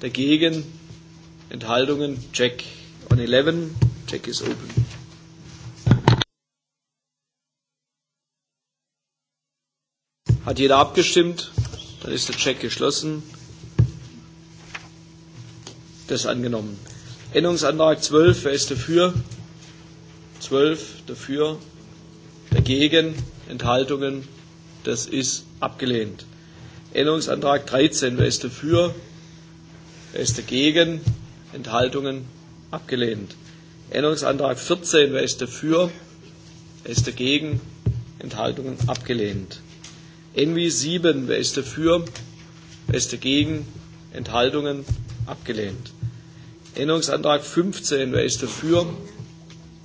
dagegen, Enthaltungen, check. On 11, check is open. Hat jeder abgestimmt? Dann ist der Check geschlossen. Das ist angenommen. Änderungsantrag 12. Wer ist dafür? 12 dafür. Dagegen. Enthaltungen. Das ist abgelehnt. Änderungsantrag 13. Wer ist dafür? Wer ist dagegen? Enthaltungen. Abgelehnt. Änderungsantrag 14. Wer ist dafür? Wer ist dagegen? Enthaltungen. Abgelehnt. NW 7, wer ist dafür? Wer ist dagegen? Enthaltungen? Abgelehnt. Änderungsantrag 15, wer ist dafür?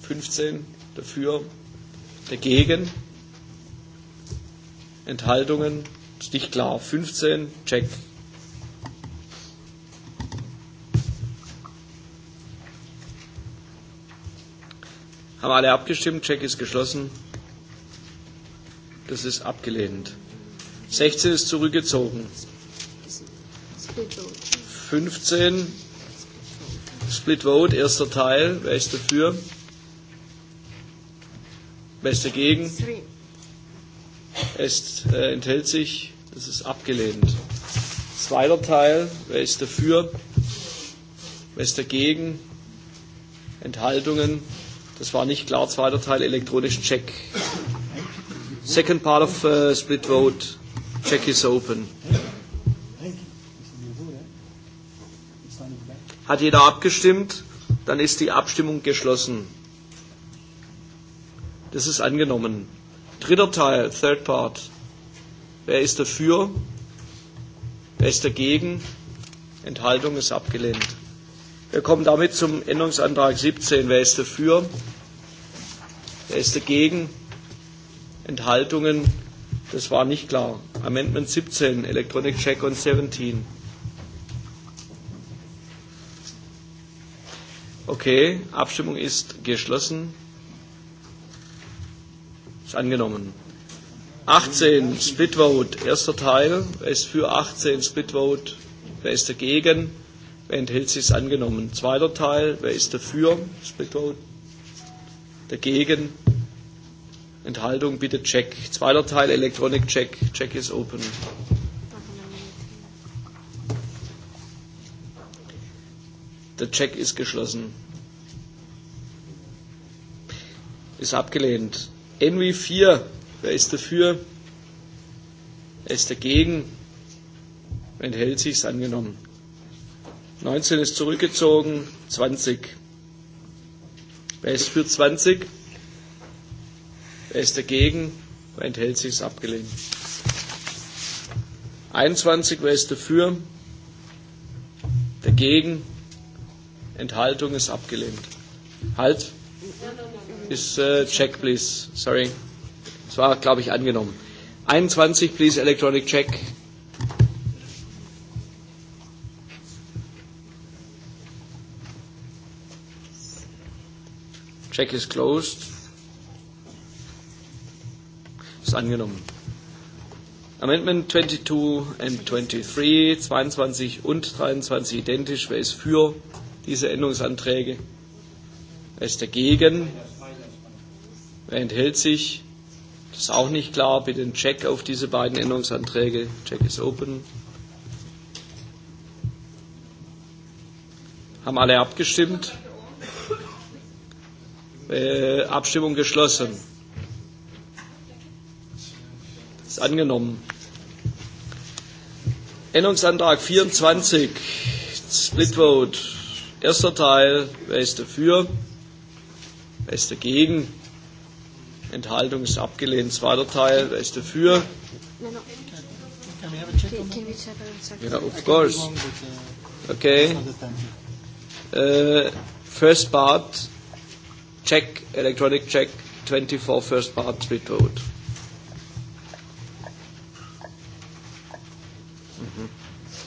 15, dafür, dagegen? Enthaltungen? Ist nicht klar. 15, check. Haben alle abgestimmt? Check ist geschlossen. Das ist abgelehnt. 16 ist zurückgezogen. 15 Split Vote, erster Teil. Wer ist dafür? Wer ist dagegen? Es äh, enthält sich. Das ist abgelehnt. Zweiter Teil. Wer ist dafür? Wer ist dagegen? Enthaltungen. Das war nicht klar. Zweiter Teil. Elektronischen Check. Second part of uh, split vote. Check is open. Hat jeder abgestimmt? Dann ist die Abstimmung geschlossen. Das ist angenommen. Dritter Teil, Third Part. Wer ist dafür? Wer ist dagegen? Enthaltung ist abgelehnt. Wir kommen damit zum Änderungsantrag 17. Wer ist dafür? Wer ist dagegen? Enthaltungen? Das war nicht klar. Amendment 17, Electronic Check on 17. Okay, Abstimmung ist geschlossen. Ist angenommen. 18 Split Vote, erster Teil. Wer ist für 18 Split Vote? Wer ist dagegen? Wer enthält sich? Ist angenommen. Zweiter Teil. Wer ist dafür? Split Vote. Dagegen? Enthaltung bitte Check. Zweiter Teil Electronic Check. Check is open. Der Check ist geschlossen. Ist abgelehnt. NW 4. Wer ist dafür? Wer ist dagegen? Enthält sich, ist angenommen. 19 ist zurückgezogen. 20. Wer ist für 20? Wer ist dagegen? Wer enthält sich? Ist abgelehnt. 21. Wer ist dafür? Dagegen? Enthaltung ist abgelehnt. Halt? Ist äh, uh, check, please. Sorry. Es war, glaube ich, angenommen. 21, please, electronic check. Check is closed. Ist angenommen. Amendment 22 and 23, 22 und 23 identisch. Wer ist für diese Änderungsanträge? Wer ist dagegen? Wer enthält sich? Das ist auch nicht klar. Bitte einen Check auf diese beiden Änderungsanträge. Check is open. Haben alle abgestimmt? Äh, Abstimmung geschlossen. ist angenommen. Änderungsantrag 24, Split Vote. Erster Teil, wer ist dafür? Wer ist dagegen? Enthaltung ist abgelehnt. Zweiter Teil, wer ist dafür? Ja, Yeah, of course. Okay. Uh, first part, check, electronic check, 24 first part, split vote.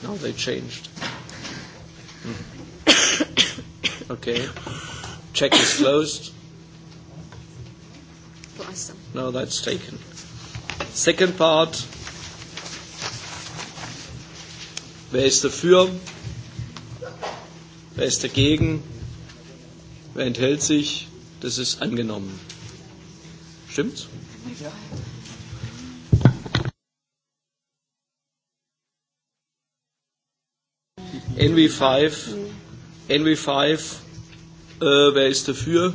Now they changed. okay. Check is closed. No, that's taken. Second part. Wer ist dafür? Wer ist dagegen? Wer enthält sich? Das ist angenommen. Stimmt's? NW5, NW5, äh, wer ist dafür?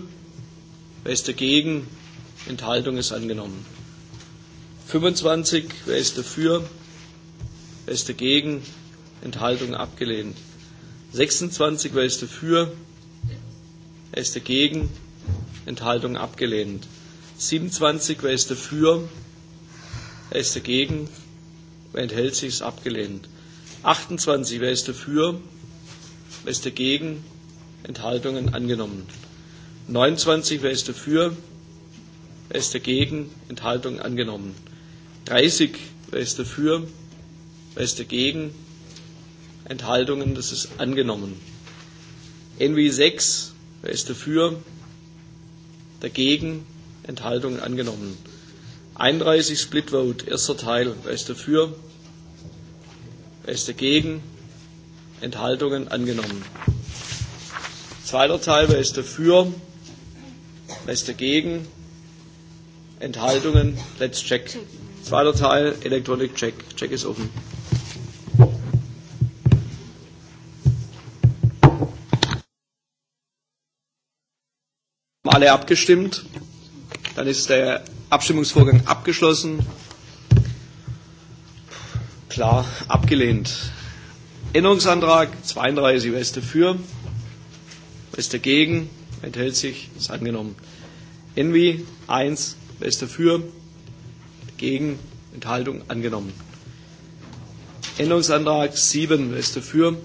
Wer ist dagegen? Enthaltung ist angenommen. 25, wer ist dafür? Wer ist dagegen? Enthaltung abgelehnt. 26, wer ist dafür? Wer ist dagegen? Enthaltung abgelehnt. 27, wer ist dafür? Wer ist dagegen? Wer enthält sich? Ist abgelehnt. 28, wer ist dafür? Wer ist dagegen? Enthaltungen angenommen. 29, wer ist dafür? Wer ist dagegen? Enthaltungen angenommen. 30, wer ist dafür? Wer ist dagegen? Enthaltungen, das ist angenommen. NW 6, wer ist dafür? Dagegen? Enthaltungen angenommen. 31 Split Vote, erster Teil, wer ist dafür? Wer ist dagegen? Enthaltungen angenommen. Zweiter Teil, wer ist dafür? Wer ist dagegen? Enthaltungen? Let's check. Zweiter Teil, Electronic Check. Check ist offen. Alle abgestimmt. Dann ist der Abstimmungsvorgang abgeschlossen klar abgelehnt. Änderungsantrag 32, wer ist dafür? Wer ist dagegen? Enthält sich? Ist angenommen. Envy 1, wer ist dafür? Dagegen? Enthaltung? Angenommen. Änderungsantrag 7, wer ist dafür?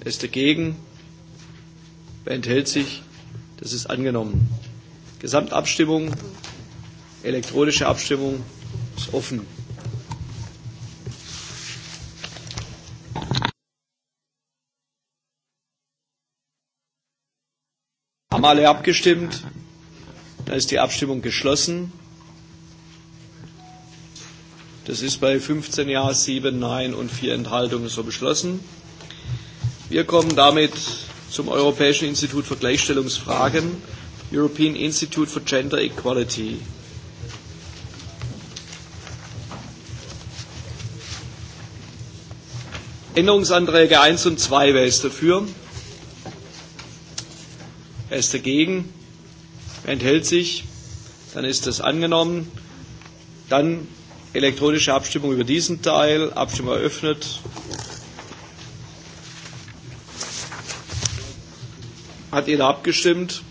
Wer ist dagegen? Wer enthält sich? Das ist angenommen. Gesamtabstimmung, elektronische Abstimmung ist offen. Haben alle abgestimmt? Da ist die Abstimmung geschlossen. Das ist bei 15 Ja, 7 Nein und 4 Enthaltungen so beschlossen. Wir kommen damit zum Europäischen Institut für Gleichstellungsfragen, European Institute for Gender Equality. Änderungsanträge 1 und 2, wer ist dafür? er ist dagegen? er enthält sich? Dann ist das angenommen. Dann elektronische Abstimmung über diesen Teil. Abstimmung eröffnet. Hat jeder abgestimmt?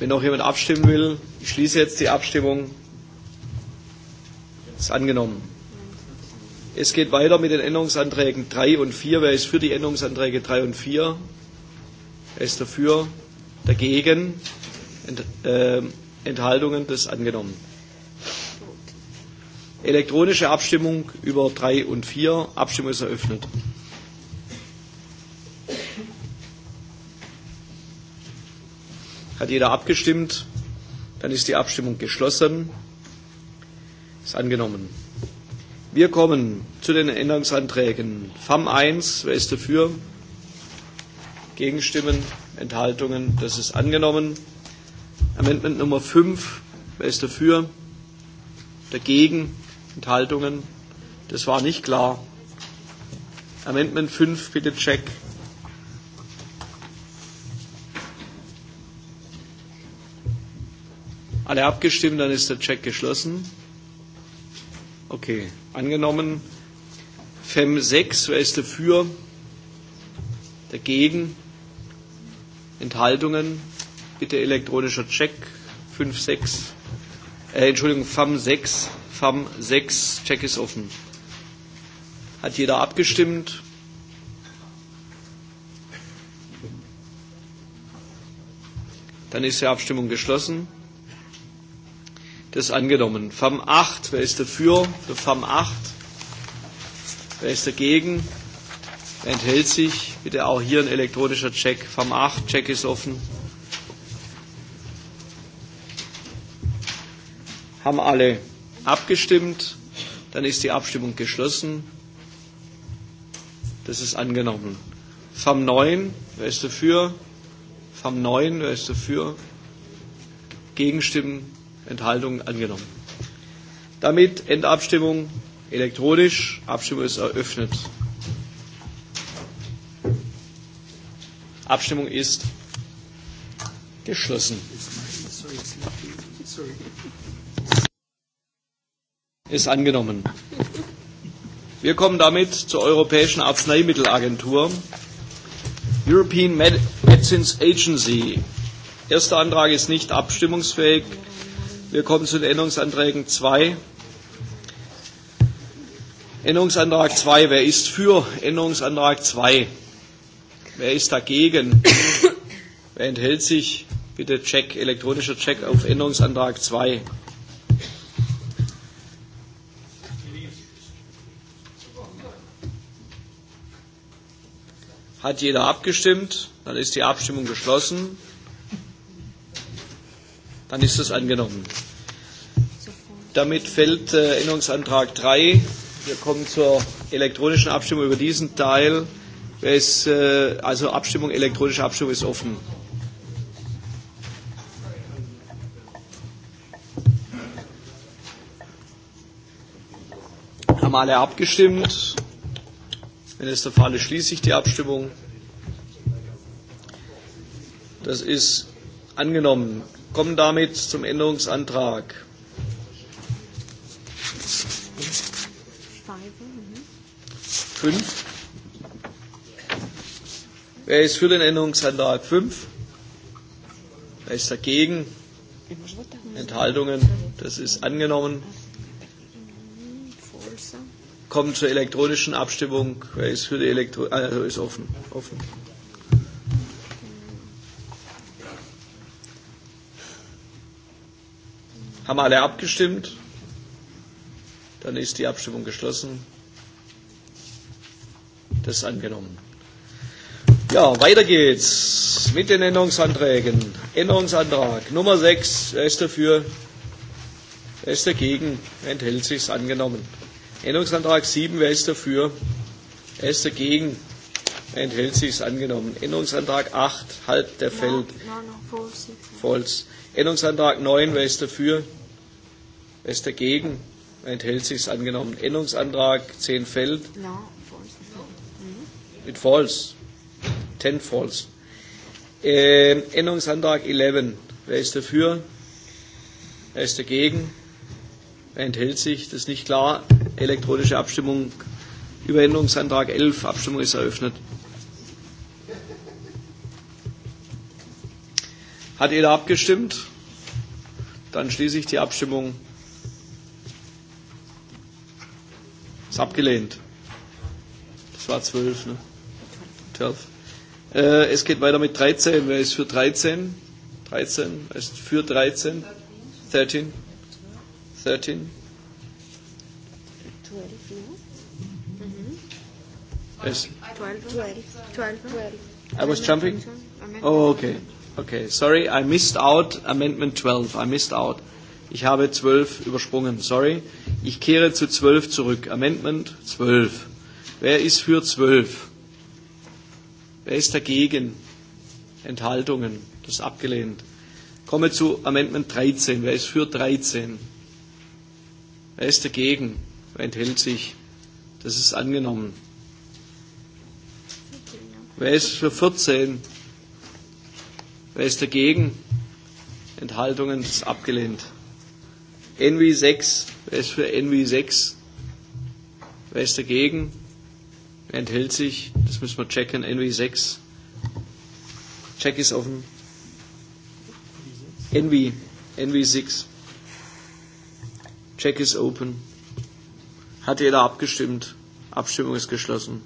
Wenn noch jemand abstimmen will, ich schließe jetzt die Abstimmung. Ist angenommen. Es geht weiter mit den Änderungsanträgen 3 und 4. Wer ist für die Änderungsanträge 3 und 4? Wer ist dafür? Dagegen? Ent, äh, Enthaltungen? Das ist angenommen. Elektronische Abstimmung über 3 und 4. Abstimmung ist eröffnet. Hat jeder abgestimmt? Dann ist die Abstimmung geschlossen. Ist angenommen. Wir kommen zu den Änderungsanträgen. FAM 1, wer ist dafür? Gegenstimmen, Enthaltungen, das ist angenommen. Amendment Nummer 5, wer ist dafür? Dagegen, Enthaltungen, das war nicht klar. Amendment 5, bitte check. Alle abgestimmt, dann ist der Check geschlossen. Okay, angenommen. FEM 6, wer ist dafür? Dagegen? Enthaltungen? Bitte elektronischer Check. 5, 6. Äh, Entschuldigung, FAM 6. FAM 6. Check ist offen. Hat jeder abgestimmt? Dann ist die Abstimmung geschlossen. Das ist angenommen. FAM 8, wer ist dafür? Für FAM 8. Wer ist dagegen? Wer enthält sich? Bitte auch hier ein elektronischer Check. FAM 8, Check ist offen. Haben alle abgestimmt? Dann ist die Abstimmung geschlossen. Das ist angenommen. FAM 9, wer ist dafür? FAM 9, wer ist dafür? Gegenstimmen? Enthaltung angenommen. Damit Endabstimmung elektronisch. Abstimmung ist eröffnet. Abstimmung ist geschlossen. Ist angenommen. Wir kommen damit zur Europäischen Arzneimittelagentur, European Medicines Agency. Erster Antrag ist nicht abstimmungsfähig. Wir kommen zu den Änderungsanträgen 2. Änderungsantrag 2. Wer ist für Änderungsantrag 2? Wer ist dagegen? Wer enthält sich? Bitte Check, elektronischer Check auf Änderungsantrag 2. Hat jeder abgestimmt? Dann ist die Abstimmung geschlossen. Dann ist es angenommen. Damit fällt äh, Änderungsantrag 3. Wir kommen zur elektronischen Abstimmung über diesen Teil. Wer ist, äh, also Abstimmung, elektronische Abstimmung ist offen. Haben alle abgestimmt? Wenn es der Fall ist, schließe ich die Abstimmung. Das ist angenommen kommen damit zum Änderungsantrag. Fünf. Wer ist für den Änderungsantrag 5? Wer ist dagegen? Enthaltungen? Das ist angenommen. Kommen zur elektronischen Abstimmung. Wer ist für die Elektro... Ah, ist offen. offen. Haben alle abgestimmt? Dann ist die Abstimmung geschlossen. Das ist angenommen. Ja, weiter geht's mit den Änderungsanträgen. Änderungsantrag Nummer 6. Er er er Wer ist dafür? Wer ist dagegen? Wer enthält sich? angenommen. Änderungsantrag 7. Wer ist dafür? Wer ist dagegen? Wer enthält sich? angenommen. Änderungsantrag 8. Halb der no, Feld. No, no, false. Änderungsantrag 9. Wer ist dafür? Wer ist dagegen? Enthält sich es angenommen. Änderungsantrag 10 fällt. No, false. Mit false. 10 false. Äh, Änderungsantrag 11. Wer ist dafür? Wer ist dagegen? Wer enthält sich? Das ist nicht klar. Elektronische Abstimmung über Änderungsantrag 11. Abstimmung ist eröffnet. Hat jeder abgestimmt? Dann schließe ich die Abstimmung. abgelehnt. Das war 12, ne? 12. Äh, es geht weiter mit 13. Wer ist für 13? 13. Wer ist für 13? 13. 13. Yes. 12. 12. 12. I was jumping? Oh, okay. Okay, sorry, I missed out Amendment 12. I missed out. Ich habe 12 übersprungen, sorry. Ich kehre zu 12 zurück. Amendment 12. Wer ist für 12? Wer ist dagegen? Enthaltungen. Das ist abgelehnt. Komme zu Amendment 13. Wer ist für 13? Wer ist dagegen? Wer enthält sich? Das ist angenommen. Wer ist für 14? Wer ist dagegen? Enthaltungen ist abgelehnt. NW 6, wer ist für NW 6? Wer ist dagegen? Wer enthält sich? Das müssen wir checken. NW 6. Check ist offen. NW, NW 6. Check is open. Hat jeder abgestimmt? Abstimmung ist geschlossen.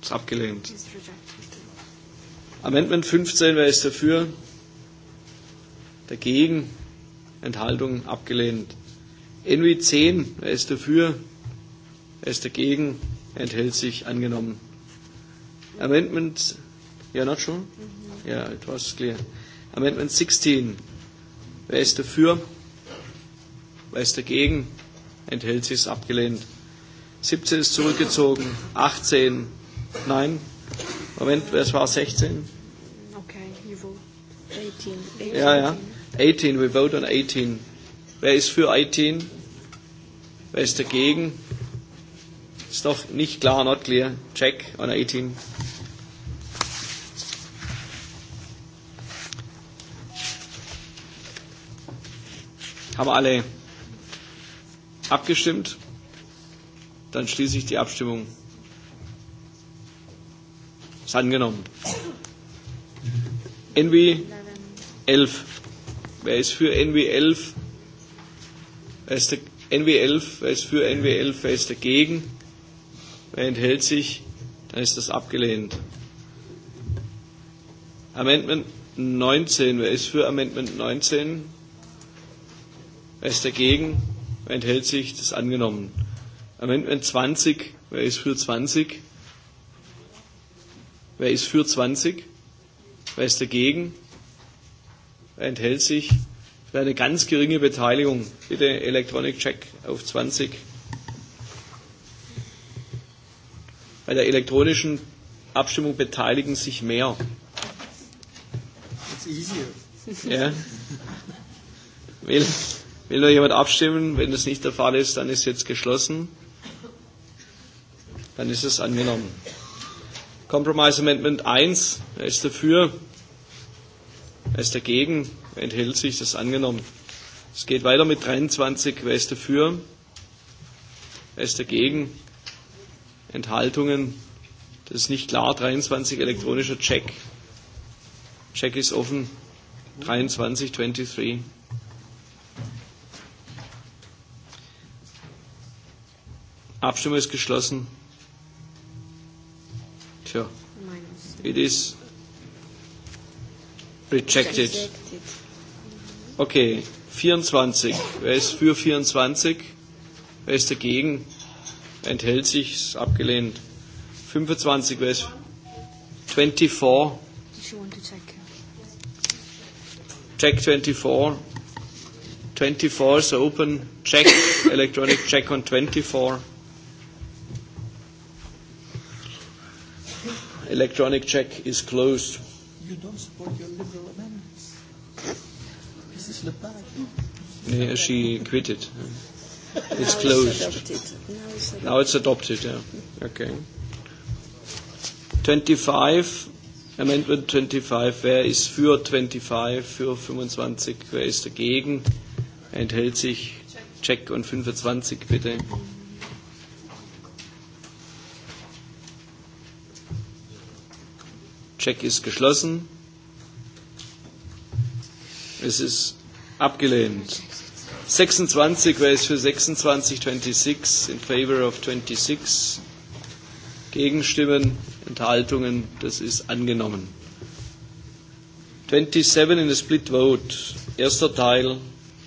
Ist abgelehnt. Amendment 15, wer ist dafür? dagegen, enthaltung abgelehnt. NW 10, er er er mhm. wer ist dafür, wer ist dagegen, enthält sich angenommen. Amendment, ja, not sure? Yeah, it was clear. Amendment 16, wer ist dafür, wer ist dagegen, enthält sich, abgelehnt. 17 ist zurückgezogen, 18, nein. Moment, es war 16. Okay, you vote 18, 18. Ja, ja. 18, we vote on 18. Wer ist für 18? Wer ist dagegen? Ist doch nicht klar, not clear. Check on 18. Haben alle abgestimmt? Dann schließe ich die Abstimmung. Ist angenommen. Envy 11. Wer ist für NW11? Wer ist der NW11? Wer ist für NW11? Wer ist dagegen? Wer enthält sich? Dann ist das abgelehnt. Amendment 19. Wer ist für Amendment 19? Wer ist dagegen? Wer enthält sich? Das ist angenommen. Amendment 20. Wer ist für 20? Wer ist für 20? Wer ist dagegen? enthält sich. für eine ganz geringe Beteiligung. Bitte Electronic Check auf 20. Bei der elektronischen Abstimmung beteiligen sich mehr. It's easier. Ja. Will, will noch jemand abstimmen? Wenn das nicht der Fall ist, dann ist jetzt geschlossen. Dann ist es angenommen. Compromise Amendment 1. Wer ist dafür? Wer ist dagegen? Wer enthält sich? Das ist angenommen. Es geht weiter mit 23. Wer ist dafür? Wer ist dagegen? Enthaltungen? Das ist nicht klar. 23 elektronischer Check. Check ist offen. 23, 23. Abstimmung ist geschlossen. Tja. It is Rejected. Okay, 24. Wer ist für 24? Wer ist dagegen? enthält sich? Ist abgelehnt. 25. Wer ist 24? Check 24. 24 is open. Check. Electronic check on 24. Electronic check is closed. You don't support your liberal amendments. Mrs. Lepage. Yeah, she quit it. It's now closed. It's now, it's adopted. now it's adopted, yeah. Okay. 25, Amendment 25. Wer ist für 25, für 25? Wer ist dagegen? Enthält sich? Check und 25 bitte. Mhm. Check ist geschlossen. Es ist abgelehnt. 26, wer ist für 26? 26, in favor of 26. Gegenstimmen, Enthaltungen, das ist angenommen. 27 in a split vote. Erster Teil,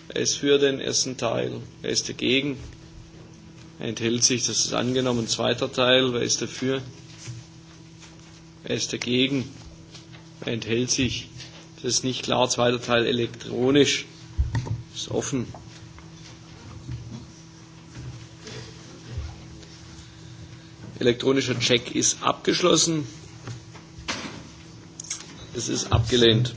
er ist für den ersten Teil, er ist dagegen, er enthält sich, das ist angenommen. Zweiter Teil, wer ist dafür? Wer ist dagegen? Wer enthält sich? Das ist nicht klar. Zweiter Teil elektronisch. Ist offen. Elektronischer Check ist abgeschlossen. Es ist abgelehnt.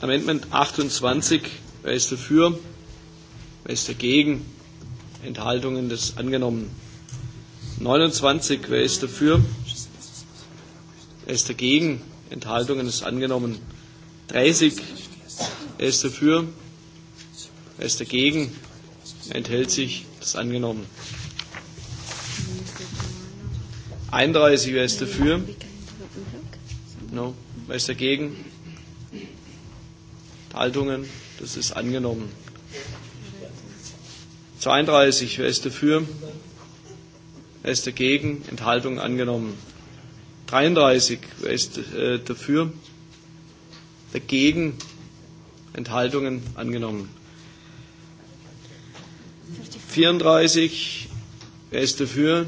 Amendment 28. Wer ist dafür? Wer ist dagegen? Enthaltungen des angenommen. 29. Wer ist dafür? Er ist dagegen. Enthaltungen ist angenommen. 30. Er ist dafür. Er ist dagegen. Er enthält sich. Das ist angenommen. 31. Wer ist dafür. No. Wer ist dagegen. Enthaltungen. Das ist angenommen. 32. Wer ist dafür? Wer ist dagegen? Enthaltung angenommen. 33. Wer ist äh, dafür? Dagegen? Enthaltungen? Angenommen. 34. Wer ist dafür?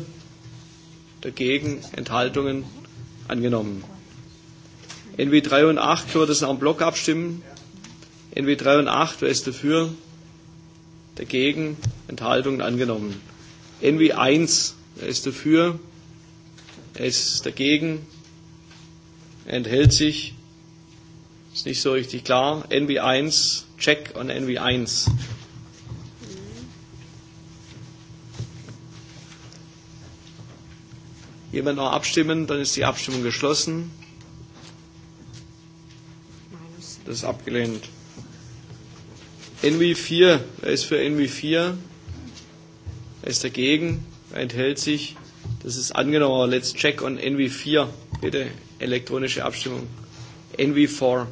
Dagegen? Enthaltungen? Angenommen. NW 3 und 8 können wir das nach Block abstimmen. NW 3 und 8, wer ist dafür? Dagegen? Enthaltungen angenommen. NW 1, wer ist dafür? Er ist dagegen, enthält sich, ist nicht so richtig klar. NV1, Check on NV1. Jemand noch abstimmen, dann ist die Abstimmung geschlossen. Das ist abgelehnt. NV4, wer ist für NV4? Wer ist dagegen? Wer enthält sich? Das ist angenommen. Aber let's check on NV4. Bitte elektronische Abstimmung. NV4.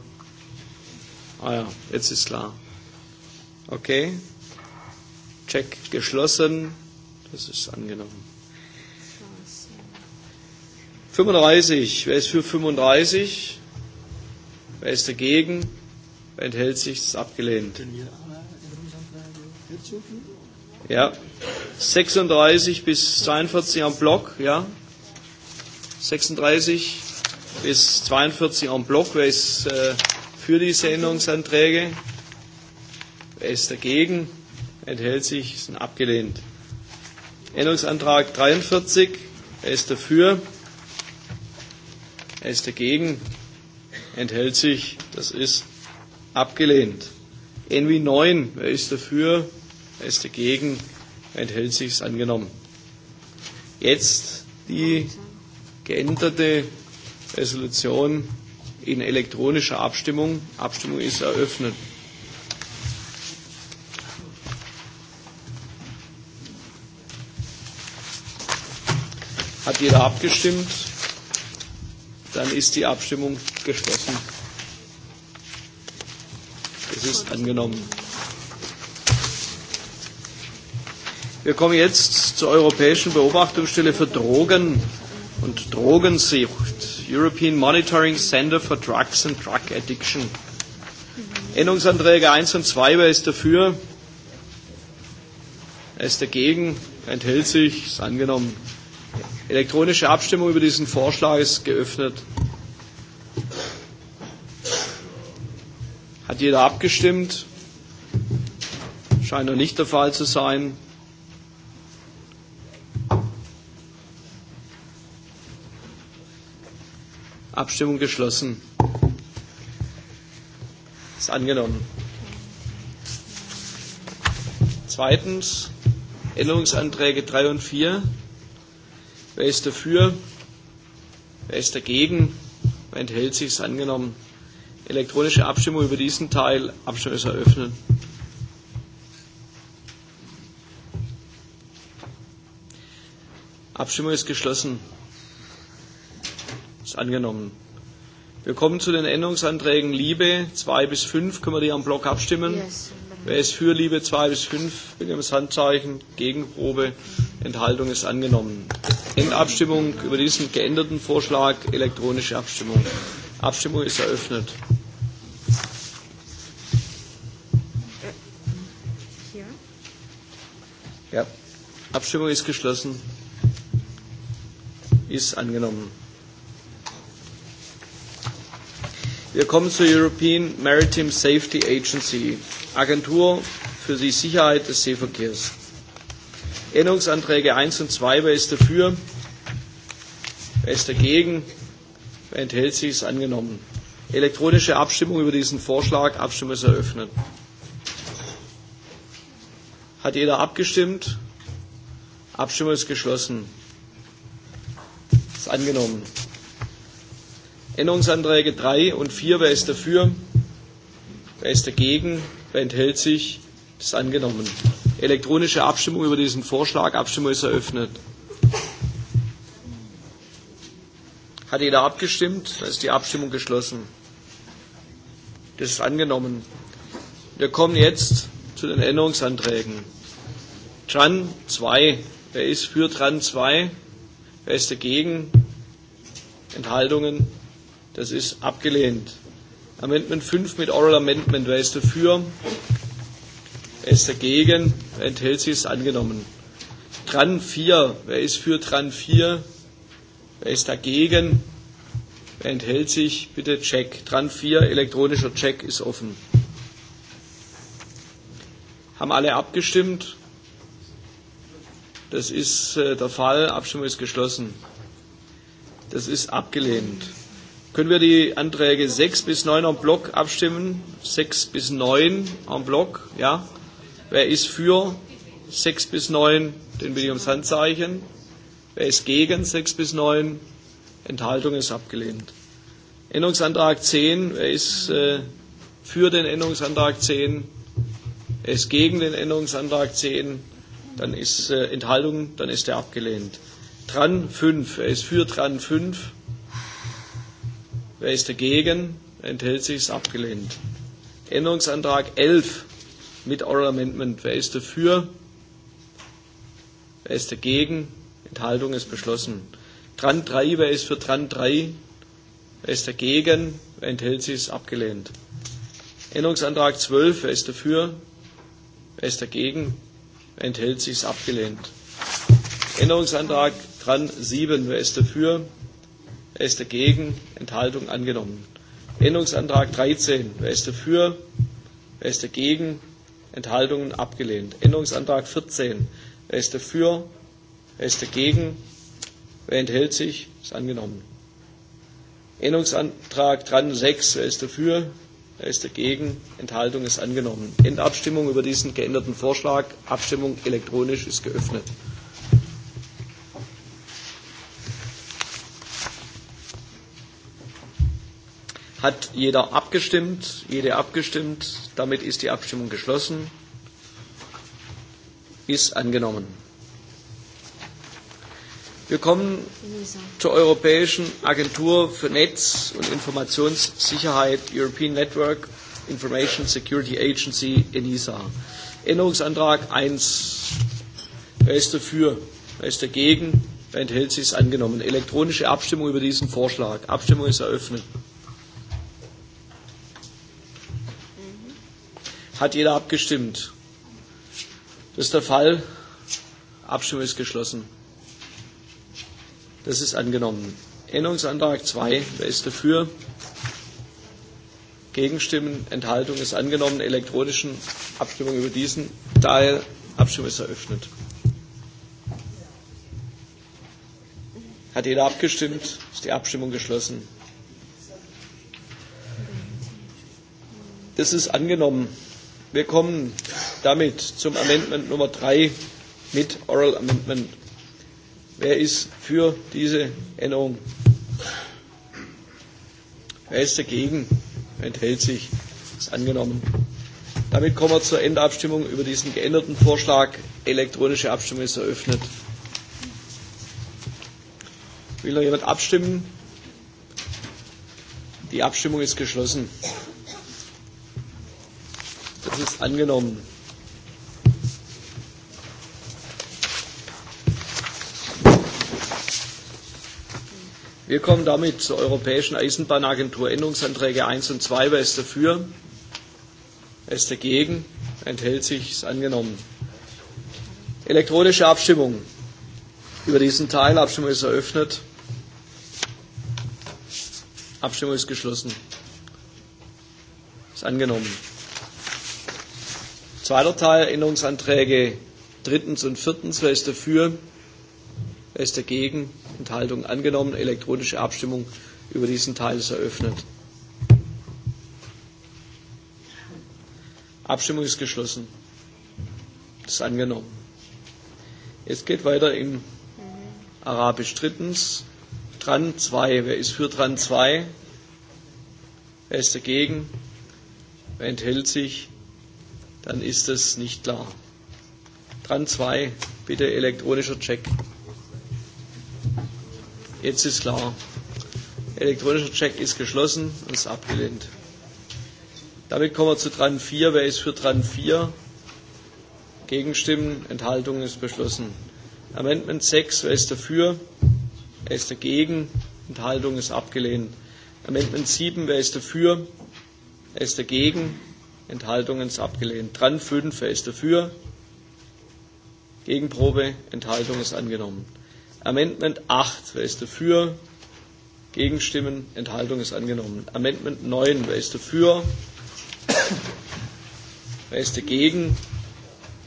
Ah ja, jetzt ist klar. Okay. Check geschlossen. Das ist angenommen. 35. Wer ist für 35? Wer ist dagegen? Wer enthält sich? Das ist abgelehnt. Äh, äh, ja. 36 bis 42 am Block, ja. 36 bis 42 am Block. Wer ist äh, für diese Änderungsanträge? Wer ist dagegen? Enthält sich? Sind abgelehnt. Änderungsantrag 43. Wer ist dafür? Wer ist dagegen? Enthält sich? Das ist abgelehnt. NW 9. Wer ist dafür? Wer ist dagegen? enthält sich es angenommen. Jetzt die geänderte Resolution in elektronischer Abstimmung. Abstimmung ist eröffnet. Hat jeder abgestimmt? Dann ist die Abstimmung geschlossen. Es ist angenommen. Wir kommen jetzt zur Europäischen Beobachtungsstelle für Drogen und Drogensucht, European Monitoring Center for Drugs and Drug Addiction. Änderungsanträge 1 und 2, wer ist dafür? Er ist dagegen, enthält sich, ist angenommen. Elektronische Abstimmung über diesen Vorschlag ist geöffnet. Hat jeder abgestimmt? Scheint noch nicht der Fall zu sein. Abstimmung geschlossen. Ist angenommen. Zweitens Änderungsanträge 3 und 4. Wer ist dafür? Wer ist dagegen? Wer enthält sich? Ist angenommen. Elektronische Abstimmung über diesen Teil. Abstimmung ist eröffnet. Abstimmung ist geschlossen ist angenommen. Wir kommen zu den Änderungsanträgen Liebe 2 bis 5. Können wir die am Block abstimmen? Yes. Wer ist für Liebe 2 bis 5? Bitte um das Handzeichen. Gegenprobe. Enthaltung ist angenommen. Endabstimmung über diesen geänderten Vorschlag. Elektronische Abstimmung. Abstimmung ist eröffnet. Ja. Abstimmung ist geschlossen. Ist angenommen. Wir kommen zur European Maritime Safety Agency, Agentur für die Sicherheit des Seeverkehrs. Änderungsanträge 1 und 2, wer ist dafür? Wer ist dagegen? Wer enthält sich? Ist angenommen. Elektronische Abstimmung über diesen Vorschlag. Abstimmung ist eröffnet. Hat jeder abgestimmt? Abstimmung ist geschlossen. Ist angenommen. Änderungsanträge 3 und 4. Wer ist dafür? Wer ist dagegen? Wer enthält sich? Das ist angenommen. Elektronische Abstimmung über diesen Vorschlag. Abstimmung ist eröffnet. Hat jeder abgestimmt? Dann ist die Abstimmung geschlossen. Das ist angenommen. Wir kommen jetzt zu den Änderungsanträgen. Tran 2. Wer ist für Tran 2? Wer ist dagegen? Enthaltungen? Das ist abgelehnt. Amendment 5 mit Oral Amendment. Wer ist dafür? Wer ist dagegen? Wer enthält sich? Ist angenommen. Tran 4. Wer ist für Tran 4? Wer ist dagegen? Wer enthält sich? Bitte Check. Tran 4, elektronischer Check ist offen. Haben alle abgestimmt? Das ist äh, der Fall. Abstimmung ist geschlossen. Das ist abgelehnt. Können wir die Anträge 6 bis 9 en bloc abstimmen? 6 bis 9 en bloc, ja? Wer ist für 6 bis 9? Den will ich ums Handzeichen. Wer ist gegen 6 bis 9? Enthaltung ist abgelehnt. Änderungsantrag 10. Wer ist äh, für den Änderungsantrag 10? Wer ist gegen den Änderungsantrag 10? Dann ist äh, Enthaltung, dann ist er abgelehnt. Tran 5. Wer ist für Tran 5? Wer ist dagegen? Enthält sich? Ist abgelehnt. Änderungsantrag 11 mit Oral Amendment. Wer ist dafür? Wer ist dagegen? Enthaltung ist beschlossen. Trant 3, wer ist für Trant 3? Wer ist dagegen? Wer enthält sich? Ist abgelehnt. Änderungsantrag 12, wer ist dafür? Wer ist dagegen? Wer enthält sich? Ist abgelehnt. Änderungsantrag Tran 7, wer ist dafür? Wer ist dagegen? Enthaltung angenommen. Änderungsantrag 13. Wer ist dafür? Wer ist dagegen? Enthaltungen abgelehnt. Änderungsantrag 14. Wer ist dafür? Wer ist dagegen? Wer enthält sich? Ist angenommen. Änderungsantrag 36, 6. Wer ist dafür? Wer ist dagegen? Enthaltung ist angenommen. Endabstimmung über diesen geänderten Vorschlag. Abstimmung elektronisch ist geöffnet. Hat jeder abgestimmt? Jede abgestimmt? Damit ist die Abstimmung geschlossen. Ist angenommen. Wir kommen zur Europäischen Agentur für Netz- und Informationssicherheit, European Network Information Security Agency, ENISA. Änderungsantrag 1. Wer ist dafür? Wer ist dagegen? Wer enthält sich? Ist angenommen. Elektronische Abstimmung über diesen Vorschlag. Abstimmung ist eröffnet. Hat jeder abgestimmt? Das ist der Fall. Abstimmung ist geschlossen. Das ist angenommen. Änderungsantrag 2. Wer ist dafür? Gegenstimmen, Enthaltung ist angenommen. Elektronischen Abstimmung über diesen Teil. Abstimmung ist eröffnet. Hat jeder abgestimmt? Ist die Abstimmung geschlossen? Das ist angenommen. Wir kommen damit zum Amendment Nummer 3 mit Oral Amendment. Wer ist für diese Änderung? Wer ist dagegen? Enthält sich? Ist angenommen. Damit kommen wir zur Endabstimmung über diesen geänderten Vorschlag. Elektronische Abstimmung ist eröffnet. Will noch jemand abstimmen? Die Abstimmung ist geschlossen. Das ist angenommen. Wir kommen damit zur Europäischen Eisenbahnagentur Änderungsanträge 1 und 2. Wer ist dafür? Wer ist dagegen? Enthält sich? Ist angenommen. Elektronische Abstimmung. Über diesen Teil. Abstimmung ist eröffnet. Abstimmung ist geschlossen. Ist angenommen. Zweiter Teil, Änderungsanträge drittens und viertens. Wer ist dafür? Wer ist dagegen? Enthaltung angenommen. Elektronische Abstimmung über diesen Teil ist eröffnet. Abstimmung ist geschlossen. Ist angenommen. Jetzt geht weiter in Arabisch drittens. Tran 2. Wer ist für Tran 2? Wer ist dagegen? Wer enthält sich? dann ist das nicht klar. Dran 2, bitte elektronischer Check. Jetzt ist klar. Elektronischer Check ist geschlossen und ist abgelehnt. Damit kommen wir zu Tran 4. Wer ist für Tran 4? Gegenstimmen, Enthaltung ist beschlossen. Amendment 6, wer ist dafür? Wer ist dagegen? Enthaltung ist abgelehnt. Amendment 7, wer ist dafür? Wer ist dagegen? Enthaltungen ist abgelehnt. Dran 5, wer ist dafür? Gegenprobe, Enthaltung ist angenommen. Amendment 8, wer ist dafür? Gegenstimmen, Enthaltung ist angenommen. Amendment 9, wer ist dafür? wer ist dagegen?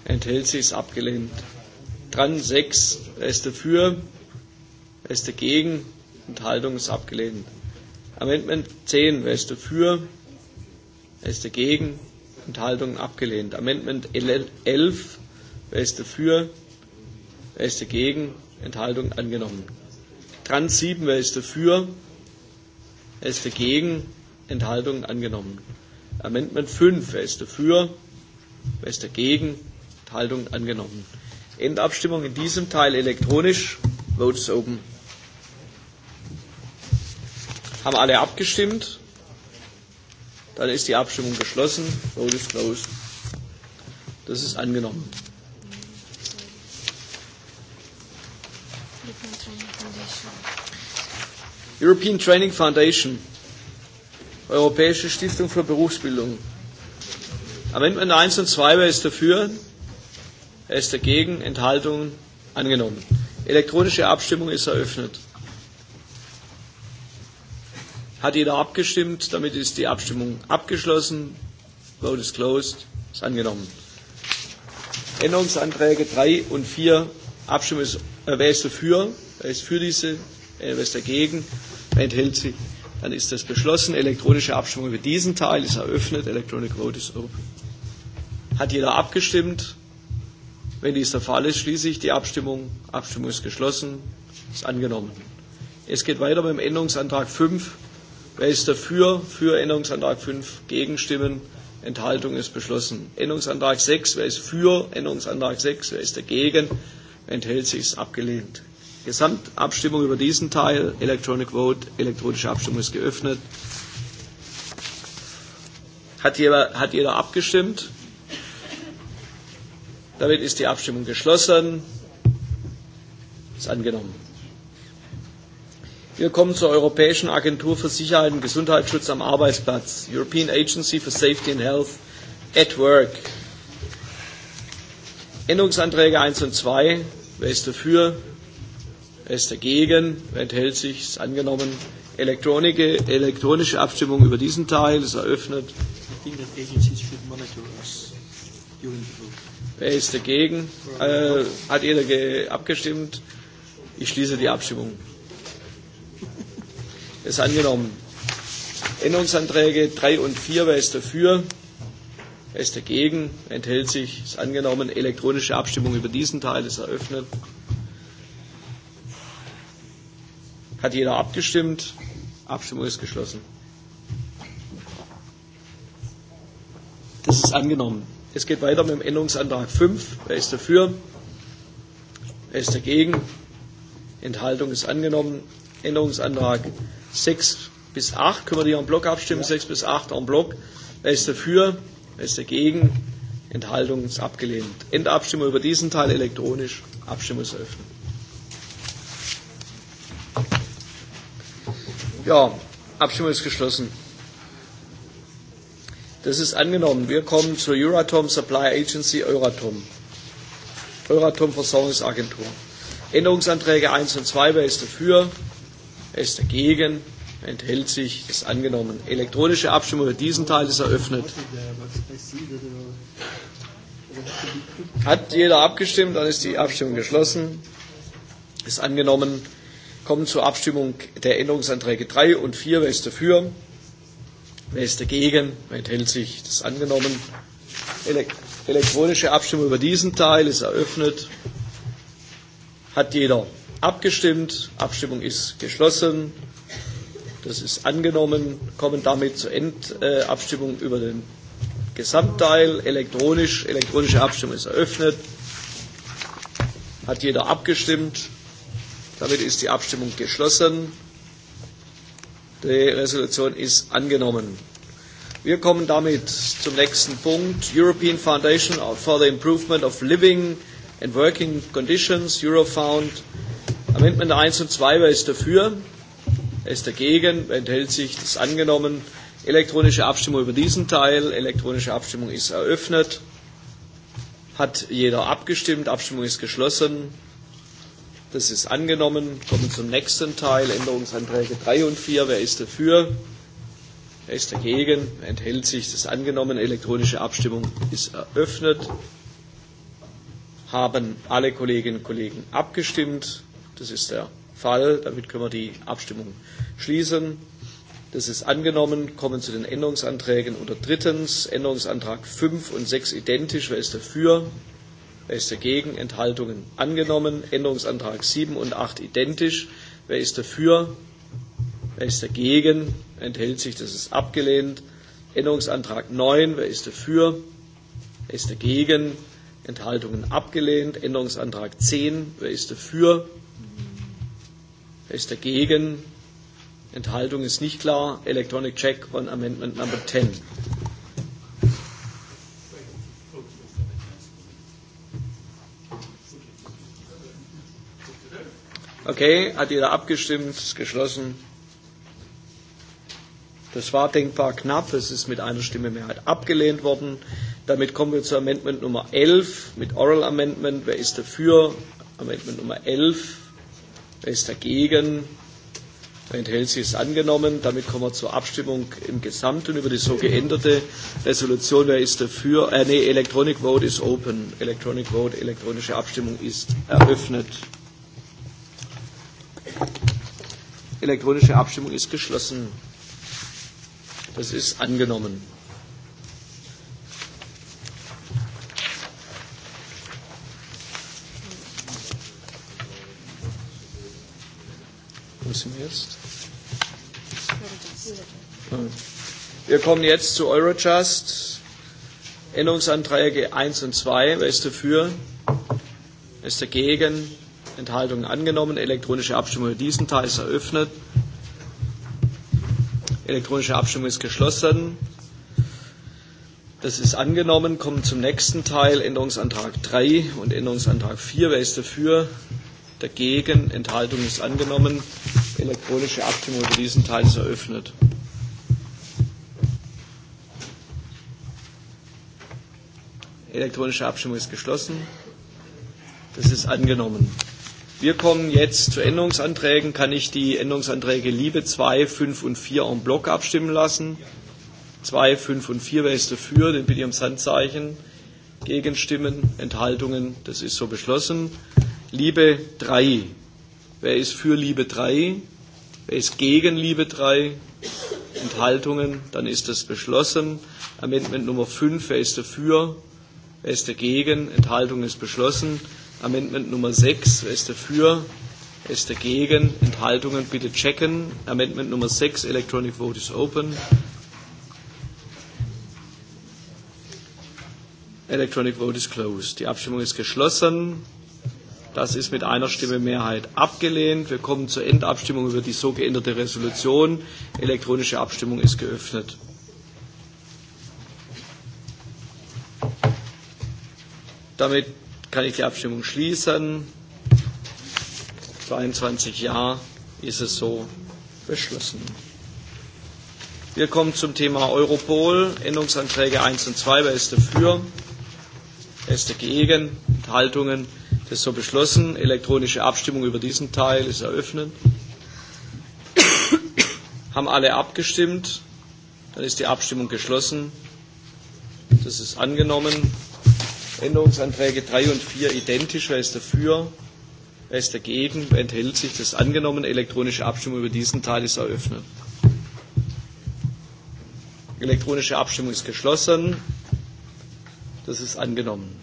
Enthält sich, ist abgelehnt. Dran 6, wer ist dafür? Wer ist dagegen? Enthaltung ist abgelehnt. Amendment 10, wer ist dafür? Wer ist dagegen? Enthaltungen abgelehnt. Amendment 11. Wer ist dafür? Wer ist dagegen? Enthaltung angenommen. Trans 7. Wer ist dafür? Wer ist dagegen? Enthaltung angenommen. Amendment 5. Wer ist dafür? Wer ist dagegen? Enthaltung angenommen. Endabstimmung in diesem Teil elektronisch. Votes open. Haben alle abgestimmt? Dann ist die Abstimmung geschlossen. Vote is closed. Das ist angenommen. European Training Foundation. Europäische Stiftung für Berufsbildung. Amendment 1 und 2, wer ist dafür? Er ist dagegen. Enthaltungen angenommen. Elektronische Abstimmung ist eröffnet. Hat jeder abgestimmt? Damit ist die Abstimmung abgeschlossen. Vote is closed. Ist angenommen. Änderungsanträge 3 und 4. Abstimmung ist, äh, wer ist dafür? Wer ist für diese? Äh, wer ist dagegen? Wer enthält sich? Dann ist das beschlossen. Elektronische Abstimmung über diesen Teil ist eröffnet. Electronic Vote is open. Hat jeder abgestimmt? Wenn dies der Fall ist, schließe ich die Abstimmung. Abstimmung ist geschlossen. Ist angenommen. Es geht weiter beim Änderungsantrag 5. Wer ist dafür? Für Änderungsantrag 5. Gegenstimmen. Enthaltung ist beschlossen. Änderungsantrag 6. Wer ist für? Änderungsantrag 6. Wer ist dagegen? Enthält sich? Ist abgelehnt. Gesamtabstimmung über diesen Teil. Electronic Vote. Elektronische Abstimmung ist geöffnet. Hat jeder, hat jeder abgestimmt? Damit ist die Abstimmung geschlossen. Ist angenommen. Wir kommen zur Europäischen Agentur für Sicherheit und Gesundheitsschutz am Arbeitsplatz, European Agency for Safety and Health at Work. Änderungsanträge 1 und 2. Wer ist dafür? Wer ist dagegen? Wer enthält sich? Ist angenommen. Elektronische, elektronische Abstimmung über diesen Teil ist eröffnet. Wer ist dagegen? Äh, hat jeder abgestimmt? Ich schließe die Abstimmung ist angenommen. Änderungsanträge 3 und 4, wer ist dafür? Wer ist dagegen? Enthält sich? Ist angenommen. Elektronische Abstimmung über diesen Teil ist eröffnet. Hat jeder abgestimmt? Abstimmung ist geschlossen. Das ist angenommen. Es geht weiter mit dem Änderungsantrag 5. Wer ist dafür? Wer ist dagegen? Enthaltung ist angenommen. Änderungsantrag 6 bis 8. Können wir die en bloc abstimmen? Ja. 6 bis 8 en bloc. Wer ist dafür? Wer ist dagegen? Enthaltung ist abgelehnt. Endabstimmung über diesen Teil elektronisch. Abstimmung ist eröffnet. Ja, Abstimmung ist geschlossen. Das ist angenommen. Wir kommen zur Euratom Supply Agency Euratom. Euratom Versorgungsagentur. Änderungsanträge 1 und 2. Wer ist dafür? Wer ist dagegen? Er enthält sich? Ist angenommen. Elektronische Abstimmung über diesen Teil ist eröffnet. Hat jeder abgestimmt? Dann ist die Abstimmung geschlossen. Ist angenommen. Kommen zur Abstimmung der Änderungsanträge 3 und 4. Wer ist dafür? Wer ist dagegen? Wer enthält sich? Das ist angenommen. Elekt elektronische Abstimmung über diesen Teil ist eröffnet. Hat jeder abgestimmt. Abstimmung ist geschlossen. Das ist angenommen. Kommen damit zur Endabstimmung äh, über den Gesamtteil elektronisch. Elektronische Abstimmung ist eröffnet. Hat jeder abgestimmt? Damit ist die Abstimmung geschlossen. Die Resolution ist angenommen. Wir kommen damit zum nächsten Punkt. European Foundation for the Improvement of Living and Working Conditions, Eurofound Amendment 1 und 2, wer ist dafür? Wer ist dagegen? Wer enthält sich? Das ist angenommen. Elektronische Abstimmung über diesen Teil. Elektronische Abstimmung ist eröffnet. Hat jeder abgestimmt? Abstimmung ist geschlossen. Das ist angenommen. Kommen zum nächsten Teil. Änderungsanträge 3 und 4. Wer ist dafür? Wer ist dagegen? Wer enthält sich? Das ist angenommen. Elektronische Abstimmung ist eröffnet. Haben alle Kolleginnen und Kollegen abgestimmt? Das ist der Fall. Damit können wir die Abstimmung schließen. Das ist angenommen. Kommen zu den Änderungsanträgen unter drittens. Änderungsantrag 5 und 6 identisch. Wer ist dafür? Wer ist dagegen? Enthaltungen angenommen. Änderungsantrag 7 und 8 identisch. Wer ist dafür? Wer ist dagegen? Enthält sich? Das ist abgelehnt. Änderungsantrag 9. Wer ist dafür? Wer ist dagegen? Enthaltungen abgelehnt. Änderungsantrag 10. Wer ist dafür? Wer ist dagegen? Enthaltung ist nicht klar. Electronic Check on Amendment Number 10. Okay, hat jeder abgestimmt, ist geschlossen. Das war denkbar knapp, es ist mit einer Stimme Mehrheit abgelehnt worden. Damit kommen wir zu Amendment Nummer 11 mit Oral Amendment. Wer ist dafür? Amendment Nummer 11. Wer ist dagegen? Wer enthält sich? Ist angenommen. Damit kommen wir zur Abstimmung im Gesamten über die so geänderte Resolution. Wer ist dafür? Äh, nee, Electronic Vote is open. Electronic Vote, elektronische Abstimmung ist eröffnet. Elektronische Abstimmung ist geschlossen. Das ist angenommen. müssen jetzt. Äh, wir kommen jetzt zu Eurojust. Änderungsanträge 1 und 2. Wer ist dafür? Wer ist dagegen? Enthaltungen angenommen. Elektronische Abstimmung über diesen Teil ist eröffnet. Elektronische Abstimmung ist geschlossen. Das ist angenommen. Kommen zum nächsten Teil. Änderungsantrag 3 und Änderungsantrag 4. Wer ist dafür? Dagegen? Enthaltung ist angenommen elektronische Abstimmung über diesen Teil ist eröffnet. Elektronische Abstimmung ist geschlossen. Das ist angenommen. Wir kommen jetzt zu Änderungsanträgen. Kann ich die Änderungsanträge Liebe 2, 5 und 4 en bloc abstimmen lassen? 2, 5 und 4, wer ist dafür? Den bitte ich ums Handzeichen. Gegenstimmen, Enthaltungen, das ist so beschlossen. Liebe 3, Wer ist für Liebe 3? Wer ist gegen Liebe 3? Enthaltungen? Dann ist das beschlossen. Amendment Nummer 5. Wer ist dafür? Wer ist dagegen? Enthaltung ist beschlossen. Amendment Nummer 6. Wer ist dafür? Wer ist dagegen? Enthaltungen bitte checken. Amendment Nummer 6. Electronic Vote is open. Electronic Vote is closed. Die Abstimmung ist geschlossen. Das ist mit einer Stimme Mehrheit abgelehnt. Wir kommen zur Endabstimmung über die so geänderte Resolution. Elektronische Abstimmung ist geöffnet. Damit kann ich die Abstimmung schließen. 22 Ja ist es so beschlossen. Wir kommen zum Thema Europol. Änderungsanträge 1 und 2. Wer ist dafür? Wer ist dagegen? Enthaltungen? Das ist so beschlossen. Elektronische Abstimmung über diesen Teil ist eröffnet. Haben alle abgestimmt? Dann ist die Abstimmung geschlossen. Das ist angenommen. Änderungsanträge 3 und 4 identisch. Wer ist dafür? Wer ist dagegen? Wer enthält sich? Das ist angenommen. Elektronische Abstimmung über diesen Teil ist eröffnet. Elektronische Abstimmung ist geschlossen. Das ist angenommen.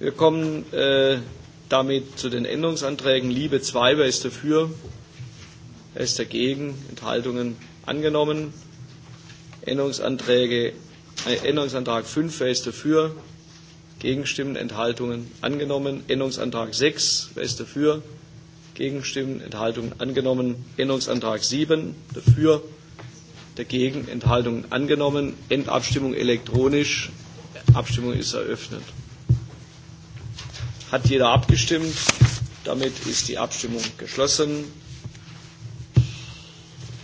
Wir kommen äh, damit zu den Änderungsanträgen. Liebe 2, wer ist dafür? Wer ist dagegen? Enthaltungen angenommen. Änderungsanträge, äh, Änderungsantrag 5, wer ist dafür? Gegenstimmen, Enthaltungen angenommen. Änderungsantrag 6, wer ist dafür? Gegenstimmen, Enthaltungen angenommen. Änderungsantrag 7, dafür? Dagegen, Enthaltungen angenommen. Endabstimmung elektronisch. Abstimmung ist eröffnet. Hat jeder abgestimmt? Damit ist die Abstimmung geschlossen.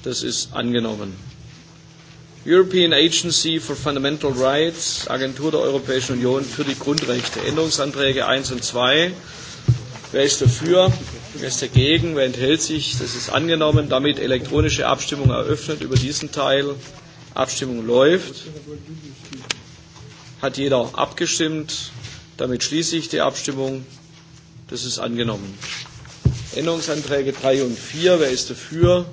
Das ist angenommen. European Agency for Fundamental Rights, Agentur der Europäischen Union für die Grundrechte. Änderungsanträge 1 und 2. Wer ist dafür? Wer ist dagegen? Wer enthält sich? Das ist angenommen. Damit elektronische Abstimmung eröffnet über diesen Teil. Abstimmung läuft. Hat jeder abgestimmt? Damit schließe ich die Abstimmung. Das ist angenommen. Änderungsanträge 3 und 4. Wer ist dafür?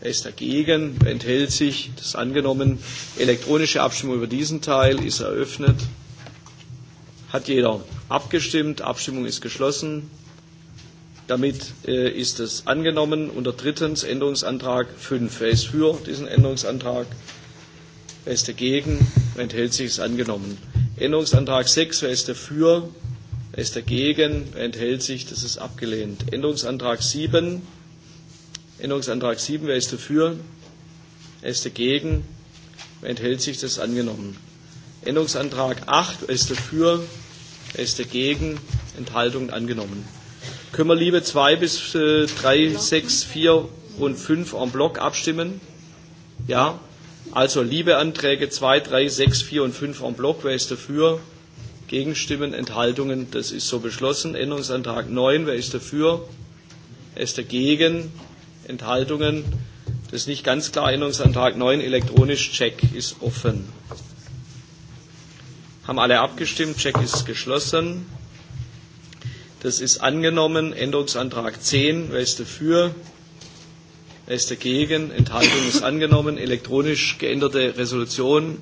Wer ist dagegen? Wer enthält sich? Das ist angenommen. Elektronische Abstimmung über diesen Teil ist eröffnet. Hat jeder abgestimmt? Abstimmung ist geschlossen. Damit äh, ist es angenommen. Unter drittens Änderungsantrag 5. Wer ist für diesen Änderungsantrag? Wer ist dagegen? Wer enthält sich? Ist angenommen. Änderungsantrag 6, wer ist dafür? Wer ist dagegen? Wer enthält sich? Das ist abgelehnt. Änderungsantrag 7. Änderungsantrag 7, wer ist dafür? Wer ist dagegen? Wer enthält sich? Das ist angenommen. Änderungsantrag 8, wer ist dafür? Wer ist dagegen? Enthaltung angenommen. Können wir Liebe 2 bis 3, 6, 4 und 5 en bloc abstimmen? Ja? Also liebe Anträge 2, 3, 6, 4 und 5 en bloc. Wer ist dafür? Gegenstimmen, Enthaltungen, das ist so beschlossen. Änderungsantrag 9, wer ist dafür? Wer ist dagegen? Enthaltungen? Das ist nicht ganz klar. Änderungsantrag 9, elektronisch, Check ist offen. Haben alle abgestimmt, Check ist geschlossen. Das ist angenommen. Änderungsantrag 10, wer ist dafür? Er ist dagegen. Enthaltung ist angenommen. Elektronisch geänderte Resolution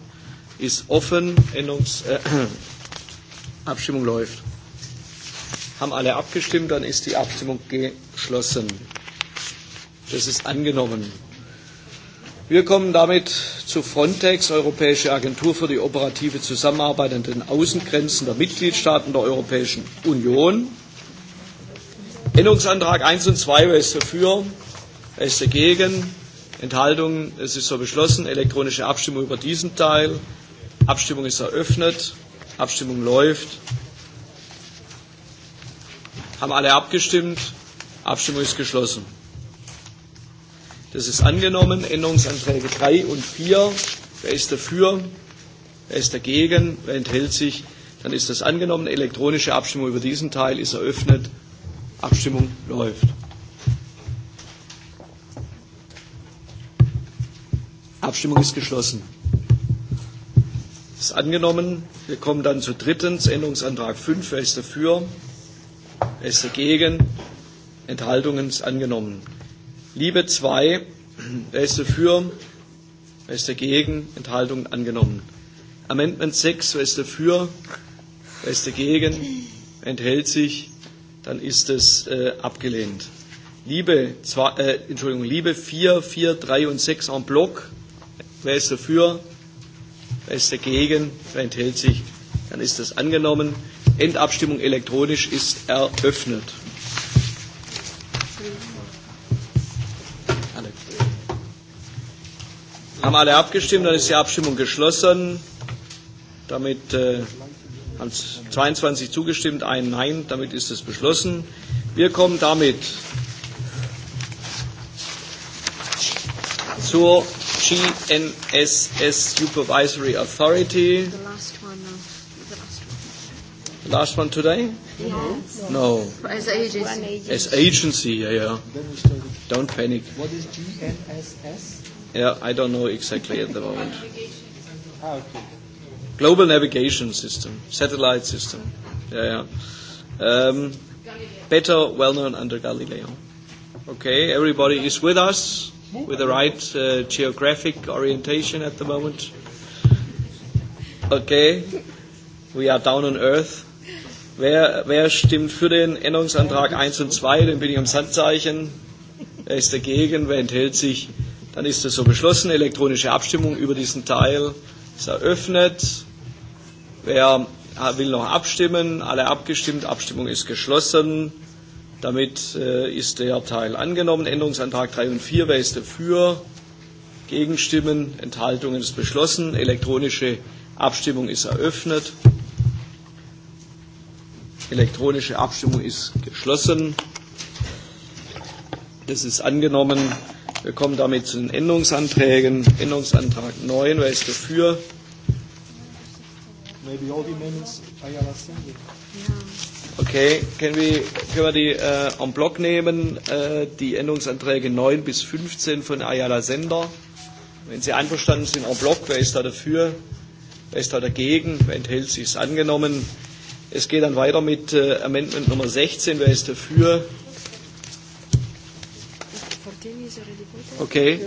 ist offen. Änderungs äh, Abstimmung läuft. Haben alle abgestimmt, dann ist die Abstimmung geschlossen. Das ist angenommen. Wir kommen damit zu Frontex, Europäische Agentur für die operative Zusammenarbeit an den Außengrenzen der Mitgliedstaaten der Europäischen Union. Änderungsantrag 1 und 2, wer ist dafür? Wer ist dagegen? Enthaltung, Es ist so beschlossen. Elektronische Abstimmung über diesen Teil. Abstimmung ist eröffnet. Abstimmung läuft. Haben alle abgestimmt? Abstimmung ist geschlossen. Das ist angenommen. Änderungsanträge 3 und 4. Wer ist dafür? Wer ist dagegen? Wer enthält sich? Dann ist das angenommen. Elektronische Abstimmung über diesen Teil ist eröffnet. Abstimmung läuft. Abstimmung ist geschlossen. Ist angenommen. Wir kommen dann zu drittens Änderungsantrag 5. Wer ist dafür? Wer ist dagegen? Enthaltungen ist angenommen. Liebe 2. Wer ist dafür? Wer ist dagegen? Enthaltungen angenommen. Amendment 6. Wer ist dafür? Wer ist dagegen? Enthält sich? Dann ist es äh, abgelehnt. Liebe, zwei, äh, Entschuldigung, Liebe 4, 4, 3 und 6 en bloc. Wer ist dafür? Wer ist dagegen? Wer enthält sich? Dann ist das angenommen. Endabstimmung elektronisch ist eröffnet. Alle. Haben alle abgestimmt, dann ist die Abstimmung geschlossen. Damit äh, haben 22 zugestimmt, ein Nein, damit ist es beschlossen. Wir kommen damit zur GNSS Supervisory Authority. The last one. Uh, the last one. Last one today? Yes. No. no. As agency. As agency, yeah, yeah. Don't panic. What is GNSS? Yeah, I don't know exactly at the moment. Ah, Global navigation system, satellite system. Yeah, yeah. Um, better well known under Galileo. Okay, everybody is with us with the right uh, geographic orientation at the moment? Okay, we are down on earth. Wer, wer stimmt für den Änderungsantrag 1 und 2? Dann bin ich am um Sandzeichen. Wer ist dagegen? Wer enthält sich? Dann ist es so beschlossen. Elektronische Abstimmung über diesen Teil ist eröffnet. Wer äh, will noch abstimmen? Alle abgestimmt. Abstimmung ist geschlossen. Damit äh, ist der Teil angenommen. Änderungsantrag 3 und 4. Wer ist dafür? Gegenstimmen? Enthaltungen ist beschlossen. Elektronische Abstimmung ist eröffnet. Elektronische Abstimmung ist geschlossen. Das ist angenommen. Wir kommen damit zu den Änderungsanträgen. Änderungsantrag 9. Wer ist dafür? Maybe all the amendments. Ayala Sender. Yeah. Okay, können wir, können wir die äh, en bloc nehmen, äh, die Änderungsanträge 9 bis 15 von Ayala Sender. Wenn Sie einverstanden sind, en bloc, wer ist da dafür? Wer ist da dagegen? Wer enthält sich? Ist angenommen. Es geht dann weiter mit äh, Amendment Nummer 16. Wer ist dafür? Okay.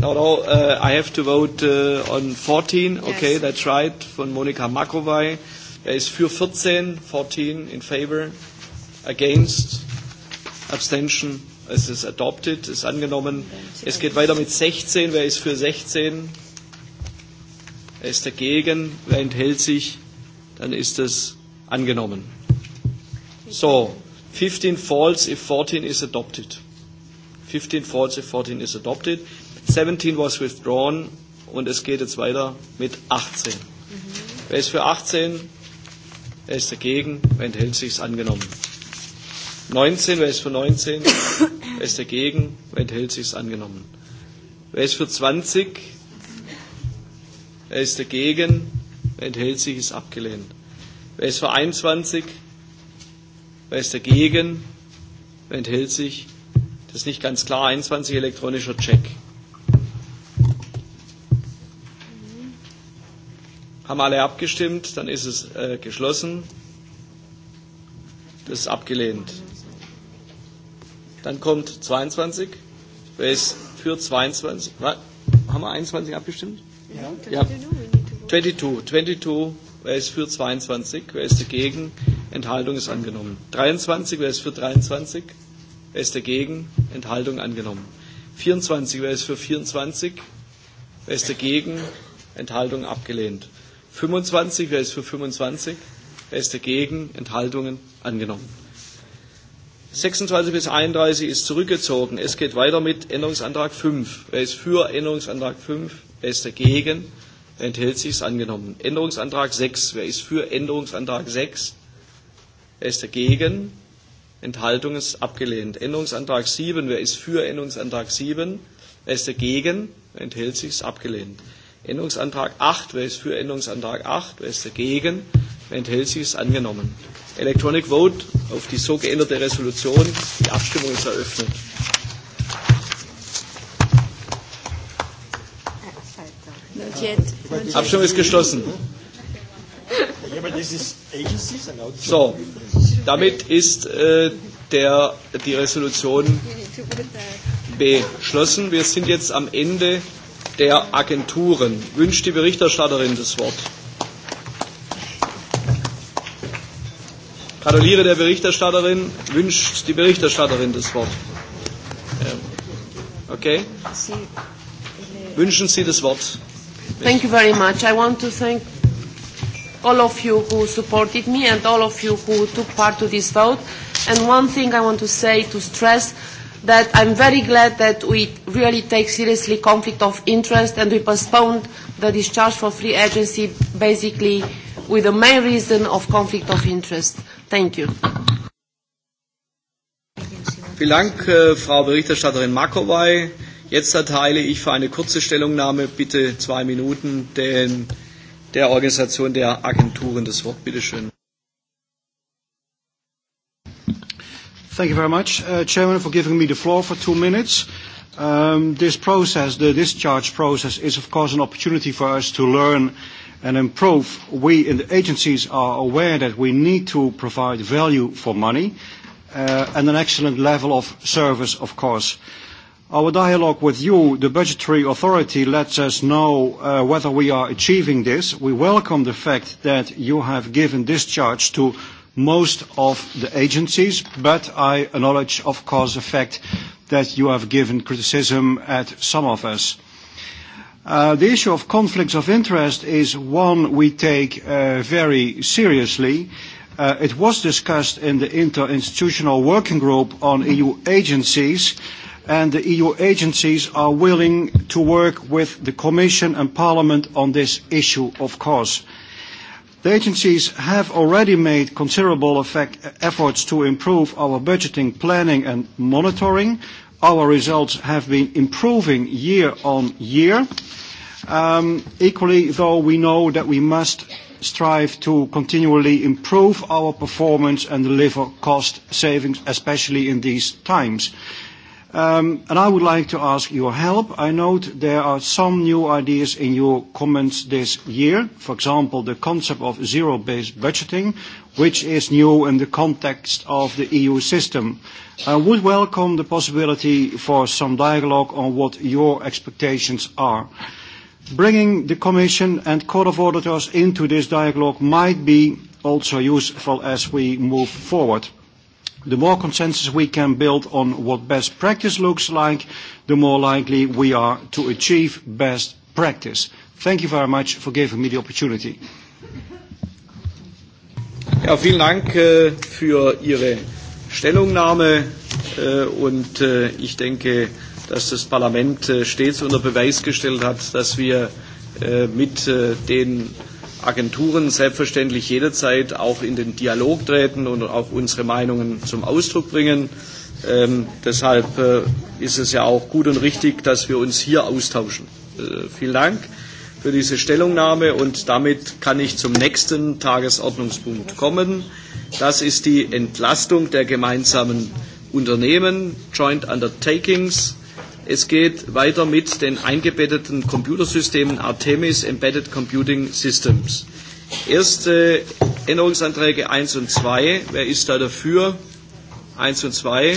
No, no, uh, I have to vote uh, on 14. Okay, that's right. Von Monika Makovay. Er ist für 14? 14 in favor? Against? Abstention? Es ist adopted, ist angenommen. Es geht weiter mit 16. Wer ist für 16? Er ist dagegen? Wer enthält sich? Dann ist es angenommen. So, 15 falls if 14 is adopted. 15 falls if 14 is adopted. 17 was withdrawn und es geht jetzt weiter mit 18. Mhm. Wer ist für 18? Wer ist dagegen? Wer enthält sich? Ist angenommen. 19. Wer ist für 19? Wer ist dagegen? Wer enthält sich? Ist angenommen. Wer ist für 20? Wer ist dagegen? Wer enthält sich? Ist abgelehnt. Wer ist für 21? Wer ist dagegen? Wer enthält sich? Das ist nicht ganz klar. 21 elektronischer Check. Haben alle abgestimmt, dann ist es äh, geschlossen. Das ist abgelehnt. Dann kommt 22. Wer ist für 22? Was? Haben wir 21 abgestimmt? Ja. ja. 22. 22. Wer ist für 22? Wer ist dagegen? Enthaltung ist angenommen. 23. Wer ist für 23? Wer ist dagegen? Enthaltung angenommen. 24. Wer ist für 24? Wer ist dagegen? Enthaltung abgelehnt. 25, wer ist für 25? Wer ist dagegen? Enthaltungen angenommen. 26 bis 31 ist zurückgezogen. Es geht weiter mit Änderungsantrag 5. Wer ist für Änderungsantrag 5? Wer ist dagegen? Wer enthält sich? Ist angenommen. Änderungsantrag 6. Wer ist für Änderungsantrag 6? Wer ist dagegen? Enthaltung ist abgelehnt. Änderungsantrag 7. Wer ist für Änderungsantrag 7? Wer ist dagegen? Wer enthält sich? Ist abgelehnt. Änderungsantrag 8. Wer ist für Änderungsantrag 8? Wer ist dagegen? Wer enthält sich? Ist angenommen. Electronic Vote auf die so geänderte Resolution. Die Abstimmung ist eröffnet. Abstimmung ist geschlossen. So, damit ist äh, der, die Resolution äh, beschlossen. Wir sind jetzt am Ende der Agenturen. Wünscht die Berichterstatterin das Wort? Gratuliere der Berichterstatterin. Wünscht die Berichterstatterin das Wort? Ähm, okay. Wünschen Sie das Wort? Thank you very much. I want to thank all of you who supported me and all of you who took part to this vote. And one thing I want to say to stress that I'm very glad that we really take seriously conflict of interest and we postponed the discharge for free agency basically with the main reason of conflict of interest. Thank you. Vielen Dank, äh, Frau Berichterstatterin Markowai. Jetzt erteile ich für eine kurze Stellungnahme bitte zwei Minuten den, der Organisation der Agenturen das Wort. Bitte schön. Thank you very much, uh, Chairman, for giving me the floor for two minutes. Um, this process, the discharge process, is of course an opportunity for us to learn and improve. We in the agencies are aware that we need to provide value for money uh, and an excellent level of service, of course. Our dialogue with you, the budgetary authority, lets us know uh, whether we are achieving this. We welcome the fact that you have given discharge to most of the agencies, but I acknowledge, of course, the fact that you have given criticism at some of us. Uh, the issue of conflicts of interest is one we take uh, very seriously. Uh, it was discussed in the interinstitutional working group on EU agencies, and the EU agencies are willing to work with the Commission and Parliament on this issue, of course. The agencies have already made considerable efforts to improve our budgeting, planning and monitoring. Our results have been improving year on year. Um, equally, though, we know that we must strive to continually improve our performance and deliver cost savings, especially in these times. Um, and I would like to ask your help. I note there are some new ideas in your comments this year. For example, the concept of zero-based budgeting, which is new in the context of the EU system. I would welcome the possibility for some dialogue on what your expectations are. Bringing the Commission and Court of Auditors into this dialogue might be also useful as we move forward. The more consensus we can build on what best practice looks like, the more likely we are to achieve best practice. Thank you very much for giving me the opportunity. Ja, vielen Dank äh, für Ihre Stellungnahme äh, und äh, ich denke, dass das Parlament äh, stets unter Beweis gestellt hat, dass wir äh, mit äh, den Agenturen selbstverständlich jederzeit auch in den Dialog treten und auch unsere Meinungen zum Ausdruck bringen. Ähm, deshalb äh, ist es ja auch gut und richtig, dass wir uns hier austauschen. Äh, vielen Dank für diese Stellungnahme und damit kann ich zum nächsten Tagesordnungspunkt kommen. Das ist die Entlastung der gemeinsamen Unternehmen, Joint Undertakings. Es geht weiter mit den eingebetteten Computersystemen Artemis Embedded Computing Systems. Erste Änderungsanträge 1 und 2. Wer ist da dafür? 1 und 2.